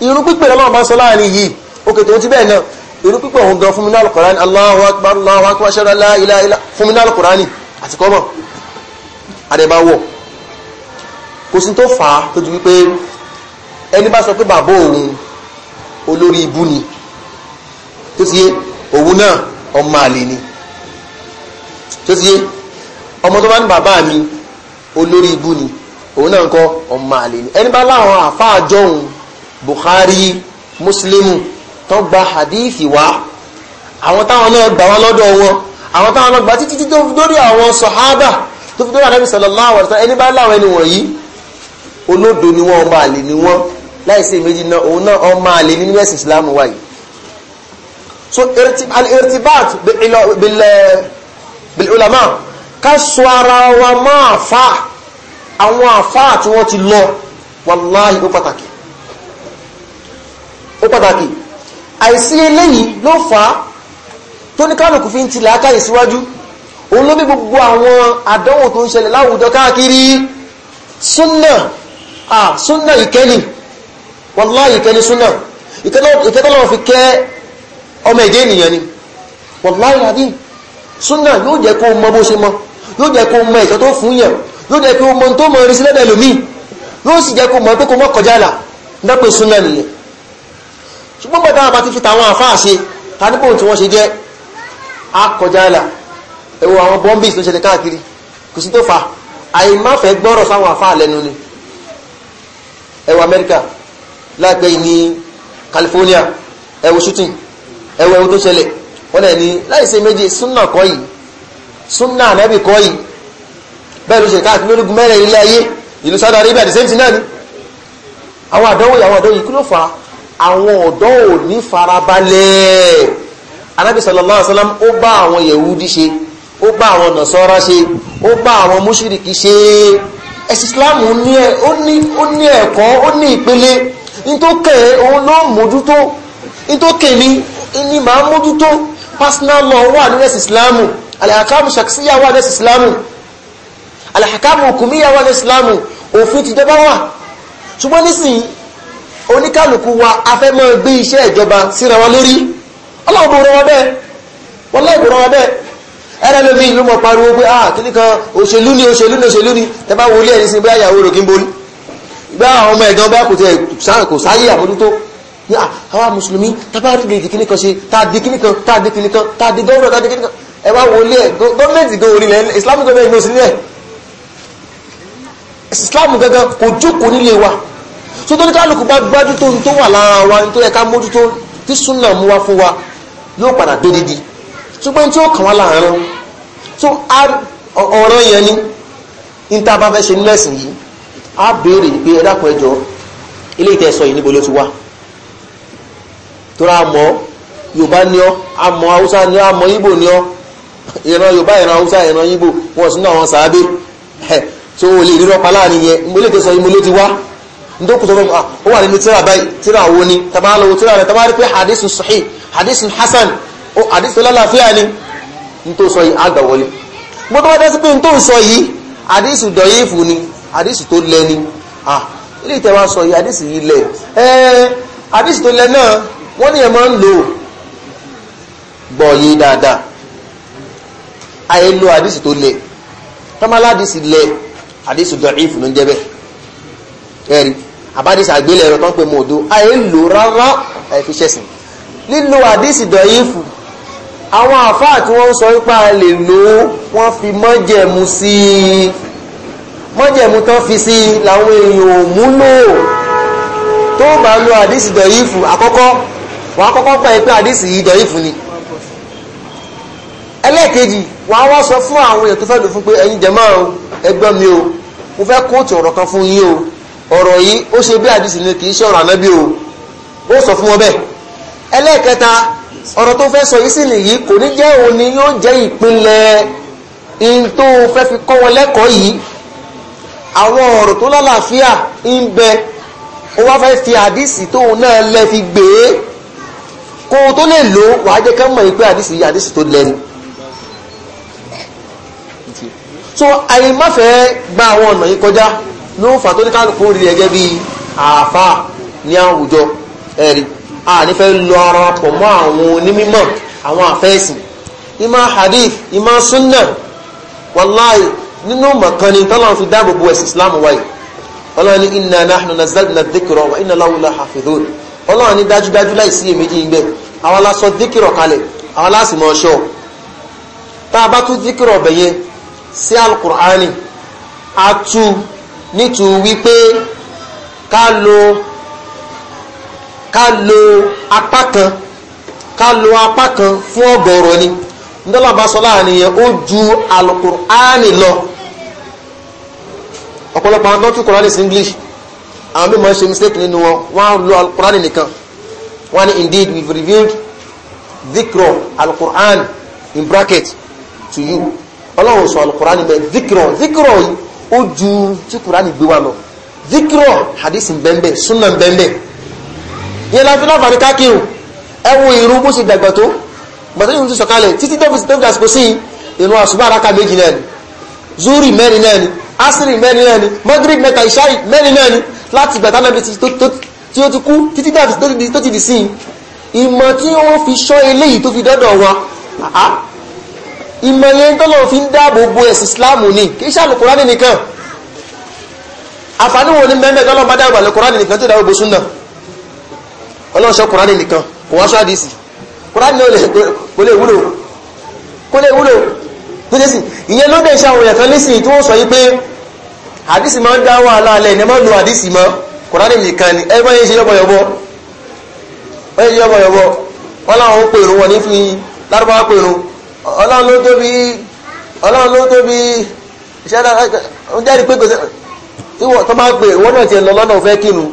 irú pípẹ́ lọ́wọ́ bá sọ láàrin yìí òkè tó ti bẹ́ẹ̀ náà irú pípẹ́ òun gan fún mi náà lọ́kọ̀ọ́rání Allahu akbar Allahu akbar ṣẹ́ra láìláìlá fún mi náà lọ́kọ̀ọ́rání àtikọ́mọ̀ àdẹ̀bá wọ̀ kò sí tó fà á tó ju wípé ẹni bá sọ pé bàbá òun olórí ibú ni tó ti yé òun náà ọmọ àlè ni tó ti yé ọmọ tó bá ní bàbá mi olórí ibú ni òun náà kọ́ ọmọ àlè ni ẹni bá láwọn àfáà jọ̀hún Bukhari Muslimu tó gba hadithi wá àwọn táwọn náà gbà wá lọ́dọ̀ wọn àwọn táwọn náà gbà títí tó dórí àwọn sọ̀hábà tó fi dọ́rọ̀ anábì sallallahu alaihi wasallam ẹni bá láwọn ẹni wọ̀nyí olódo ni wọ́n ọmọ àlè ni wọ́n láìsí méjì náà òun náà ọmọ àlè nínú ẹ̀sìn islam wáyé so al-irtibat bil ulama ká sọ ara wa máa fa àwọn àfá tí wọ́n ti lọ wàláhì ó pàtàkì ó pàtàkì àìsí eléyìí ló fà tó ní kálùkù fi ń tilẹ̀ akáyè síwájú òun ló ní gbogbo àwọn àdánwò tó ń ṣẹlẹ̀ láwùjọ káàkiri súnà à súnà ìkẹ́lì wàláhì ìkẹ́lì súnà ìkẹ́tọ́lọ́wọ́ fi kẹ́ ọmọ èdè ènìyàn ni wàláhì àdí súnà yóò jẹ́ kó mọ bó ṣe mọ yóò jẹ́ kó mọ ìṣẹ́ tó fún yẹn yóò jẹ́ kó mọ tó mọ rí sí lẹ́dẹ̀ lómi yóò sì jẹ́ kó mọ pé kó mọ kọjá là dápẹ́ súnà nìyẹn ṣùgbọ́n bàtà àbá ti fi tàwọn àfáà ṣe tàbí bóun tí wọ́n ṣe jẹ́ akọjá là ẹwọ àwọn bombings ló ṣẹlẹ̀ káàkiri kò sí tó fa àìmáfẹ́ gbọ́rọ̀ sáwọn àfáà lẹ́nu ni ẹwọ Amẹ́ríkà láìpẹ́ yìí California ẹwọ shooting ẹwọ ẹwọ tó ṣẹlẹ̀ wọ́n ní láìsí méjì súnà kọ́ yìí súnà ànábì kọ́ yìí bẹ́ẹ̀ ló ṣe káàkiri lórígun mẹ́rin ilé ayé ìlú Saudi Arabia the same thing náà ni àwọn àdánwò àwọn àdánwò yìí kí ló fà á àwọn ọ̀dọ́ ò ní farabalẹ̀ anábì sallallahu ó bá àwọn yẹ̀wúdí ṣe ó bá àwọn nàṣọ́rọ́ ṣe ó bá àwọn mùṣírìkì ṣe ẹ̀sì islamu ó ní ẹ̀kọ́ ó ní ìpele ní tó kẹ́ òun ló mójútó ní tó kẹ́ ní ní máa mójútó personal law wà ní ẹ̀sì islamu alahakamu shakisiya wà ní ẹ̀sì islamu alahakamu hukumiya wà ní ẹ̀sì islamu òfin ti jọba wà ṣùgbọ́n nísìnyí oníkàlùkù wa afẹ́ máa gbé iṣẹ́ ìjọba síra wọn lórí ọlọ́run bò rọwọ́ bẹ́ẹ̀ wọ́n láì bò rọwọ́ bẹ́ẹ̀ ẹ̀rẹ́ lómi ìlú mọ̀ pariwo pé ah kí nìkan òṣèlú ni òṣèlú ni òṣèlú ni tẹ́bá wọlé ẹni sí bí àyàwó rò kí n borí bí àwọn ọmọ ẹ̀gán bá kò tẹ̀ kò sáyé àmójútó ní ah, àwa mùsùlùmí tẹ́bá rí lè di kí nìkan ṣe tàbí kí nìkan tàbí kí nìkan tàbí gọ́ọ̀rọ̀ tàbí kí nìkan ẹ wá wọlé ẹ gọ́ọ̀mẹ̀ntì gan orí ilẹ̀ islamic gọ́ọ̀mẹ̀ntì ló sí nílẹ̀ islam gangan kò jókòó nílé wa tó ní wa ní tó yẹ ká mójútó tí súnà mú ṣùgbọ́n tí ó kàn wá láàrin tó ọ̀rọ̀ yẹn ni níta bá fẹ́ ṣe ní lẹ́sìn yìí á béèrè pé ẹ dákun ẹ jọ̀ọ́ ilé ìtẹ̀sọ yìí níbo ló ti wá torí àmọ́ yorùbá ni ọ́ àmọ́ haúsá ni ọ́ àmọ́ ìgbò ni ọ́ ìran yorùbá ìran haúsá ìran ìgbò wọn sínú àwọn sàábé tó o lè rírọ́ palá nìyẹn ilé ìtẹ̀sọ yìí mo ló ti wá ndoku tó fẹ́ ah, ó wà nínú tíra báyìí tíra wo ni tabalọ́wọ́ tíra rẹ̀ tabalọ́ pé hadith sahih hadith hasan ó àdísọ lálàáfíà ni n tó sọ yìí àgbàwọlé mo tó bá dá sí pé n tó sọ yìí àdísù dọ̀yífù ni àdísù tó lẹ ni ilé ìtẹ́wà sọ yìí àdísù yìí lẹ dáadáa ayé lo àdísù tó lẹ tọ́máládìsì lẹ àdísù dọ̀yífù ló ń jẹ́ bẹ́ẹ̀ ẹ̀rí àbádìsì àgbélẹ̀rọ tó ń pè mọ́ òdo ayé lò rárá ẹ̀fíṣẹ́sìn lílo àdísì dọ̀yífù àwọn àfáà tí wọ́n ń sọ wípé a lè lò ó wọ́n fi mọ́jẹ̀mú sí i mọ́jẹ̀mú tán fi sí i làwọn èèyàn ò múlò tó bá lo àdísì dọ̀yífù àkọ́kọ́ wọ́n àkọ́kọ́ pẹ̀ pé àdísì yìí dọ̀yífù ni ẹlẹ́ẹ̀kejì wọ́n wá sọ fún àwọn èèyàn tó fẹ́ lò fún pé ẹ̀yin jẹ̀mọ́ ẹgbẹ́ mi o mo fẹ́ kóòtù ọ̀rọ̀ kan fún yín o ọ̀rọ̀ yìí ó ṣe bí àdísì ni kì í ṣe ọ̀rọ̀ ànábì o ó sọ fún wọn ọ̀rọ̀ tó fẹ́ sọ yìí sì nìyí kò ní jẹ́ òun ni yóò jẹ́ ìpínlẹ̀ in tó fẹ́ fi kọ́ wọn lẹ́kọ̀ọ́ yìí àwọn ọ̀rọ̀ tó lálàáfíà ń bẹ ó wá fẹ́ fi àdìsí tóun náà lẹ́ fi gbé e kó o tó lè lò wàá jẹ́ ká mọ̀ pé àdìsí yìí àdìsí tó lẹ́nu so àyèmáfẹ́ gba àwọn ọ̀nà yìí kọjá ló ń tó ní kálukú rí ẹgẹ́ bíi àáfà ní àwùjọ ẹ̀rí. Eh, a ní fẹ́ lọ ara pọ̀ mọ́ àwọn onímọ̀ àwọn àfẹ́sìn ìmọ̀ hadith ìmọ̀ súnnà wàláì nínú mọ̀kànnì tọ́lọ́n fi dáàbò bo islam wáyé ọlọ́run ní inna nahnu nazzalna dhikra wa inna lahu lahafidhun ọlọ́run ní dájúdájú láì sí èméjì ń bẹ àwọn lásọ dhikra kalẹ̀ àwọn lásìmọ̀ ọ̀ṣọ́ tá a bá tún dhikra ọ̀bẹ̀ yẹn sí alukur'ani a tú nítorí wípé ká lo ká lo apá kan ká lo apá kan fún ọ̀gọ̀rọ̀ ni ndọ́làbá sọ láàrin ó ju alukur'ani lọ ọ̀pọ̀lọpọ̀ àwọn tó ń tún kọ́ra english àwọn bí wọ́n ṣe mistake nínú wọn wọ́n lo alukur'ani nìkan wọ́n ní indeed we have revealed dhikro alukur'an in bracket to you ọlọ́run sọ alukur'ani bẹ́ẹ̀ dhikro dhikro yìí ó ju tí kur'ani gbé wa lọ dhikro hadith bẹ́ẹ̀ bẹ́ẹ̀ sunnah bẹ́ẹ̀ bẹ́ẹ̀ yẹn láti láǹfààní kákìrù ẹwù ìrú bó sì dàgbà tó gbàtẹ́ ìrú ti sọ̀kalẹ̀ títí tó fi tó fi sí ìrún àṣùbà àràkà méjì náà ni zuri mẹ́rin náà ni asiri mẹ́rin náà ni magrib mẹ́ta ìṣáì mẹ́rin náà ni láti gbàtà náà tí ó ti kú títí tó ti di sí ìmọ̀ tí wọ́n fi ṣọ́ eléyìí tó fi dọ́dọ̀ wọn ìmọ̀ yẹn tó lọ́wọ́ fi ń dáàbò bo ẹ̀sìn Islam ni kì í ṣàlùkùránì nìkan àfàníwò ní mẹ́mẹ́ tó lọ́wọ́ bá dáàbò àlùkùránì nìkan tó dáàbò bo súnà ọlọ́run sọ kùránì nìkan kò wá sọ àdìsí kùránì náà kò lè wúlò kò lè wúlò tó dé sí ìyẹn ló dẹ̀ ṣe àwọn èèyàn kan nísìn tí wọ́n sọ yí pé àdìsí máa ń dá wàhálà alẹ́ ní ẹ má lo àdìsí mọ́ kùránì nìkan ni ẹ bá yẹn ṣe yọ́bọ̀yọ̀bọ̀ wọ́n yẹn ṣe yọ́bọ̀yọ̀bọ̀ wọ́n láwọn ó pèrò wọn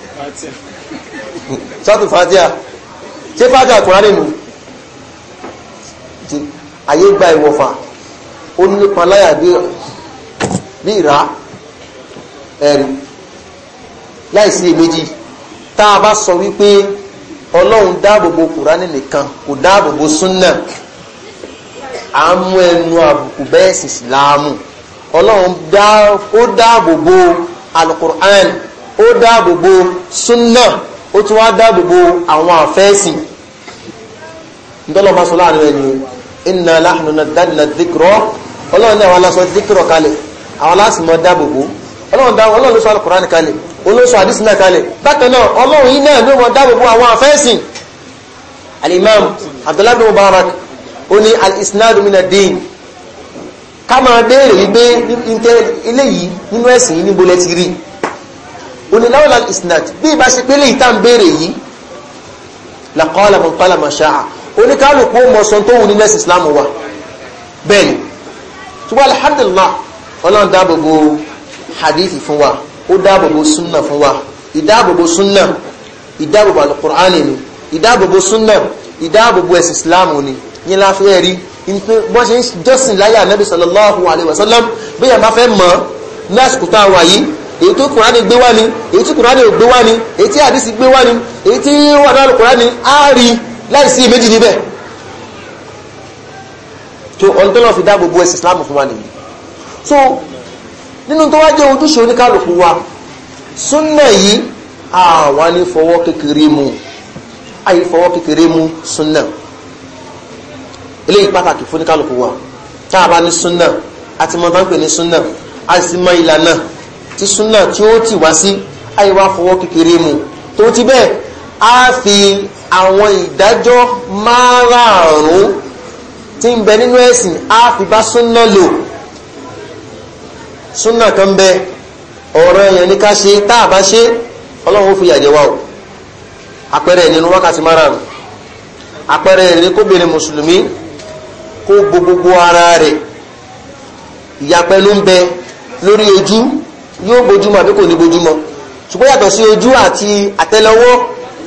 sọ́tù fàtíà ṣé fàtíà kùránì nù ayé gba ìwọ̀fà ó nípa láyà bí ìrá ẹ̀rì láìsí èméjì tá a bá sọ wípé ọlọ́run dáàbòbò kùránì nìkan kò dáàbòbò súnnà à ń mú ẹnu àbùkù bẹ́ẹ̀ sì síláàmù ọlọ́run ó dáàbòbò alukur'an ó dáàbòbò súnà ó tún wá dáàbòbò àwọn àfẹ́ẹ̀sì ìdọ́lọ́mọsọ láàrin ẹni inna nahnu nazzalna dhikra ọlọ́run náà wà lásọ dhikra kalẹ̀ àwọn aláṣìmọ̀ dáàbòbò ọlọ́run ló sọ alukùránì kalẹ̀ olóṣù àdísì náà kalẹ̀ bákan náà ọlọ́run yìí náà ló mọ̀ dáàbòbò àwọn àfẹ́ẹ̀sìn al-imam abdullahi bin mubarak ó ní al-isnadu min ad-din ká máa béèrè wípé ilé yìí nínú ẹ̀sìn yìí níbo lẹ rí oníláwọlá isnad bí ìbá ṣe pé léyìí tá ń béèrè yìí làkọ́lá mọ̀kọ́lá mọ̀ṣáà oníkálùkù mọ̀sán tó wù ní lẹ́sìn islam wa bẹ́ẹ̀ ni ṣùgbọ́n alhamdulillah ọlọ́run dáàbòbò hadithi fún wa ó dáàbòbò sunna fún wa ìdáàbòbò sunna ìdáàbòbò alukur'ani ni ìdáàbòbò sunna ìdáàbòbò ẹ̀sìn islam ni yín láfẹ́ rí bọ́n ṣe ń jọ́sìn láyé ànábì sallallahu alayhi wa sallam bí yàrá fẹ́ mọ̀ lásìkò táwa yìí èyí tó kùránì gbé wá ni èyí tí kùránì ò gbé wá ni èyí tí àdísì gbé wá ni èyí tí wà náà kùránì á rí láì sí méjì níbẹ̀ tó ọ̀ntọ́lọ́ fi dá gbogbo ẹ̀sìn Islam fún wa nìyí so nínú tó wá jẹ́ ojúṣe oníkálukú wa súnnà yìí àwa ní fọwọ́ kékeré mu àyè fọwọ́ kékeré mu súnnà eléyìí pàtàkì fún oníkálukú wa tá a bá ní súnnà àti mọ̀ bá ń pè ní súnnà a sì ìlànà tí súnà tí ó tì wá sí ayé wa fọwọ́ kékeré mu tó ti bẹ́ẹ̀ á fi àwọn ìdájọ́ márààrún tí ń bẹ nínú ẹ̀sìn á fi bá súnà lò súnà kan bẹ ọ̀rọ̀ èèyàn ní ká ṣe tá a bá ṣe ọlọ́run ó fi yàjẹ́ wa o àpẹẹrẹ nínú wákàtí márààrún àpẹẹrẹ ní kóbìnrin mùsùlùmí kó gbogbogbò ara rẹ̀ ìyapẹ́ ló ń bẹ lórí ojú yóò bójúmọ́ àbí kò ní bójúmọ́ ṣùgbọ́n yàtọ̀ sí ojú àti àtẹ́lẹwọ́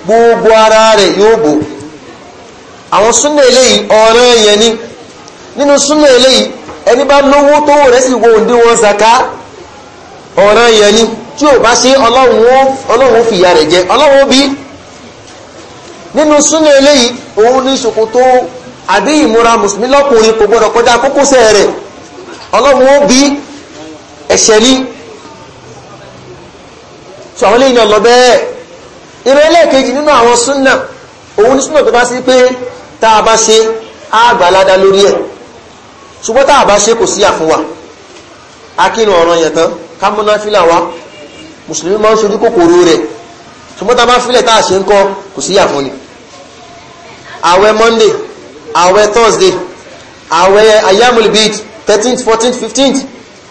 gbogbo ara rẹ̀ yóò bò àwọn súnà eléyìí ọ̀ràn yẹn ni nínú súnà eléyìí ẹni bá lówó tó rẹ̀ sì wo òǹdí wọn zaka ọ̀ràn yẹn ni tí ò bá ṣe ọlọ́run ó fìyà rẹ̀ jẹ ọlọ́run ó bí nínú súnà eléyìí òun ní ṣòkòtò àbí ìmúra mùsùlùmí lọ́kùnrin kò gbọ́dọ̀ kọjá kókósẹ̀ rẹ̀ ọlọ́run ó bí ẹ̀ṣẹ̀ ni so àwọn eléyìí náà lọ bẹ́ẹ̀ ìrẹ́ ẹlẹ́ẹ̀kejì nínú àwọn súnà òun ní súnà tó bá sí pé tá a bá ṣe á gbàládá lórí ẹ̀ ṣùgbọ́n tá a bá ṣe kò sí àfúnwà akínú ọ̀ràn yẹn tán kámúná fílà wa mùsùlùmí máa ń ṣojú kòkòrò rẹ̀ ṣùgbọ́n tá a bá fílẹ̀ tá a ṣe ń kọ́ kò sí àfúnni àwẹ̀ monday àwẹ̀ thursday àwẹ̀ ayamulbid 13th 14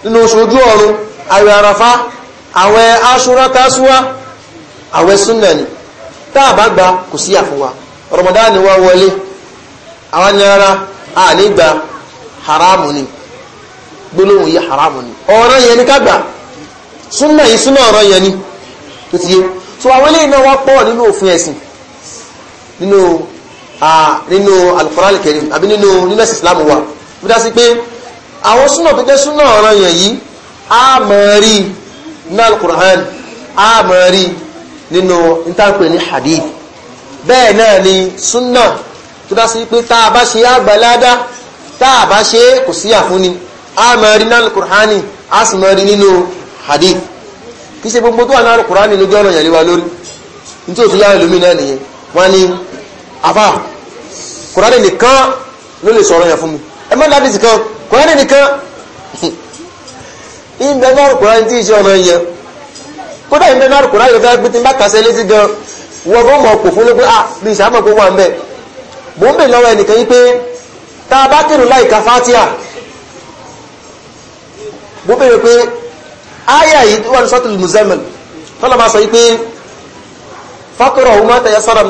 nínú oṣù ojú ọ̀run àwẹ̀ àwẹ̀ aṣúra tásúwá àwẹ̀ súnà ni táà bá gba kò sí àfúnwa Ramadan wá wọlé àwọn ni ara ànígbà haramu ni gbólóhùn yìí haramu ni ọ̀rọ̀ yẹn ni kágbà súnà yìí súnà ọ̀rọ̀ yẹn ni tó ti yé so àwọn eléyìí náà wá pọ̀ nínú òfin ẹ̀sìn nínú nínú Al-Qur'an Al-Karim àbí nínú nílẹ̀ Islam wa bí dá sí pé àwọn súnà tó jẹ́ súnà ọ̀rọ̀ yẹn yìí á mọ̀ rí i náà alukur'an a máa rí nínú ìtànpẹ̀ ní hadith bẹ́ẹ̀ náà ni súnà tó dá sí pé tá a bá ṣe àgbàládá tá bá ṣe kò sí àfúnni a máa rí náà alukur'an a sì máa rí nínú hadith kì í ṣe gbogbo tó wà náà alukur'an lójú ọ̀nà ìyàlẹ́wà lórí nítorí tó yára lómi náà nìyẹn wọ́n ní afá kùránì nìkan ló lè ìbẹ̀ náà rùkúrá ní tí ìṣẹ́ ọ̀nà yẹn kódà ìbẹ̀ náà rùkúrá yóò fẹ́ pé tí n bá kàṣẹ létí gan wọ́n fún ọmọ kò fún lóko ah bí ìṣàmọ̀ kó wà ń bẹ̀ mò ń bè lọ́wọ́ ẹnìkan yí pé tá a bá kírun láì ka fátíà mo bèèrè pé áyà yìí tó wà ní sọ́tìlì Muzammil tọ́lá máa sọ yí pé fákọ̀rọ̀ ọ̀hún máa tẹ̀yẹ sára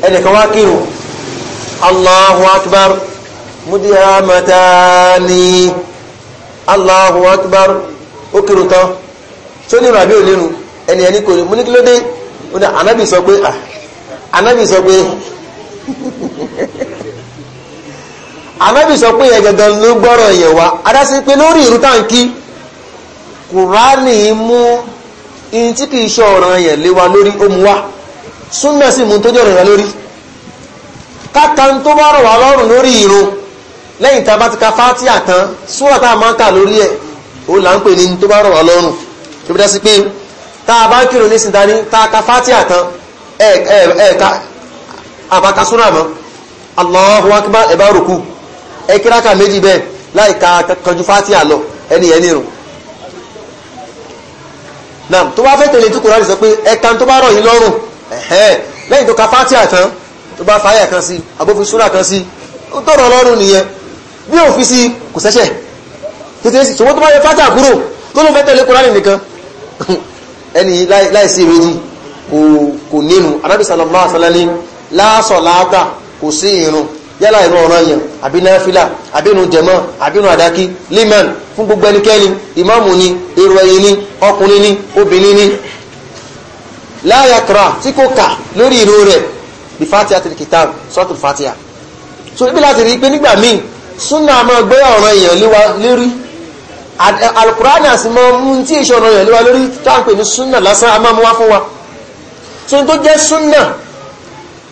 ẹnìkan wá kírun الله أكبر مدهامتان الله أكبر okìrùtán tí ó nínú àbí òlénu ẹni ẹni kò ní mú ní kí ló dé ó ní sọ pé ah, sọ pé sọ pé gangan ló gbọ́rọ̀ adásí pé lórí táǹkì kùránì mú tí kìí káka ń tó bá rọ̀ wá lọ́rùn lórí ìrun lẹ́yìn tá a bá ti ka fátíà tán súrà tá a máa ń kà lórí ẹ̀ ó là ń pè ní tó bá rọ̀ wá lọ́rùn tó bí dá pé tá a bá ń kírun ní sìntaní tá a ka fátíà tán ẹ̀ ẹ̀ ẹ̀ ká àbáka súrà mọ́ Allahu akbar ẹ̀ bá rùkú ẹ̀ kíráka méjì bẹ́ẹ̀ láì ka kanjú fátíà lọ ẹni yẹn nírun náà tó bá fẹ́ tẹ̀lé tó Kùránì sọ pé ẹ̀ka tó bá rọ̀ yín lọ́rùn lẹ́yìn tó ka fátíà tán tó bá fàáyà kan sí àbófin ṣúra kan sí ó tọrọ ọlọ́run nìyẹn bí òfin sí kò sẹ́sẹ̀ tètè sí ṣòwò tó bá yẹ fátà kúrò tó ló fẹ́ tẹ̀lé kúránì nìkan ẹni láìsí ìrèjì kò nínú anábì sallallahu la salata kò sí ìrun yálà ìrun ọ̀ràn yẹn àbí náfílà àbínú liman fún gbogbo ẹnikẹ́ni ìmáàmù ni èrò la yakra tí kò kà lórí ìrun rẹ̀ bí fatiha tẹ̀lé kitab sọ́tù fatiha so níbi láti rí pé nígbà míì súnà máa gbé ọ̀ràn èèyàn léwa lérí alukurani àti mọ ohun tí èso ọ̀ràn èèyàn léwa lórí táàpẹ̀ ní súnà lásán a máa mú wá fún wa so ní tó jẹ́ súnà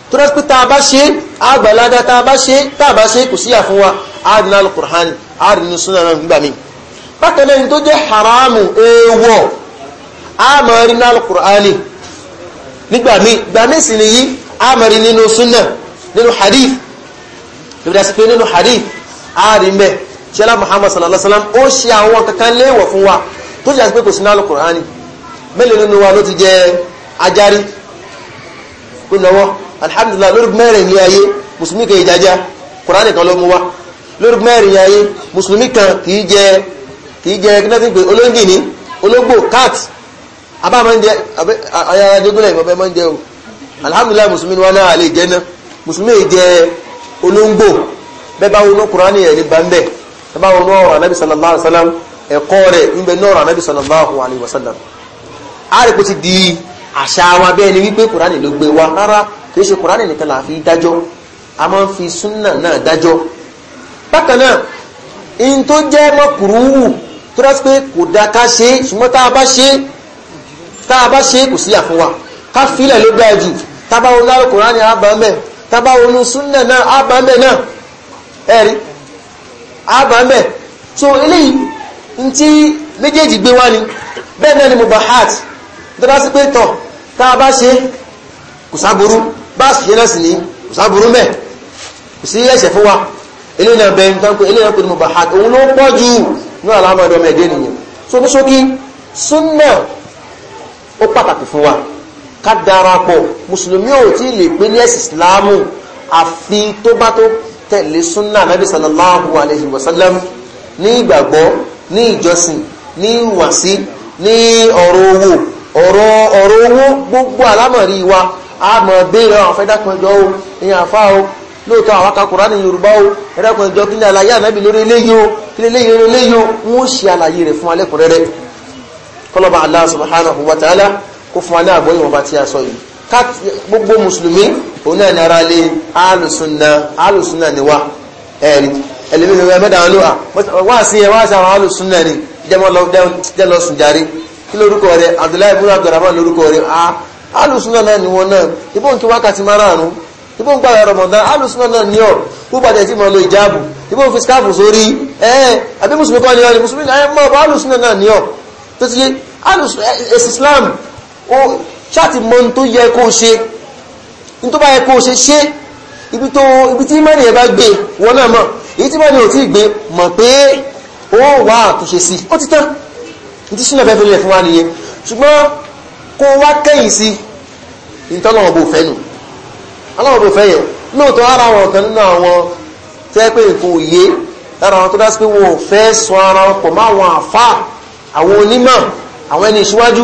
tó rẹ́ pé tá a bá ṣe àgbàládá tá a bá ṣe tá a bá ṣe kò síyà fún wa àdínà alukurani àdínà súnà nígbà míì bákan ní tó jẹ́ haramu èèwọ̀ a máa rí ní alukurani nígbà míì gbà nìyí àmọ̀rí nínú súnà nínú hadith ìbìdá sí pé nínú hadith ààrí mẹ́ ṣẹlá muhammad sallallahu alaihi wasallam ó ṣe àwọn kankan léèwọ̀ fún wa tó ṣe àti pé kò sí nálù kùránì mélòó nínú wa ló ti jẹ ajárí kó náwọ́ alhamdulillah lórí mẹ́rin ayé mùsùlùmí kan kìí jẹ kìí jẹ kínáfíì pé olóńgìní ológbò cat ayára dégúnlẹ̀ ìmọ̀bẹ máa alhamdulilayi musulmi ni wọn náà lè jẹ náà musulmi yìí jẹ olóńgbò bẹ́ẹ̀ bá wọnú kurani ẹ̀ ní bambẹ́ bẹ́ẹ̀ bá wọnú ọ̀rọ̀ anabi sallallahu alayhi wa sallam ẹ̀kọ́ rẹ̀ níbẹ̀ ní ọ̀rọ̀ anabi sallallahu alayhi wa sallam a rẹ̀ kó ti di àṣà wa bẹ́ẹ̀ ni wípé kurani ló gbé wa rárá kì í ṣe kurani nìkan la fi dájọ́ a máa ń fi súnà náà dájọ́ bákan náà in tó jẹ́ mọ́kùrúwù tó dá sí pé kò dá ká ṣe ṣùgbọ́n tá a bá ṣe kò síyà fún ká filẹ̀ ló dáa jù tábáwo lárò kòránì àbámẹ́ tábáwo nu súnà náà àbámẹ́ náà ẹ̀rí àbámẹ́ so eléyìí ní tí méjèèjì gbé wá ni bẹ́ẹ̀ náà ni mubahat dọ́dá sí pé tọ̀ tá a bá ṣe kò sáburú bá ṣe náà sì ní kò sáburú mẹ́ kò sí ẹ̀ṣẹ̀ fún wa eléyìí náà bẹ́ẹ̀ tán pé eléyìí náà pé ni mubahat òun ló pọ̀ jù ní àlámọ̀dọ́mẹ̀dẹ́ nìyẹn so ní ṣókí súnà ó ká darapọ̀ mùsùlùmí ò tí lè pé ní ẹ̀sì ìsìláàmù àfi tó bá tó tẹ̀lé súnà nàbí sallallahu alayhi wa sallam ní ìgbàgbọ́ ní ìjọsìn ní ìwàsí ní ọ̀rọ̀ owó ọ̀rọ̀ ọ̀rọ̀ owó gbogbo alámọ̀rí wa a mọ̀ béèrè àwọn afẹ́dàpẹ̀jọ́ o ní àfá o lóòótọ́ àwọn akakùrá ní yorùbá o ẹ̀dàpẹ̀jọ́ kí ní àlàyé ànábì lórí eléyìí o kí ní eléyìí eléyìí o wọ́n ṣe àlàyé rẹ̀ fún alẹ́kùnrẹ́rẹ́ kọlọ́ba Allah subhanahu wa ta'ala kó fún wa ní àgbọ́yé wọn bá tí a sọ yìí gbogbo mùsùlùmí òun náà nara lé alùsùnà alùsùnà ni wa ẹ̀rí ẹlẹ́mìí ẹ̀mẹ́ta wọn ló wà wá sí ẹ wá sí àwọn alùsùnà ni jẹ́ lọ sùn járe kí lórúkọ rẹ Abdullahi ibùdó abdulrahman lórúkọ rẹ alùsùnà ah, náà ni wọn náà ibùn tó wákàtí márààrún ibo ń gbára rọmọdán alùsùnà náà ní ọ púpàdé tí mo lo ìjáàbù ibo ń fi skáàbù sórí ẹ alùsùnà náà ní ọ tó ti yé alùsùnà ẹ̀sì Islam ó ṣáàtì mọ́ ní tó yẹ kó ṣe ní tó bá yẹ kó ṣe ṣe ibi tó ibi tí mẹ́rin yẹn bá gbé wọn náà mọ̀ èyí tí mẹ́rin ò tí gbé mọ̀ pé ó wà àtúnṣe sí ó ti tán ní tí ṣílẹ̀ fẹ́ fi lẹ̀ fún wa nìyẹn ṣùgbọ́n kó wá kẹ́yìn sí ìtọ́lọ́wọ́ bò fẹ́ nù aláwọ̀ bò fẹ́ yẹn lóòótọ́ ara wọn kan nínú àwọn tẹ́ pé nǹkan òye lára àwọn tó dá sí pé wọn ò fẹ́ sọ ara wọn pọ̀ máwọn àfáà àwọn onímọ̀ àwọn ẹni ìṣíwájú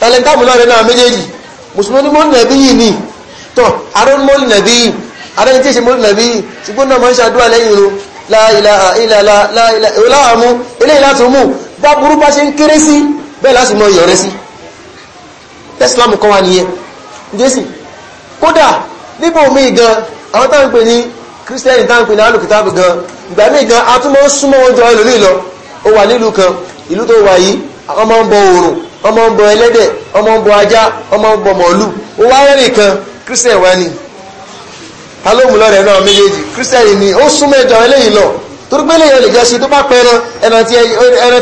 tàlẹ́ntàmù náà rẹ̀ náà méjèèjì mùsùlùmí ní mọ́nà bí yìí ni tọ́ arún mọ́nà bí yìí arẹ́ni tí ṣe mọ́nà bí yìí ṣùgbọ́n náà máa ń ṣàdúrà lẹ́yìn ro láàmú eléyìí láti mú bá burú bá ṣe ń kéré sí bẹ́ẹ̀ láti mọ ìyọ̀rẹ́ sí tẹ́sílámù kọ́ wa nìyẹn jésì kódà níbo mi gan àwọn táwọn pè ní kírísítẹ́nì táwọn pè ní alùkìtàbù gan ìgbà mi gan a tún mọ́ súnmọ́ wọn jọ ẹlòmíì lọ ó wà nílùú kan ìlú tó wà yìí àwọn máa ń bọ oòrùn ọmọ ń bọ ẹlẹ́dẹ̀ ọmọ ń bọ ajá ọmọ ń bọ mọ̀ọ́lù ó wá rẹ́ nìkan kírísítẹ̀ wá ni ta ló mú lọ́rẹ̀ náà méjèèjì kírísítẹ̀ ni ó súnmọ́ ẹ̀dọ̀ eléyìí lọ torí pé eléyìí lè jẹ́ sí tó bá pẹran ẹran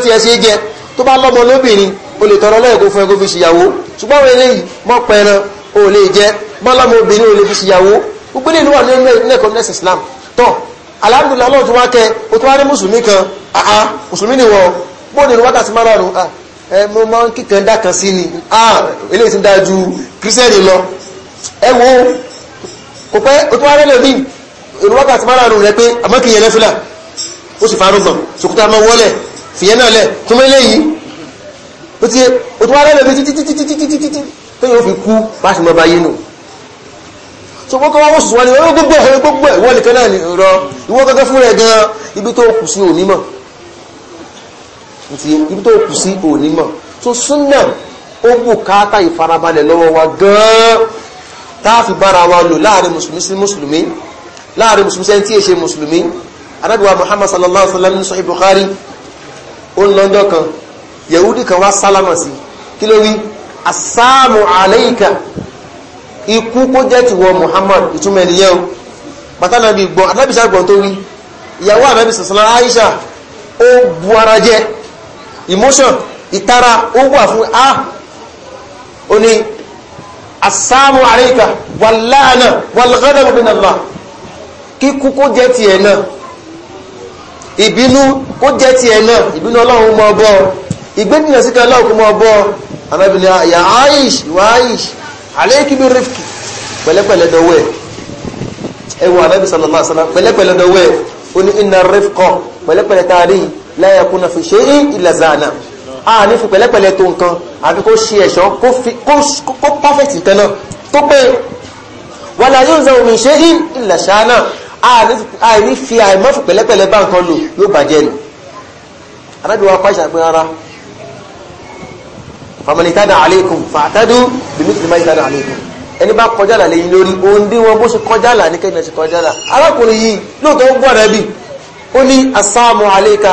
tí ẹ ṣe jẹ tó bá lọ́mọ lóbìnrin o lè tọrọ lẹ́ẹ̀kọ́ fún ẹ kó fi ṣìyàwó ṣùgbọ́n àwọn eléyìí mọ́ pẹran o lè jẹ mọ́ lọ́mọ obìnrin o lè fi ṣìyàwó gbogbo nínú wà nínú ẹ̀kọ́ nẹ́sì Islam tọ́ alhamdulillah ọlọ́run tó wá kẹ o tó wá ní mùsùlùmí kan àá mùsùlùmí ni wọ́n bóde ní wákàtí márùn-ún ẹ mo máa ń dákan sí ni ah eléyìí ti dájú kírísẹ́nì lọ ẹ wo kò pẹ́ o tó wá rẹ́lẹ̀ mí ìlú wákàtí máa rárun rẹ pé àmọ́ kì í yẹn lẹ́fìlà ó sì farun gbọ̀n sòkúta máa wọ́lẹ̀ fìyẹn náà lẹ̀ tó mọ́ eléyìí ó ti o tó wá rẹ́lẹ̀ mí títítítítítítítí so wọ́n kọ́ wọ́n sùn wá ní wọ́n gbogbo ẹ̀ gbogbo ẹ̀ wọ́n nìkan náà nti ibi tó kù sí òní mọ̀ tó súnà ó bùkátà ìfarabalẹ̀ lọ́wọ́ wa gan-an táàfi bára wa lò láàrin mùsùlùmí sí mùsùlùmí láàrin mùsùlùmí sí tí è mùsùlùmí anábíwá muhammad sallallahu alaihi wasallam ní sahih bukhari ó ń lọ́jọ́ kan yahudi kan wá sálámà sí kí ló wí assalamu alayka ikú kó jẹ́ tìwọ muhammad ìtumọ̀ ènìyàn pàtàkì gbọ́n anábìsà gbọ́n tó wí ìyàwó anábìsà sallallahu aisha ó bu ara jẹ́ emotion ìtara ó wà fún a ah! ó ní asáàmù àríkà wàláàna wàlgádàbù bin Allah kíkú kó jẹ́ ti ẹ̀ náà ìbínú kó jẹ́ ti ẹ̀ náà ìbínú ọlọ́run mọ́ ọbọ́ ìgbẹ́dìnà síkà ọlọ́run kó mọ́ ọbọ́ anábìnrin àyà aish wà aish aléìkíbi rifki pẹ̀lẹ́pẹ̀lẹ́ la yakuna fi shay'in illa zana a ní fi pẹ̀lẹ́pẹ̀lẹ́ tó nǹkan àfi kó ṣe ẹ̀ṣọ́ kó perfect nǹkan náà tó pé wala yunzahu min shay'in illa shana a ní fi àìmọ́ fi pẹ̀lẹ́pẹ̀lẹ́ bá nǹkan lò yóò bàjẹ́ nù arábìwá pàṣà pé rárá fàmìlítàdà àlékún fàtàdù bìmítìlì máìtàdà àlékún ẹni bá kọjálà lẹ́yìn lórí oúnjẹ wọn bó ṣe kọjálà ní kẹ́yìn ṣe kọjálà arákùnrin yìí lóòtọ́ ń bí ó ní asáàmù àléka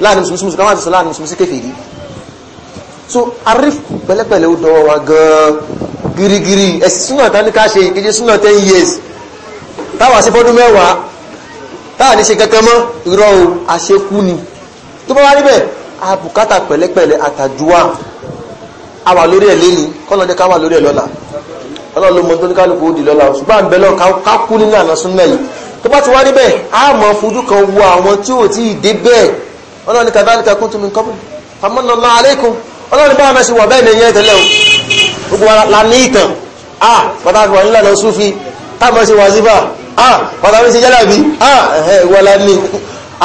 láàrin musulmi musulmi káwọn àti sọ láàrin musulmi sí kèfèrí so arif pẹ̀lẹ́pẹ̀lẹ́ ó dọwọ́ wa gan girigiri ẹ̀sì súnà tán ní ká ṣe ìkéje súnà ten years táwa sí fọ́dún mẹ́wàá táà ní ṣe kankan mọ́ irọ́ o àṣekú ni tó bá wá níbẹ̀ àbùkátà pẹ̀lẹ́pẹ̀lẹ́ àtàjúwà àwà lórí ẹ̀ lẹ́ni kọ́lọ́dẹ́ ká wà lórí ẹ̀ lọ́la ọlọ́run ló mọ tó ní kálukú ó di lọ́la ṣùgbọ́n àbẹ̀ lọ ká kú nínú àná súnmọ́ yìí tó bá ti ọlọ́run kàbáníkà kuntum min qabl famanallahu alaykum ọlọ́run bá mẹ́sí wọ̀ bẹ́ẹ̀ lẹ́yìn tẹ́lẹ̀ o gbogbo la ní ìtàn ah pàtàkì wà nílànà súfì táàmọ́ sí wàzíbà ah pàtàkì sí jálàbí ah ẹ̀hẹ́ ìwọ la ní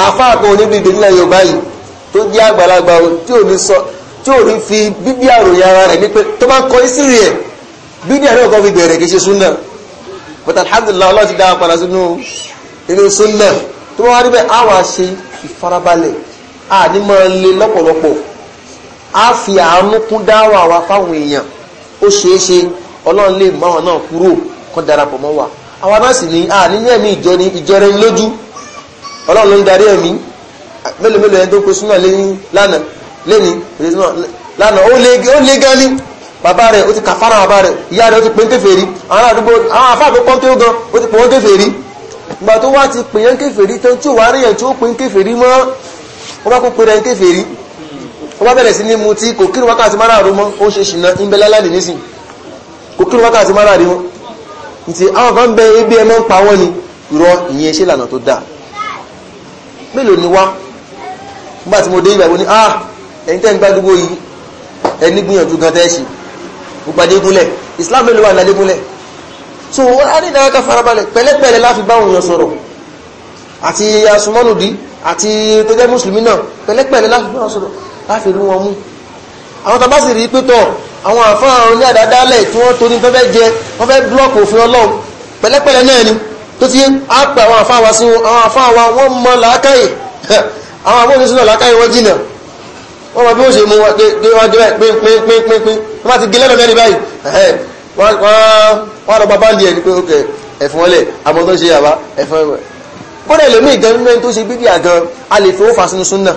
àfáà kan oníbìbì nílẹ̀ yorùbá yìí tó jẹ́ àgbàlagbà tí ò ní sọ tí ò ní fi bíbí àròyìn ara rẹ̀ ní pé tó máa ń kọ ìsírí ẹ̀ bíbí àrẹ ọkọ̀ fi bẹ̀rẹ̀ kì í ṣe súnà but alhamdulillah tó wá rí bẹ́ẹ̀ àwọn àṣe ìfarabalẹ̀ àní máa le lọ́pọ̀lọpọ̀ á fi àánú kún dáwà wa fáwọn èèyàn ó ṣeé ṣe ọlọ́run lè mú àwọn náà kúrò kán darapọ̀ mọ́ wa àwa náà sì ní àní ní ìjọ ni ìjọra ń lójú ọlọ́run ló ń darí ẹ̀mí mélòó mélòó ẹni tó pe súnà lẹ́yìn lánàá lẹ́ni lánàá ó lé gan ní bàbá rẹ̀ ó ti kàfàrà bàbá rẹ̀ ìyá rẹ̀ ó ti pè ń kéfèé rí àwọn àdúgbò àwọn àfáà tó pọ́ńté ó gan ó ti pè wọ́n kéfèé rí ìgbà tó wá ti pè yẹn kéfèé rí tán tí ò wá rí yẹn tí ó pè ń kéfèé rí mọ́ wọ́n bá kó pèrè ẹni kèfèrí wọ́n bá bẹ̀rẹ̀ sí ní mu tí kò kírun wákàtí márààrún mọ́ ó ń ṣe ṣìnà ìbẹ̀lẹ́láàdì nísìn kò kírun wákàtí márààrún mọ́ nti àwọn kan bẹ ebi ẹ máa ń pa wọ́n ni irọ́ ìyẹn ṣe lànà tó dáa mélòó ni wá nígbà tí mo dé ìgbàgbọ́ ni ah ẹ̀yin tẹ́ ń gbádùgbò yìí ẹni gbìyànjú gan tẹ́ ṣe Islam mélòó wà lálé so wọ́n á ní ìdáyàká farabalẹ̀ pẹ̀lẹ́pẹ̀lẹ́ láfi bá òun yàn sọ̀rọ̀ àti asumọ́nùdí àti tó jẹ́ mùsùlùmí náà pẹ̀lẹ́pẹ̀lẹ́ láfi rí wọn mú àwọn tàbá sì rí pẹ́tọ̀ àwọn àfáà oní àdádálẹ̀ tí wọ́n torí fẹ́ jẹ wọ́n fẹ́ blọ́ọ̀kì òfin ọlọ́run pẹ̀lẹ́pẹ̀lẹ́ náà ni tó ti ápẹ àwọn àfáà wa sí àwọn àfáà wa wọ́n mọ làákàyè àwọn àbúrò sínú làákàyè wọ́n jìnà wọ́n mọ bí wọ́n ṣe mú wọn dé wọ́n dé pínpínpínpín wọ́n bá ti gé lẹ́nu mẹ́rin báyìí wọ́n lọ bá bá ń di ẹ̀ ní pé ẹ̀fún ọlẹ̀ àmọ́ tó ṣe àbá ẹ̀fún ẹ̀wẹ̀ kódà ẹlòmíì gan nínú ẹni tó ṣe bídíà gan a lè fi owó fa sínú súnà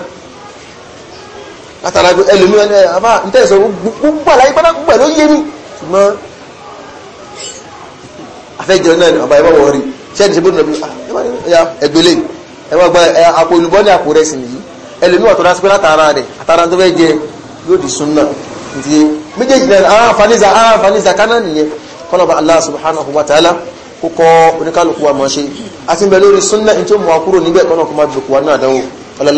látara ẹlòmíì ẹni eh, àbá ń tẹ̀sán gbogbo àlàyé pátá gbogbo ẹ̀ ló yé mi ṣùgbọ́n àfẹ́jọ náà ni ọba ẹ̀wọ̀n rí ṣẹ́ni ṣe bó nàbí ẹgbẹ̀lẹ̀ ẹ̀wọ̀n gba eh, àpò olùbọ́ ní àpò rẹ̀ sì nìyí ẹlòmíì wà tó dásí pé náà àwọn àǹfààní za subhanahu wa ta'ala kókọ́ oníkálukú wa mọ̀ ṣe àti bẹ̀ lórí súnnà in tí ó mọ̀ kúrò níbẹ̀ kọ́nà kó má dùkú wa náà dánwò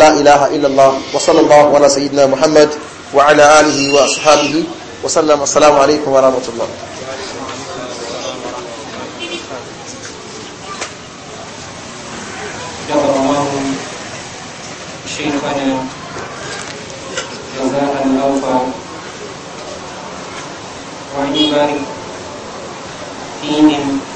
la ilaha illallah wa sallallahu ala sayyidina muhammad wa ala alihi wa ashabihi wa alaikum wa rahmatullah شيخنا جزاء